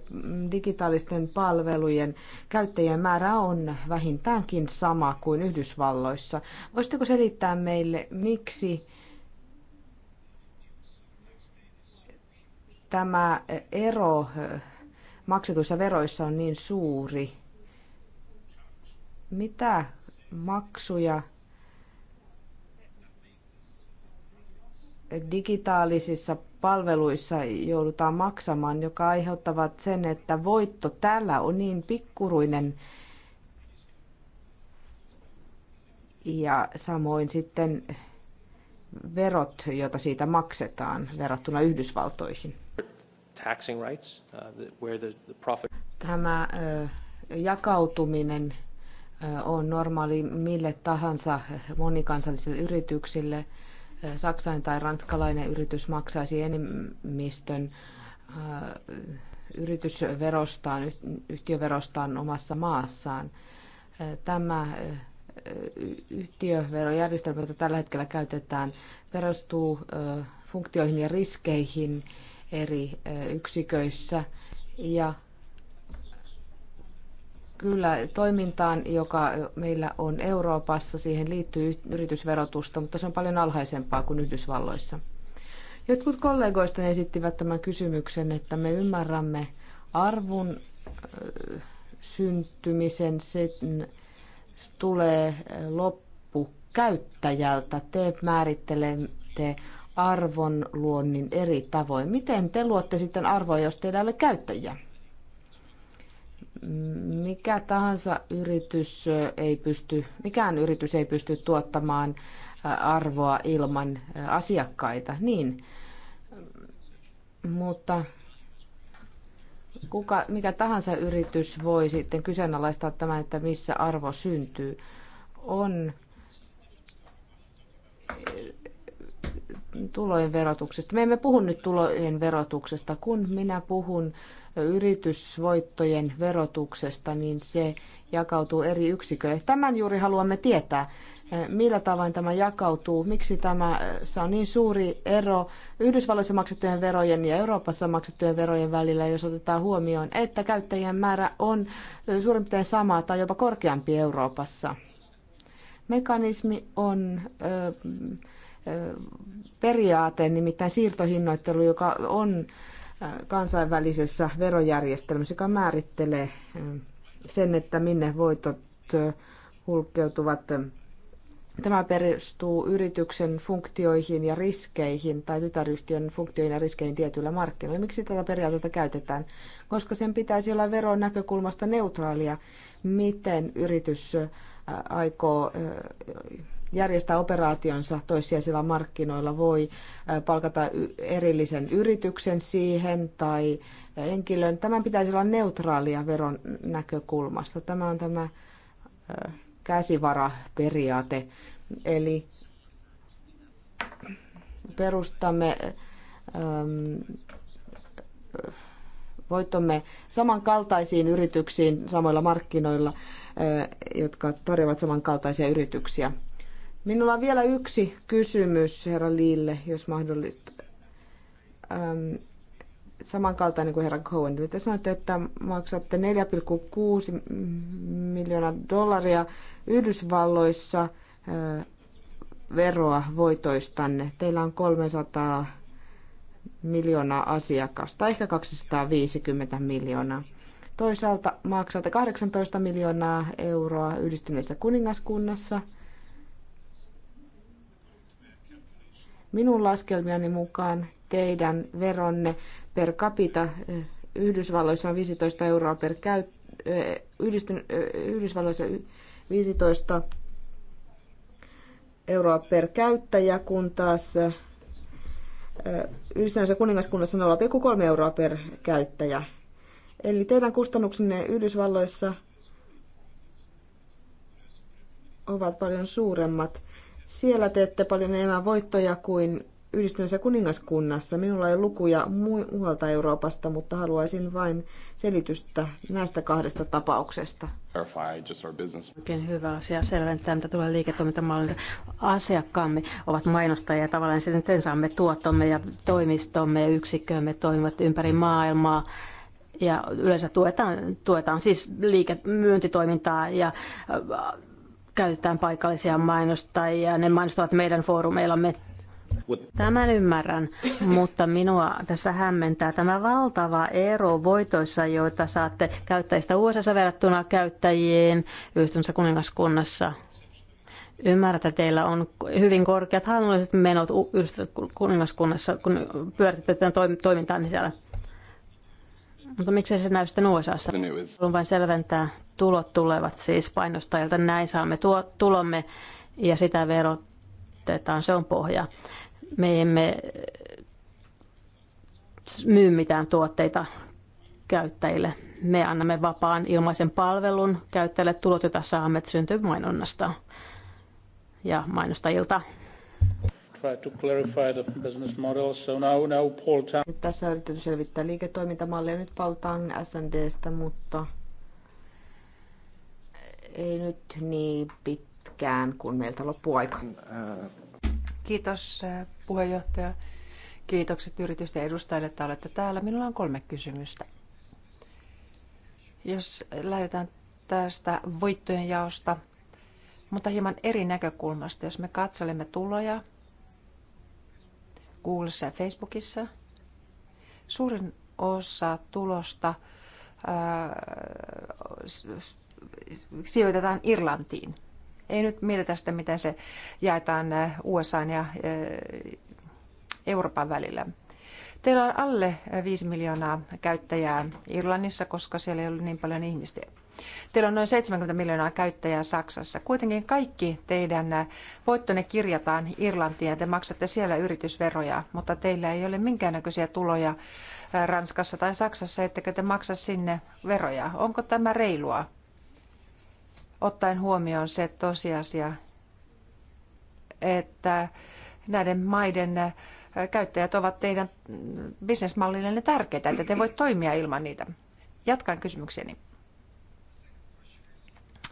digitaalisten palvelujen käyttäjien määrä on vähintäänkin sama kuin Yhdysvalloissa. Voisitteko selittää meille, miksi tämä ero eh, maksetuissa veroissa on niin suuri? Mitä maksuja digitaalisissa palveluissa joudutaan maksamaan, joka aiheuttavat sen, että voitto täällä on niin pikkuruinen. Ja samoin sitten verot, joita siitä maksetaan verrattuna Yhdysvaltoihin. Uh, Tämä jakautuminen on normaali mille tahansa monikansallisille yrityksille – saksalainen tai ranskalainen yritys maksaisi enemmistön äh, yritysverostaan, yhtiöverostaan omassa maassaan. Äh, tämä äh, yhtiöverojärjestelmä, jota tällä hetkellä käytetään, perustuu funktioihin ja riskeihin eri yksiköissä ja kyllä toimintaan, joka meillä on Euroopassa, siihen liittyy yritysverotusta, mutta se on paljon alhaisempaa kuin Yhdysvalloissa. Jotkut kollegoista esittivät tämän kysymyksen, että me ymmärrämme arvon syntymisen, se tulee loppukäyttäjältä. Te määrittelette arvonluonnin eri tavoin. Miten te luotte sitten arvoa, jos teillä ei ole käyttäjiä? mikä tahansa yritys ei pysty, mikään yritys ei pysty tuottamaan arvoa ilman asiakkaita, niin. Mutta kuka, mikä tahansa yritys voi sitten kyseenalaistaa tämän, että missä arvo syntyy. On tulojen verotuksesta. Me emme puhu nyt tulojen verotuksesta. Kun minä puhun äh, yritysvoittojen verotuksesta, niin se jakautuu eri yksiköille. Tämän juuri haluamme tietää, millä tavoin tämä jakautuu, miksi tämä on niin suuri ero Yhdysvalloissa maksettujen verojen ja Euroopassa maksettujen verojen välillä, jos otetaan huomioon, että käyttäjien määrä on suurin piirtein sama tai jopa korkeampi Euroopassa. Mekanismi on periaate, nimittäin siirtohinnoittelu, joka on kansainvälisessä verojärjestelmässä, joka määrittelee eh, sen, että minne voitot eh, kulkeutuvat. Tämä perustuu yrityksen funktioihin ja riskeihin tai tytäryhtiön funktioihin ja riskeihin tietyillä markkinoilla. Miksi tätä periaatetta käytetään? Koska sen pitäisi olla veron näkökulmasta neutraalia, miten yritys eh, aikoo järjestää operaationsa toissijaisilla markkinoilla, voi palkata erillisen yrityksen siihen tai henkilön. Tämän pitäisi olla neutraalia veron näkökulmasta. Tämä on tämä käsivaraperiaate. Eli perustamme ähm, voittomme samankaltaisiin yrityksiin samoilla markkinoilla, äh, jotka tarjoavat samankaltaisia yrityksiä. Minulla on vielä yksi kysymys herra Lille, jos mahdollista. Ähm, samankaltainen kuin herra Cohen. Te sanoitte, että maksatte 4,6 miljoonaa dollaria Yhdysvalloissa äh, veroa voitoistanne. Teillä on 300 miljoonaa asiakasta, ehkä 250 miljoonaa. Toisaalta maksatte 18 miljoonaa euroa yhdistyneessä kuningaskunnassa – Minun laskelmiani mukaan teidän veronne per capita eh, Yhdysvalloissa on 15 euroa per käyttö. Eh, eh, Yhdysvalloissa 15 euroa per käyttäjä, kun taas Yhdistyneessä kuningaskunnassa 0,3 euroa per käyttäjä. Eli teidän kustannuksenne Yhdysvalloissa ovat paljon suuremmat. Siellä teette paljon enemmän voittoja kuin yhdistyneessä kuningaskunnassa. Minulla ei lukuja muualta Euroopasta, mutta haluaisin vain selitystä näistä kahdesta tapauksesta. Oikein hyvä asia selventää, mitä tulee liiketoimintamallilta. Asiakkaamme ovat mainostajia tavallaan sitten saamme tuottomme ja toimistomme ja yksikkömme toimivat ympäri maailmaa ja yleensä tuetaan, tuetaan siis liiket myyntitoimintaa ja äh, käytetään paikallisia mainostajia, ne mainostavat meidän foorumeillamme. Tämän ymmärrän, mutta minua tässä hämmentää tämä valtava ero voitoissa, joita saatte käyttäjistä USA verrattuna käyttäjiin yhdistymässä kuningaskunnassa. Ymmärrän, että teillä on hyvin korkeat hallinnolliset menot kuningaskunnassa, kun pyöritätte tämän toimintaan siellä. Mutta miksei se näy sitten USAssa? Haluan vain selventää tulot tulevat siis painostajilta, näin saamme tuo, tulomme ja sitä verotetaan, se on pohja. Me emme myy mitään tuotteita käyttäjille. Me annamme vapaan ilmaisen palvelun käyttäjille tulot, joita saamme syntyy mainonnasta ja mainostajilta. So now, now Nyt tässä on yritetty selvittää liiketoimintamallia. Nyt Paul Tang SNDstä, mutta ei nyt niin pitkään, kun meiltä loppuu aika. Kiitos äh, puheenjohtaja. Kiitokset yritysten edustajille, että olette täällä. Minulla on kolme kysymystä. Jos lähdetään tästä voittojen jaosta, mutta hieman eri näkökulmasta. Jos me katselemme tuloja Googlessa ja Facebookissa, suurin osa tulosta äh, sijoitetaan Irlantiin. Ei nyt mietitä sitä, miten se jaetaan eh, USA ja eh, Euroopan välillä. Teillä on alle 5 eh, miljoonaa käyttäjää Irlannissa, koska siellä ei ollut niin paljon ihmistä. Teillä on noin 70 miljoonaa käyttäjää Saksassa. Kuitenkin kaikki teidän voittonne kirjataan Irlantiin ja te maksatte siellä yritysveroja, mutta teillä ei ole minkäännäköisiä tuloja Ranskassa tai Saksassa, ettekö te maksa sinne veroja. Onko tämä reilua? ottaen huomioon se tosiasia, että näiden maiden äh, käyttäjät ovat teidän bisnesmallillenne tärkeitä, että te voi toimia ilman niitä. Jatkan kysymykseni.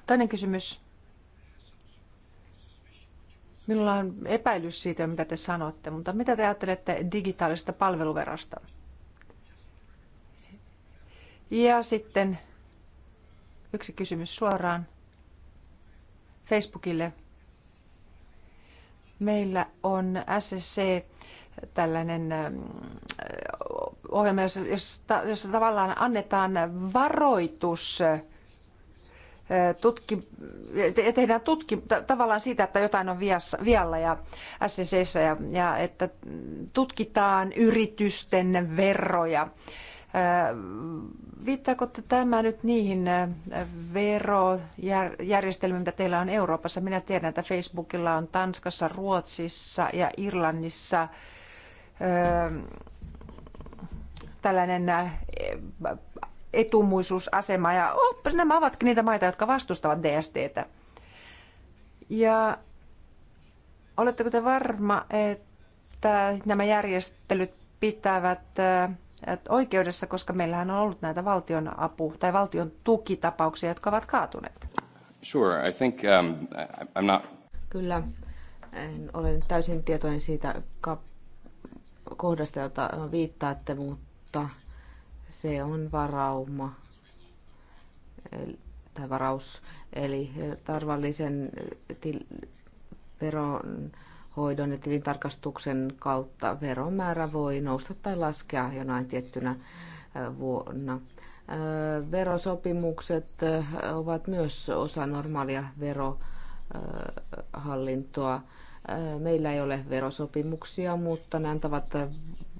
Toinen kysymys. Minulla on epäilys siitä, mitä te sanotte, mutta mitä te ajattelette digitaalisesta palveluverosta? Ja sitten yksi kysymys suoraan. Facebookille. Meillä on SSC tällainen ähm, ohjelma, jossa, jossa tavallaan annetaan varoitus äh, tutki, tehdään tutki, tavallaan siitä, että jotain on viassa, vialla ja SSC: ja, ja että tutkitaan yritysten veroja Viittaako tämä nyt niihin verojärjestelmiin, mitä teillä on Euroopassa? Minä tiedän, että Facebookilla on Tanskassa, Ruotsissa ja Irlannissa tällainen etumuisuusasema. Ja oh, nämä ovatkin niitä maita, jotka vastustavat DSTtä. Ja oletteko te varma, että nämä järjestelyt pitävät oikeudessa, koska meillähän on ollut näitä valtion apu- tai valtion tukitapauksia, jotka ovat kaatuneet. Sure, I think, um, I'm not... Kyllä, en ole täysin tietoinen siitä kohdasta, jota viittaatte, mutta se on varauma tai varaus, eli tarvallisen til- veron hoidon ja tilintarkastuksen kautta veromäärä voi nousta tai laskea jonain tiettynä vuonna. Verosopimukset ovat myös osa normaalia verohallintoa. Meillä ei ole verosopimuksia, mutta ne antavat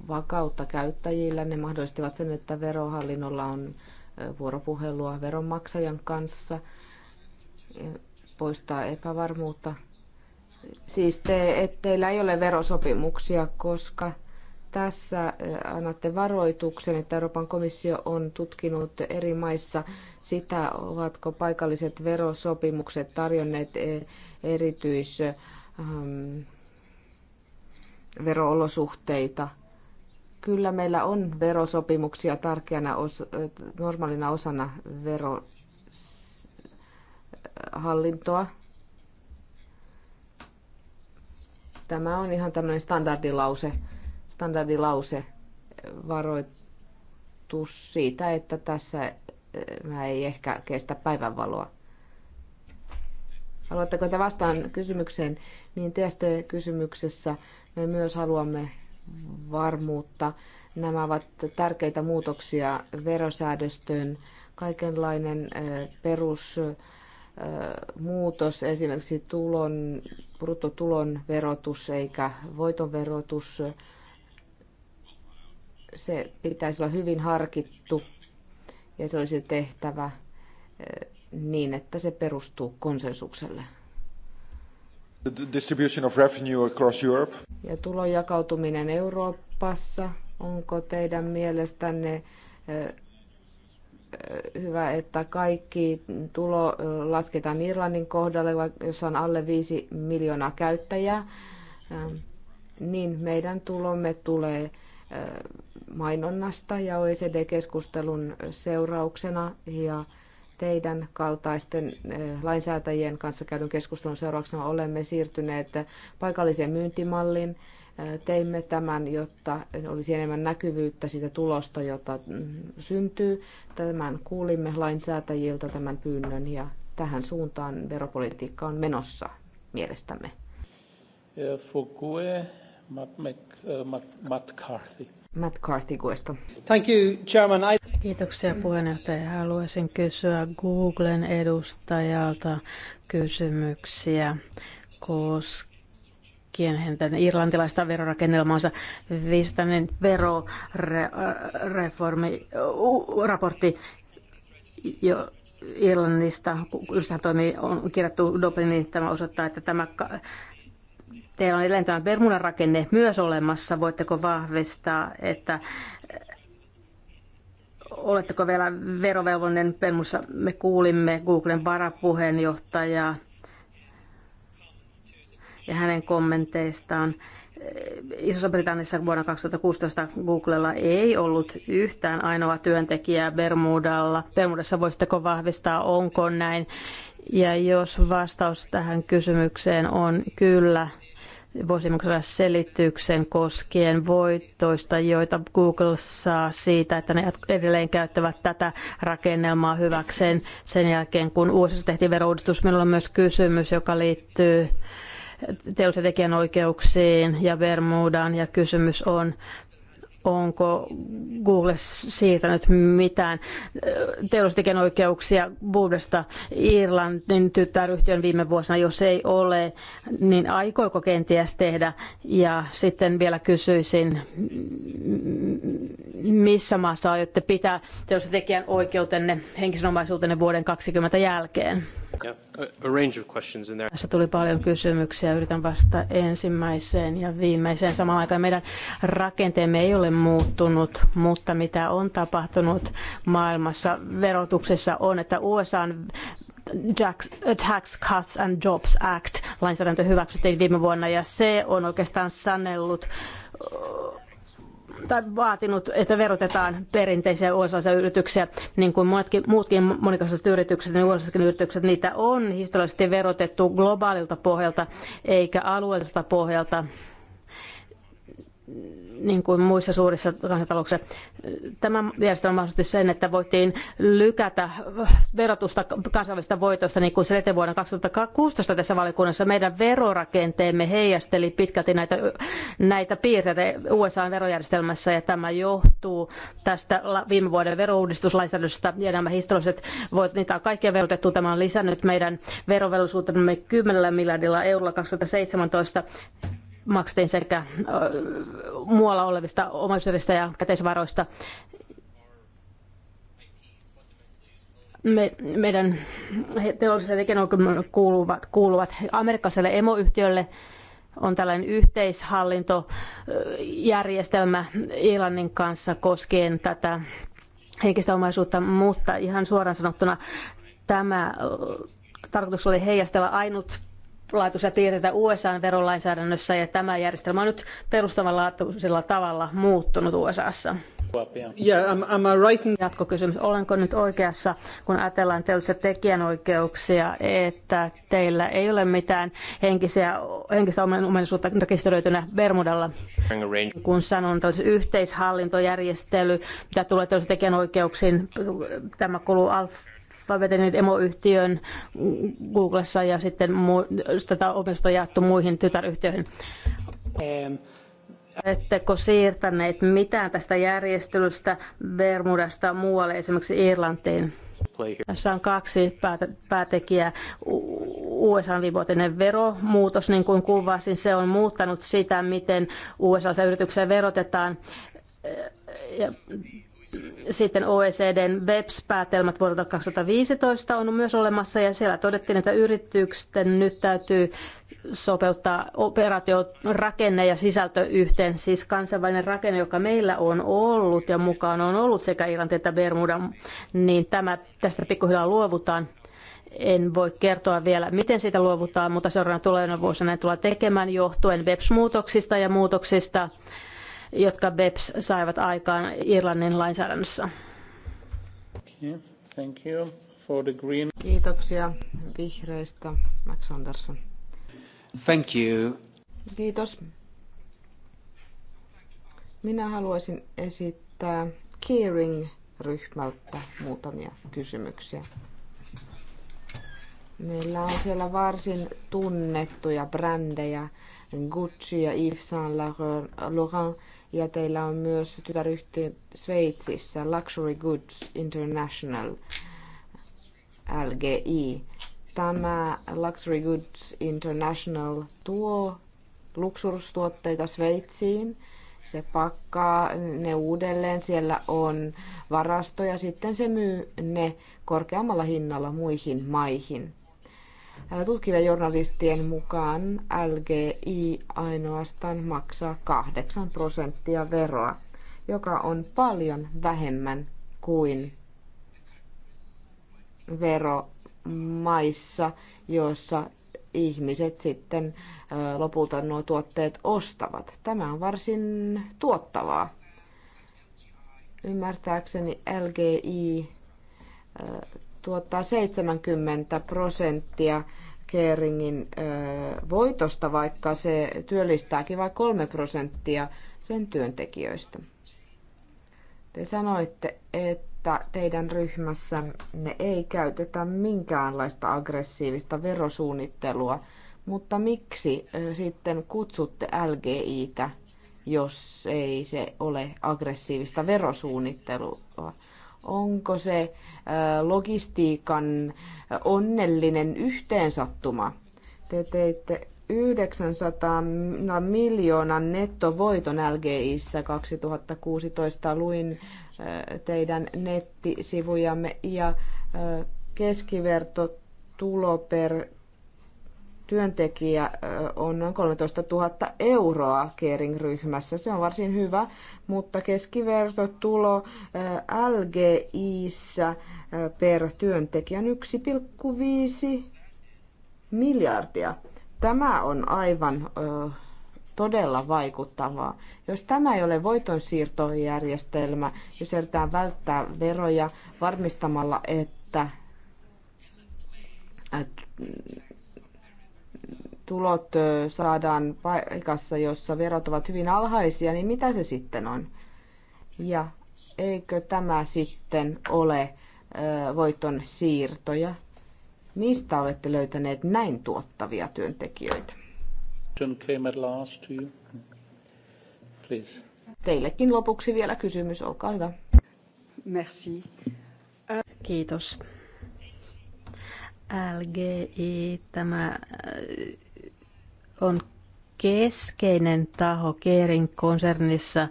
vakautta käyttäjillä. Ne mahdollistivat sen, että verohallinnolla on vuoropuhelua veronmaksajan kanssa, poistaa epävarmuutta Siis te, et teillä ei ole verosopimuksia, koska tässä annatte varoituksen, että Euroopan komissio on tutkinut eri maissa sitä, ovatko paikalliset verosopimukset tarjonneet erityis veroolosuhteita. Kyllä meillä on verosopimuksia tärkeänä os, normaalina osana verohallintoa Tämä on ihan tämmöinen standardilause, standardilause varoitus siitä, että tässä mä ei ehkä kestä päivänvaloa. Haluatteko te vastaan kysymykseen? Niin tästä kysymyksessä me myös haluamme varmuutta. Nämä ovat tärkeitä muutoksia verosäädöstöön. Kaikenlainen perus muutos, esimerkiksi tulon, bruttotulon verotus eikä voiton verotus, se pitäisi olla hyvin harkittu ja se olisi tehtävä eh, niin, että se perustuu konsensukselle. The distribution of revenue across Europe. Ja tulon jakautuminen Euroopassa, onko teidän mielestänne eh, hyvä, että kaikki tulo lasketaan Irlannin kohdalle, jossa on alle 5 miljoonaa käyttäjää, niin meidän tulomme tulee mainonnasta ja OECD-keskustelun seurauksena ja teidän kaltaisten lainsäätäjien kanssa käydyn keskustelun seurauksena olemme siirtyneet paikalliseen myyntimalliin, Teimme tämän, jotta olisi enemmän näkyvyyttä sitä tulosta, jota mm, syntyy. Tämän kuulimme lainsäätäjiltä tämän pyynnön ja tähän suuntaan veropolitiikka on menossa mielestämme. Fukue Matt, McCarthy. Carthy. Matt Carthy Guesta. Thank you, Chairman. I... Kiitoksia puheenjohtaja. Haluaisin kysyä Googlen edustajalta kysymyksiä koska heidän irlantilaista verorakennelmaansa. Viistainen veroreformi, raportti jo Irlannista, kun toimii, on kirjattu Dubliniin, tämä osoittaa, että tämä teillä on edelleen tämä Bermudan rakenne myös olemassa. Voitteko vahvistaa, että oletteko vielä verovelvollinen Permussa? Me kuulimme Googlen varapuheenjohtajaa ja hänen kommenteistaan. Isossa Britanniassa vuonna 2016 Googlella ei ollut yhtään ainoa työntekijää Bermudalla. Bermudassa voisitteko vahvistaa, onko näin? Ja jos vastaus tähän kysymykseen on kyllä, voisimme saada selityksen koskien voittoista, joita Google saa siitä, että ne edelleen käyttävät tätä rakennelmaa hyväkseen sen jälkeen, kun uusissa tehtiin verouudistus. Minulla on myös kysymys, joka liittyy teollis- ja tekijänoikeuksiin ja Bermudaan ja kysymys on, onko Google siirtänyt mitään teollisuustekijän oikeuksia Googlesta Irlannin tytäryhtiön viime vuosina, jos ei ole, niin aikoiko kenties tehdä? Ja sitten vielä kysyisin, missä maassa aiotte pitää teollisuustekijän oikeutenne, henkisen omaisuutenne vuoden 2020 jälkeen? Tässä tuli paljon kysymyksiä. Yritän vastata ensimmäiseen ja viimeiseen. Samaan aikaan meidän rakenteemme ei ole muuttunut, mutta mitä on tapahtunut maailmassa verotuksessa on, että USA on Tax Cuts and Jobs Act lainsäädäntö hyväksyttiin viime vuonna ja se on oikeastaan sanellut tai vaatinut, että verotetaan perinteisiä USA yrityksiä, niin kuin monetkin, muutkin monikansalliset yritykset, niin USA yritykset, niitä on historiallisesti verotettu globaalilta pohjalta eikä alueelliselta pohjalta niin kuin muissa suurissa kansantalouksissa. Tämä järjestelmä mahdollisti sen, että voitiin lykätä verotusta kansainvälistä voitosta, niin kuin se eteen vuonna 2016 tässä valikunnassa. Meidän verorakenteemme heijasteli pitkälti näitä, näitä piirteitä USA-verojärjestelmässä, ja tämä johtuu tästä viime vuoden verouudistuslainsäädännöstä, ja nämä historialliset voitot, niitä on kaikkia verotettu. Tämä on lisännyt meidän verovelvollisuutemme 10 miljardilla eurolla 2017 maksettiin sekä muualla olevista omaisuudesta ja käteisvaroista. Me, meidän teolliset ja tekijänoikeudet kuuluvat, kuuluvat amerikkalaiselle emoyhtiölle, on tällainen yhteishallintojärjestelmä Irlannin kanssa koskien tätä henkistä omaisuutta, mutta ihan suoraan sanottuna tämä tarkoitus oli heijastella ainut laitos ja piirteitä USAn verolainsäädännössä ja tämä järjestelmä on nyt perustavanlaatuisella tavalla muuttunut USAssa. Yeah, right in... Jatkokysymys. Olenko nyt oikeassa, kun ajatellaan teollisia tekijänoikeuksia, että teillä ei ole mitään henkisiä, henkistä ominaisuutta rekisteröitynä Bermudalla? Kun sanon tällaisen yhteishallintojärjestely, mitä tulee teollisiin tekijänoikeuksiin, tämä kuuluu Alfa niitä emoyhtiön Googlessa ja sitten mu- tätä omistusta jaettu muihin tytäryhtiöihin. Ähm. Oletteko siirtäneet mitään tästä järjestelystä Bermudasta muualle, esimerkiksi Irlantiin? Tässä on kaksi päätä, päätekijää. USA vivuotinen veromuutos, niin kuin kuvasin, se on muuttanut sitä, miten USA-yrityksiä verotetaan. Ja sitten OECDn BEPS-päätelmät vuodelta 2015 on myös olemassa ja siellä todettiin, että yritysten nyt täytyy sopeuttaa operaatiorakenne ja sisältö yhteen. Siis kansainvälinen rakenne, joka meillä on ollut ja mukaan on ollut sekä Irlanti että Bermuda, niin tämä, tästä pikkuhiljaa luovutaan. En voi kertoa vielä, miten siitä luovutaan, mutta seuraavana tulevina vuosina tulee tekemään johtuen BEPS-muutoksista ja muutoksista jotka BEPS saivat aikaan Irlannin lainsäädännössä. Thank you for the green. Kiitoksia vihreistä, Max Anderson. Thank you. Kiitos. Minä haluaisin esittää Keering-ryhmältä muutamia kysymyksiä. Meillä on siellä varsin tunnettuja brändejä, Gucci ja Yves Saint Laurent, ja teillä on myös tytäryhtiö Sveitsissä, Luxury Goods International, LGI. Tämä Luxury Goods International tuo luksustuotteita Sveitsiin. Se pakkaa ne uudelleen, siellä on varastoja, sitten se myy ne korkeammalla hinnalla muihin maihin. Tutkivien journalistien mukaan LGI ainoastaan maksaa 8 prosenttia veroa, joka on paljon vähemmän kuin vero maissa, joissa ihmiset sitten lopulta nuo tuotteet ostavat. Tämä on varsin tuottavaa. Ymmärtääkseni LGI tuottaa 70 prosenttia Keringin voitosta, vaikka se työllistääkin vain 3 prosenttia sen työntekijöistä. Te sanoitte, että teidän ryhmässä ne ei käytetä minkäänlaista aggressiivista verosuunnittelua, mutta miksi sitten kutsutte LGItä, jos ei se ole aggressiivista verosuunnittelua? Onko se logistiikan onnellinen yhteensattuma? Te teitte 900 miljoonan nettovoiton LGIssä 2016. Luin teidän nettisivujamme ja keskiverto tulo per työntekijä on noin 13 000 euroa Kering-ryhmässä. Se on varsin hyvä, mutta keskivertotulo LGIssä per työntekijän 1,5 miljardia. Tämä on aivan todella vaikuttavaa. Jos tämä ei ole voitonsiirtojärjestelmä, jos yritetään välttää veroja varmistamalla, että tulot saadaan paikassa, jossa verot ovat hyvin alhaisia, niin mitä se sitten on? Ja eikö tämä sitten ole voiton siirtoja? Mistä olette löytäneet näin tuottavia työntekijöitä? Teillekin lopuksi vielä kysymys, olkaa hyvä. Merci. Kiitos. LGI, tämä on keskeinen taho Keerin konsernissa.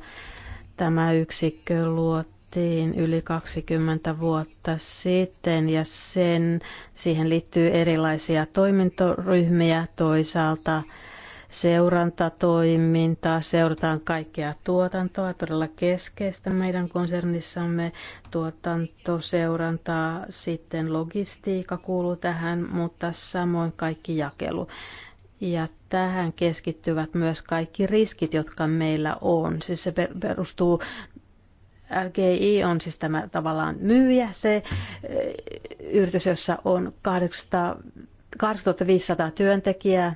Tämä yksikkö luotiin yli 20 vuotta sitten ja sen, siihen liittyy erilaisia toimintoryhmiä toisaalta seurantatoimintaa, seurataan kaikkea tuotantoa, todella keskeistä meidän konsernissamme tuotantoseurantaa, sitten logistiikka kuuluu tähän, mutta samoin kaikki jakelu. Ja tähän keskittyvät myös kaikki riskit, jotka meillä on. Siis se perustuu, LGI on siis tämä tavallaan myyjä, se e, yritys, jossa on 800, 2500 työntekijää,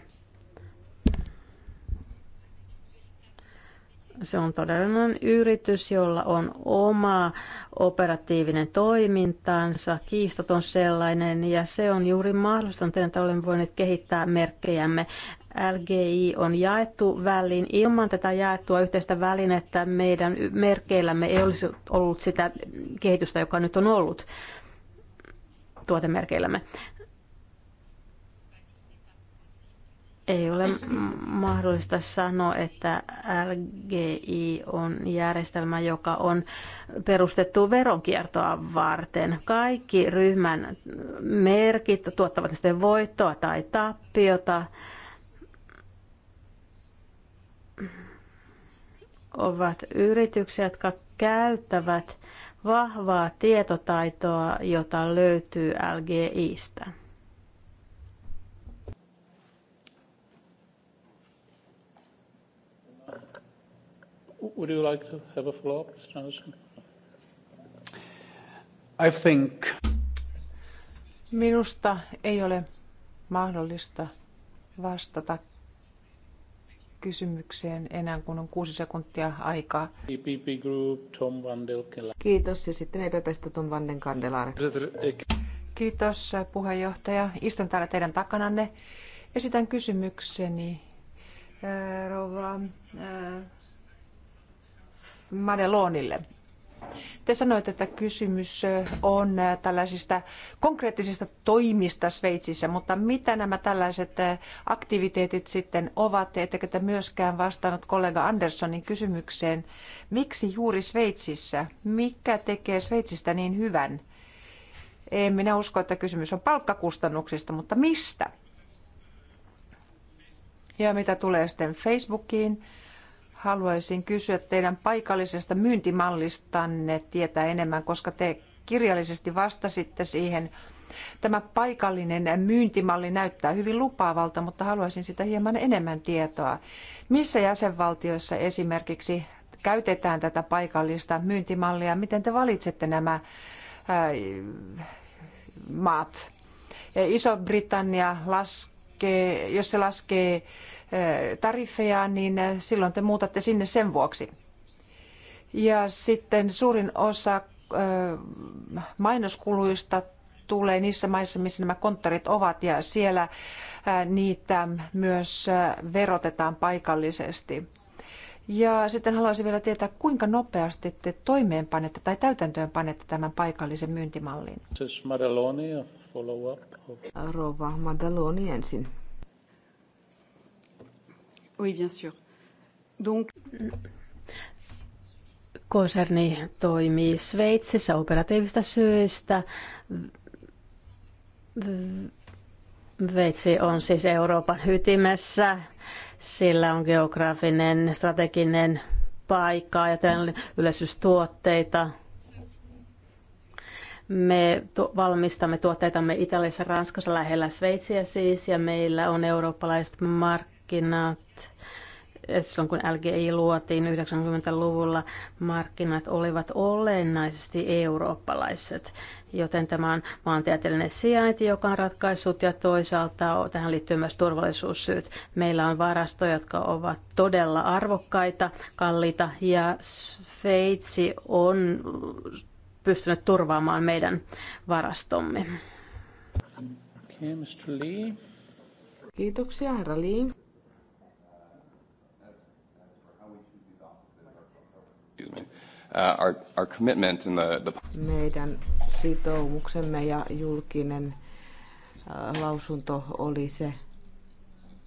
Se on todellinen yritys, jolla on oma operatiivinen toimintansa, kiistaton sellainen, ja se on juuri mahdollistanut, että olemme voineet kehittää merkkejämme. LGI on jaettu väliin. Ilman tätä jaettua yhteistä välinettä meidän merkeillämme ei olisi ollut sitä kehitystä, joka nyt on ollut tuotemerkeillämme. Ei ole mahdollista sanoa, että LGI on järjestelmä, joka on perustettu veronkiertoa varten. Kaikki ryhmän merkit tuottavat sitten voittoa tai tappiota. Ovat yrityksiä, jotka käyttävät vahvaa tietotaitoa, jota löytyy LGIstä. Would you like to have a follow-up, Mr. Anderson? I think. Minusta ei ole mahdollista vastata kysymykseen enää, kun on kuusi sekuntia aikaa. EPP Group, Tom van Kiitos ja sitten EPPstä Tom van den Kiitos puheenjohtaja. Istun täällä teidän takananne. Esitän kysymykseni rova. Madelonille. Te sanoitte, että kysymys on äh, tällaisista konkreettisista toimista Sveitsissä, mutta mitä nämä tällaiset äh, aktiviteetit sitten ovat? Ettekö te myöskään vastannut kollega Anderssonin kysymykseen, miksi juuri Sveitsissä? Mikä tekee Sveitsistä niin hyvän? En minä usko, että kysymys on palkkakustannuksista, mutta mistä? Ja mitä tulee sitten Facebookiin? haluaisin kysyä teidän paikallisesta myyntimallistanne tietää enemmän, koska te kirjallisesti vastasitte siihen. Tämä paikallinen myyntimalli näyttää hyvin lupaavalta, mutta haluaisin sitä hieman enemmän tietoa. Missä jäsenvaltioissa esimerkiksi käytetään tätä paikallista myyntimallia? Miten te valitsette nämä äh, maat? Iso-Britannia laskee, jos se laskee tariffeja, niin silloin te muutatte sinne sen vuoksi. Ja sitten suurin osa mainoskuluista tulee niissä maissa, missä nämä konttorit ovat, ja siellä niitä myös verotetaan paikallisesti. Ja sitten haluaisin vielä tietää, kuinka nopeasti te toimeenpanette tai täytäntöönpanette tämän paikallisen myyntimallin? Rova Madaloni ensin. Oui, bien sûr. Donc... Konserni toimii Sveitsissä operatiivista syistä. Sveitsi on siis Euroopan hytimessä. Sillä on geografinen, strateginen paikka, ja yleisyystuotteita. Me tu- valmistamme tuotteitamme Italiassa, Ranskassa, lähellä Sveitsiä siis, ja meillä on eurooppalaiset mark markkinat silloin kun LGI luotiin 90-luvulla, markkinat olivat olennaisesti eurooppalaiset, joten tämä on maantieteellinen sijainti, joka on ratkaissut ja toisaalta tähän liittyy myös turvallisuussyyt. Meillä on varastoja, jotka ovat todella arvokkaita, kalliita ja Sveitsi on pystynyt turvaamaan meidän varastomme. Okay, Kiitoksia, herra Lee. Uh, our, our commitment in the, the... Meidän sitoumuksemme ja julkinen uh, lausunto oli se,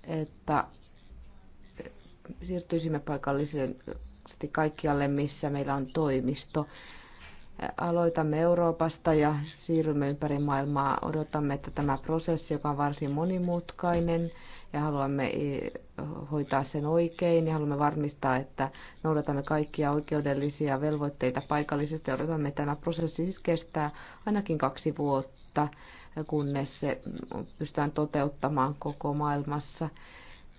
että siirtyisimme paikallisesti kaikkialle, missä meillä on toimisto. Aloitamme Euroopasta ja siirrymme ympäri maailmaa. Odotamme, että tämä prosessi, joka on varsin monimutkainen, ja haluamme hoitaa sen oikein ja haluamme varmistaa, että noudatamme kaikkia oikeudellisia velvoitteita paikallisesti. Odotamme, että tämä prosessi siis kestää ainakin kaksi vuotta, kunnes se pystytään toteuttamaan koko maailmassa.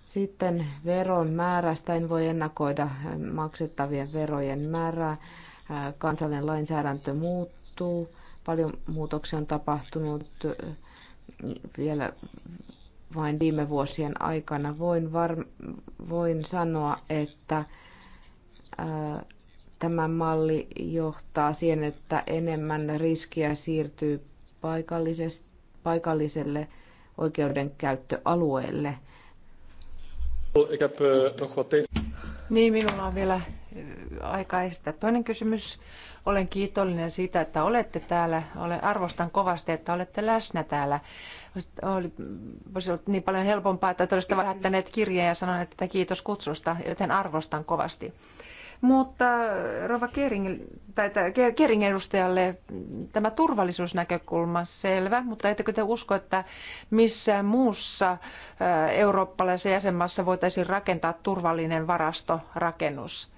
Sitten veron määrästä en voi ennakoida maksettavien verojen määrää. Kansallinen lainsäädäntö muuttuu, paljon muutoksia on tapahtunut vielä vain viime vuosien aikana. Voin, var, voin sanoa, että ää, tämä malli johtaa siihen, että enemmän riskiä siirtyy paikalliselle oikeudenkäyttöalueelle. Eh, niin, minulla on vielä aikaista. Toinen kysymys. Olen kiitollinen siitä, että olette täällä. Olen, arvostan kovasti, että olette läsnä täällä. Oli, olisi ollut niin paljon helpompaa, että olisitte lähettäneet kirjeen ja sanoneet, että kiitos kutsusta, joten arvostan kovasti. Mutta Rova Kering, tai Kering edustajalle tämä turvallisuusnäkökulma selvä, mutta ettekö te usko, että missään muussa eurooppalaisessa jäsenmaassa voitaisiin rakentaa turvallinen varastorakennus?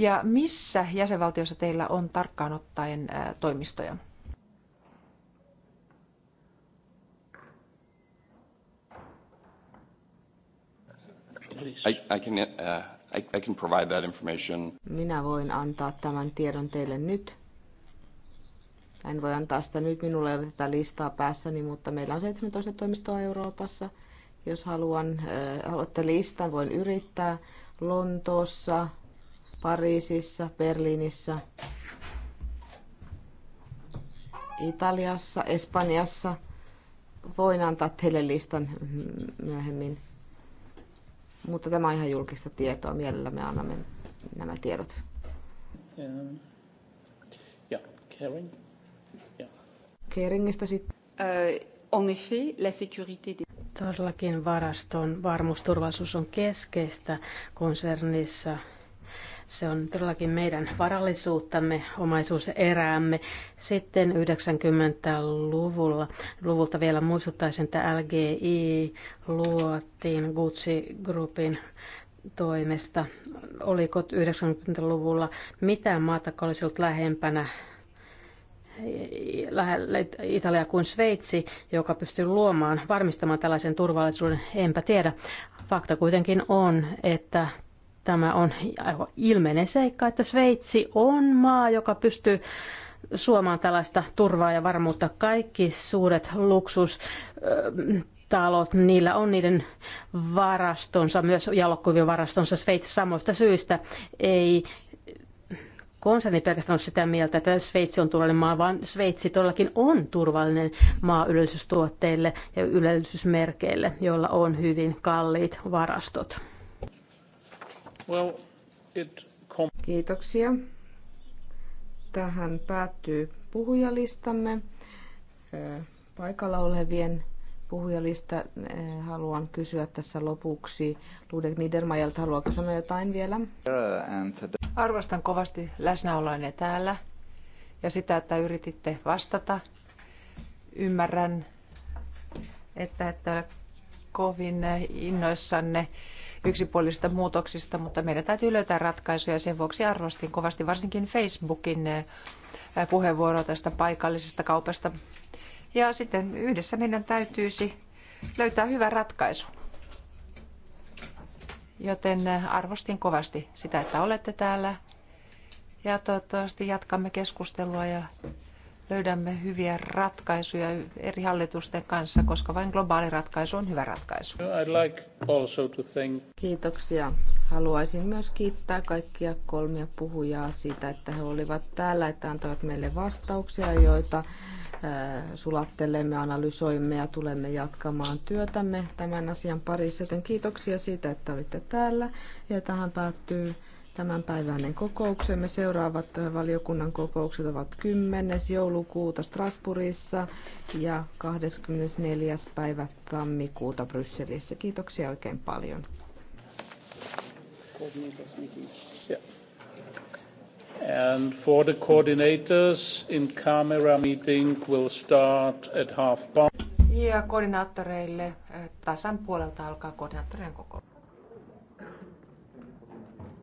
Ja missä jäsenvaltiossa teillä on tarkkaan ottaen toimistoja? I, I can, uh, I, I can provide that information. Minä voin antaa tämän tiedon teille nyt. En voi antaa sitä nyt, minulla ei ole tätä listaa päässäni, mutta meillä on 17 toimistoa Euroopassa. Jos haluan, äh, haluatte listan, voin yrittää. Lontoossa, Pariisissa, Berliinissä, Italiassa, Espanjassa. Voin antaa teille listan myöhemmin. Mutta tämä on ihan julkista tietoa. Mielellä me annamme nämä tiedot. Ja, Kering. Keringistä sitten. Äh, la sécurité des... Todellakin varaston varmuusturvallisuus on keskeistä konsernissa se on todellakin meidän varallisuuttamme, omaisuuseräämme. Sitten 90-luvulla, luvulta vielä muistuttaisin, että LGI luotiin Gucci Groupin toimesta. Oliko 90-luvulla mitään maata, joka olisi ollut lähempänä lähellä Italia kuin Sveitsi, joka pystyy luomaan, varmistamaan tällaisen turvallisuuden, enpä tiedä. Fakta kuitenkin on, että Tämä on ilmeinen seikka, että Sveitsi on maa, joka pystyy suomaan tällaista turvaa ja varmuutta. Kaikki suuret luksus talot, niillä on niiden varastonsa, myös varastonsa Sveitsi samoista syistä. Ei konserni pelkästään ole sitä mieltä, että Sveitsi on turvallinen maa, vaan Sveitsi todellakin on turvallinen maa ylellisyystuotteille ja ylellisyysmerkeille, joilla on hyvin kalliit varastot. Kiitoksia. Tähän päättyy puhujalistamme. Paikalla olevien puhujalista haluan kysyä tässä lopuksi. Ludek Niedermayelta, haluatko sanoa jotain vielä? Arvostan kovasti läsnäoloinne täällä ja sitä, että yrititte vastata. Ymmärrän, että ette ole kovin innoissanne yksipuolisista muutoksista, mutta meidän täytyy löytää ratkaisuja. Sen vuoksi arvostin kovasti varsinkin Facebookin eh, puheenvuoroa tästä paikallisesta kaupasta. Ja sitten yhdessä meidän täytyisi löytää hyvä ratkaisu. Joten eh, arvostin kovasti sitä, että olette täällä. Ja toivottavasti jatkamme keskustelua ja löydämme hyviä ratkaisuja eri hallitusten kanssa, koska vain globaali ratkaisu on hyvä ratkaisu. Like Kiitoksia. Haluaisin myös kiittää kaikkia kolmia puhujaa siitä, että he olivat täällä, että antoivat meille vastauksia, joita äh, sulattelemme, analysoimme ja tulemme jatkamaan työtämme tämän asian parissa. Joten kiitoksia siitä, että olitte täällä. Ja tähän päättyy tämänpäiväinen kokouksemme. Seuraavat äh, valiokunnan kokoukset ovat 10. joulukuuta Strasbourgissa ja 24. päivä tammikuuta Brysselissä. Kiitoksia oikein paljon. And for the coordinators, in camera meeting will start at half past. Ja koordinaattoreille äh, tasan puolelta alkaa koordinaattorien kokous.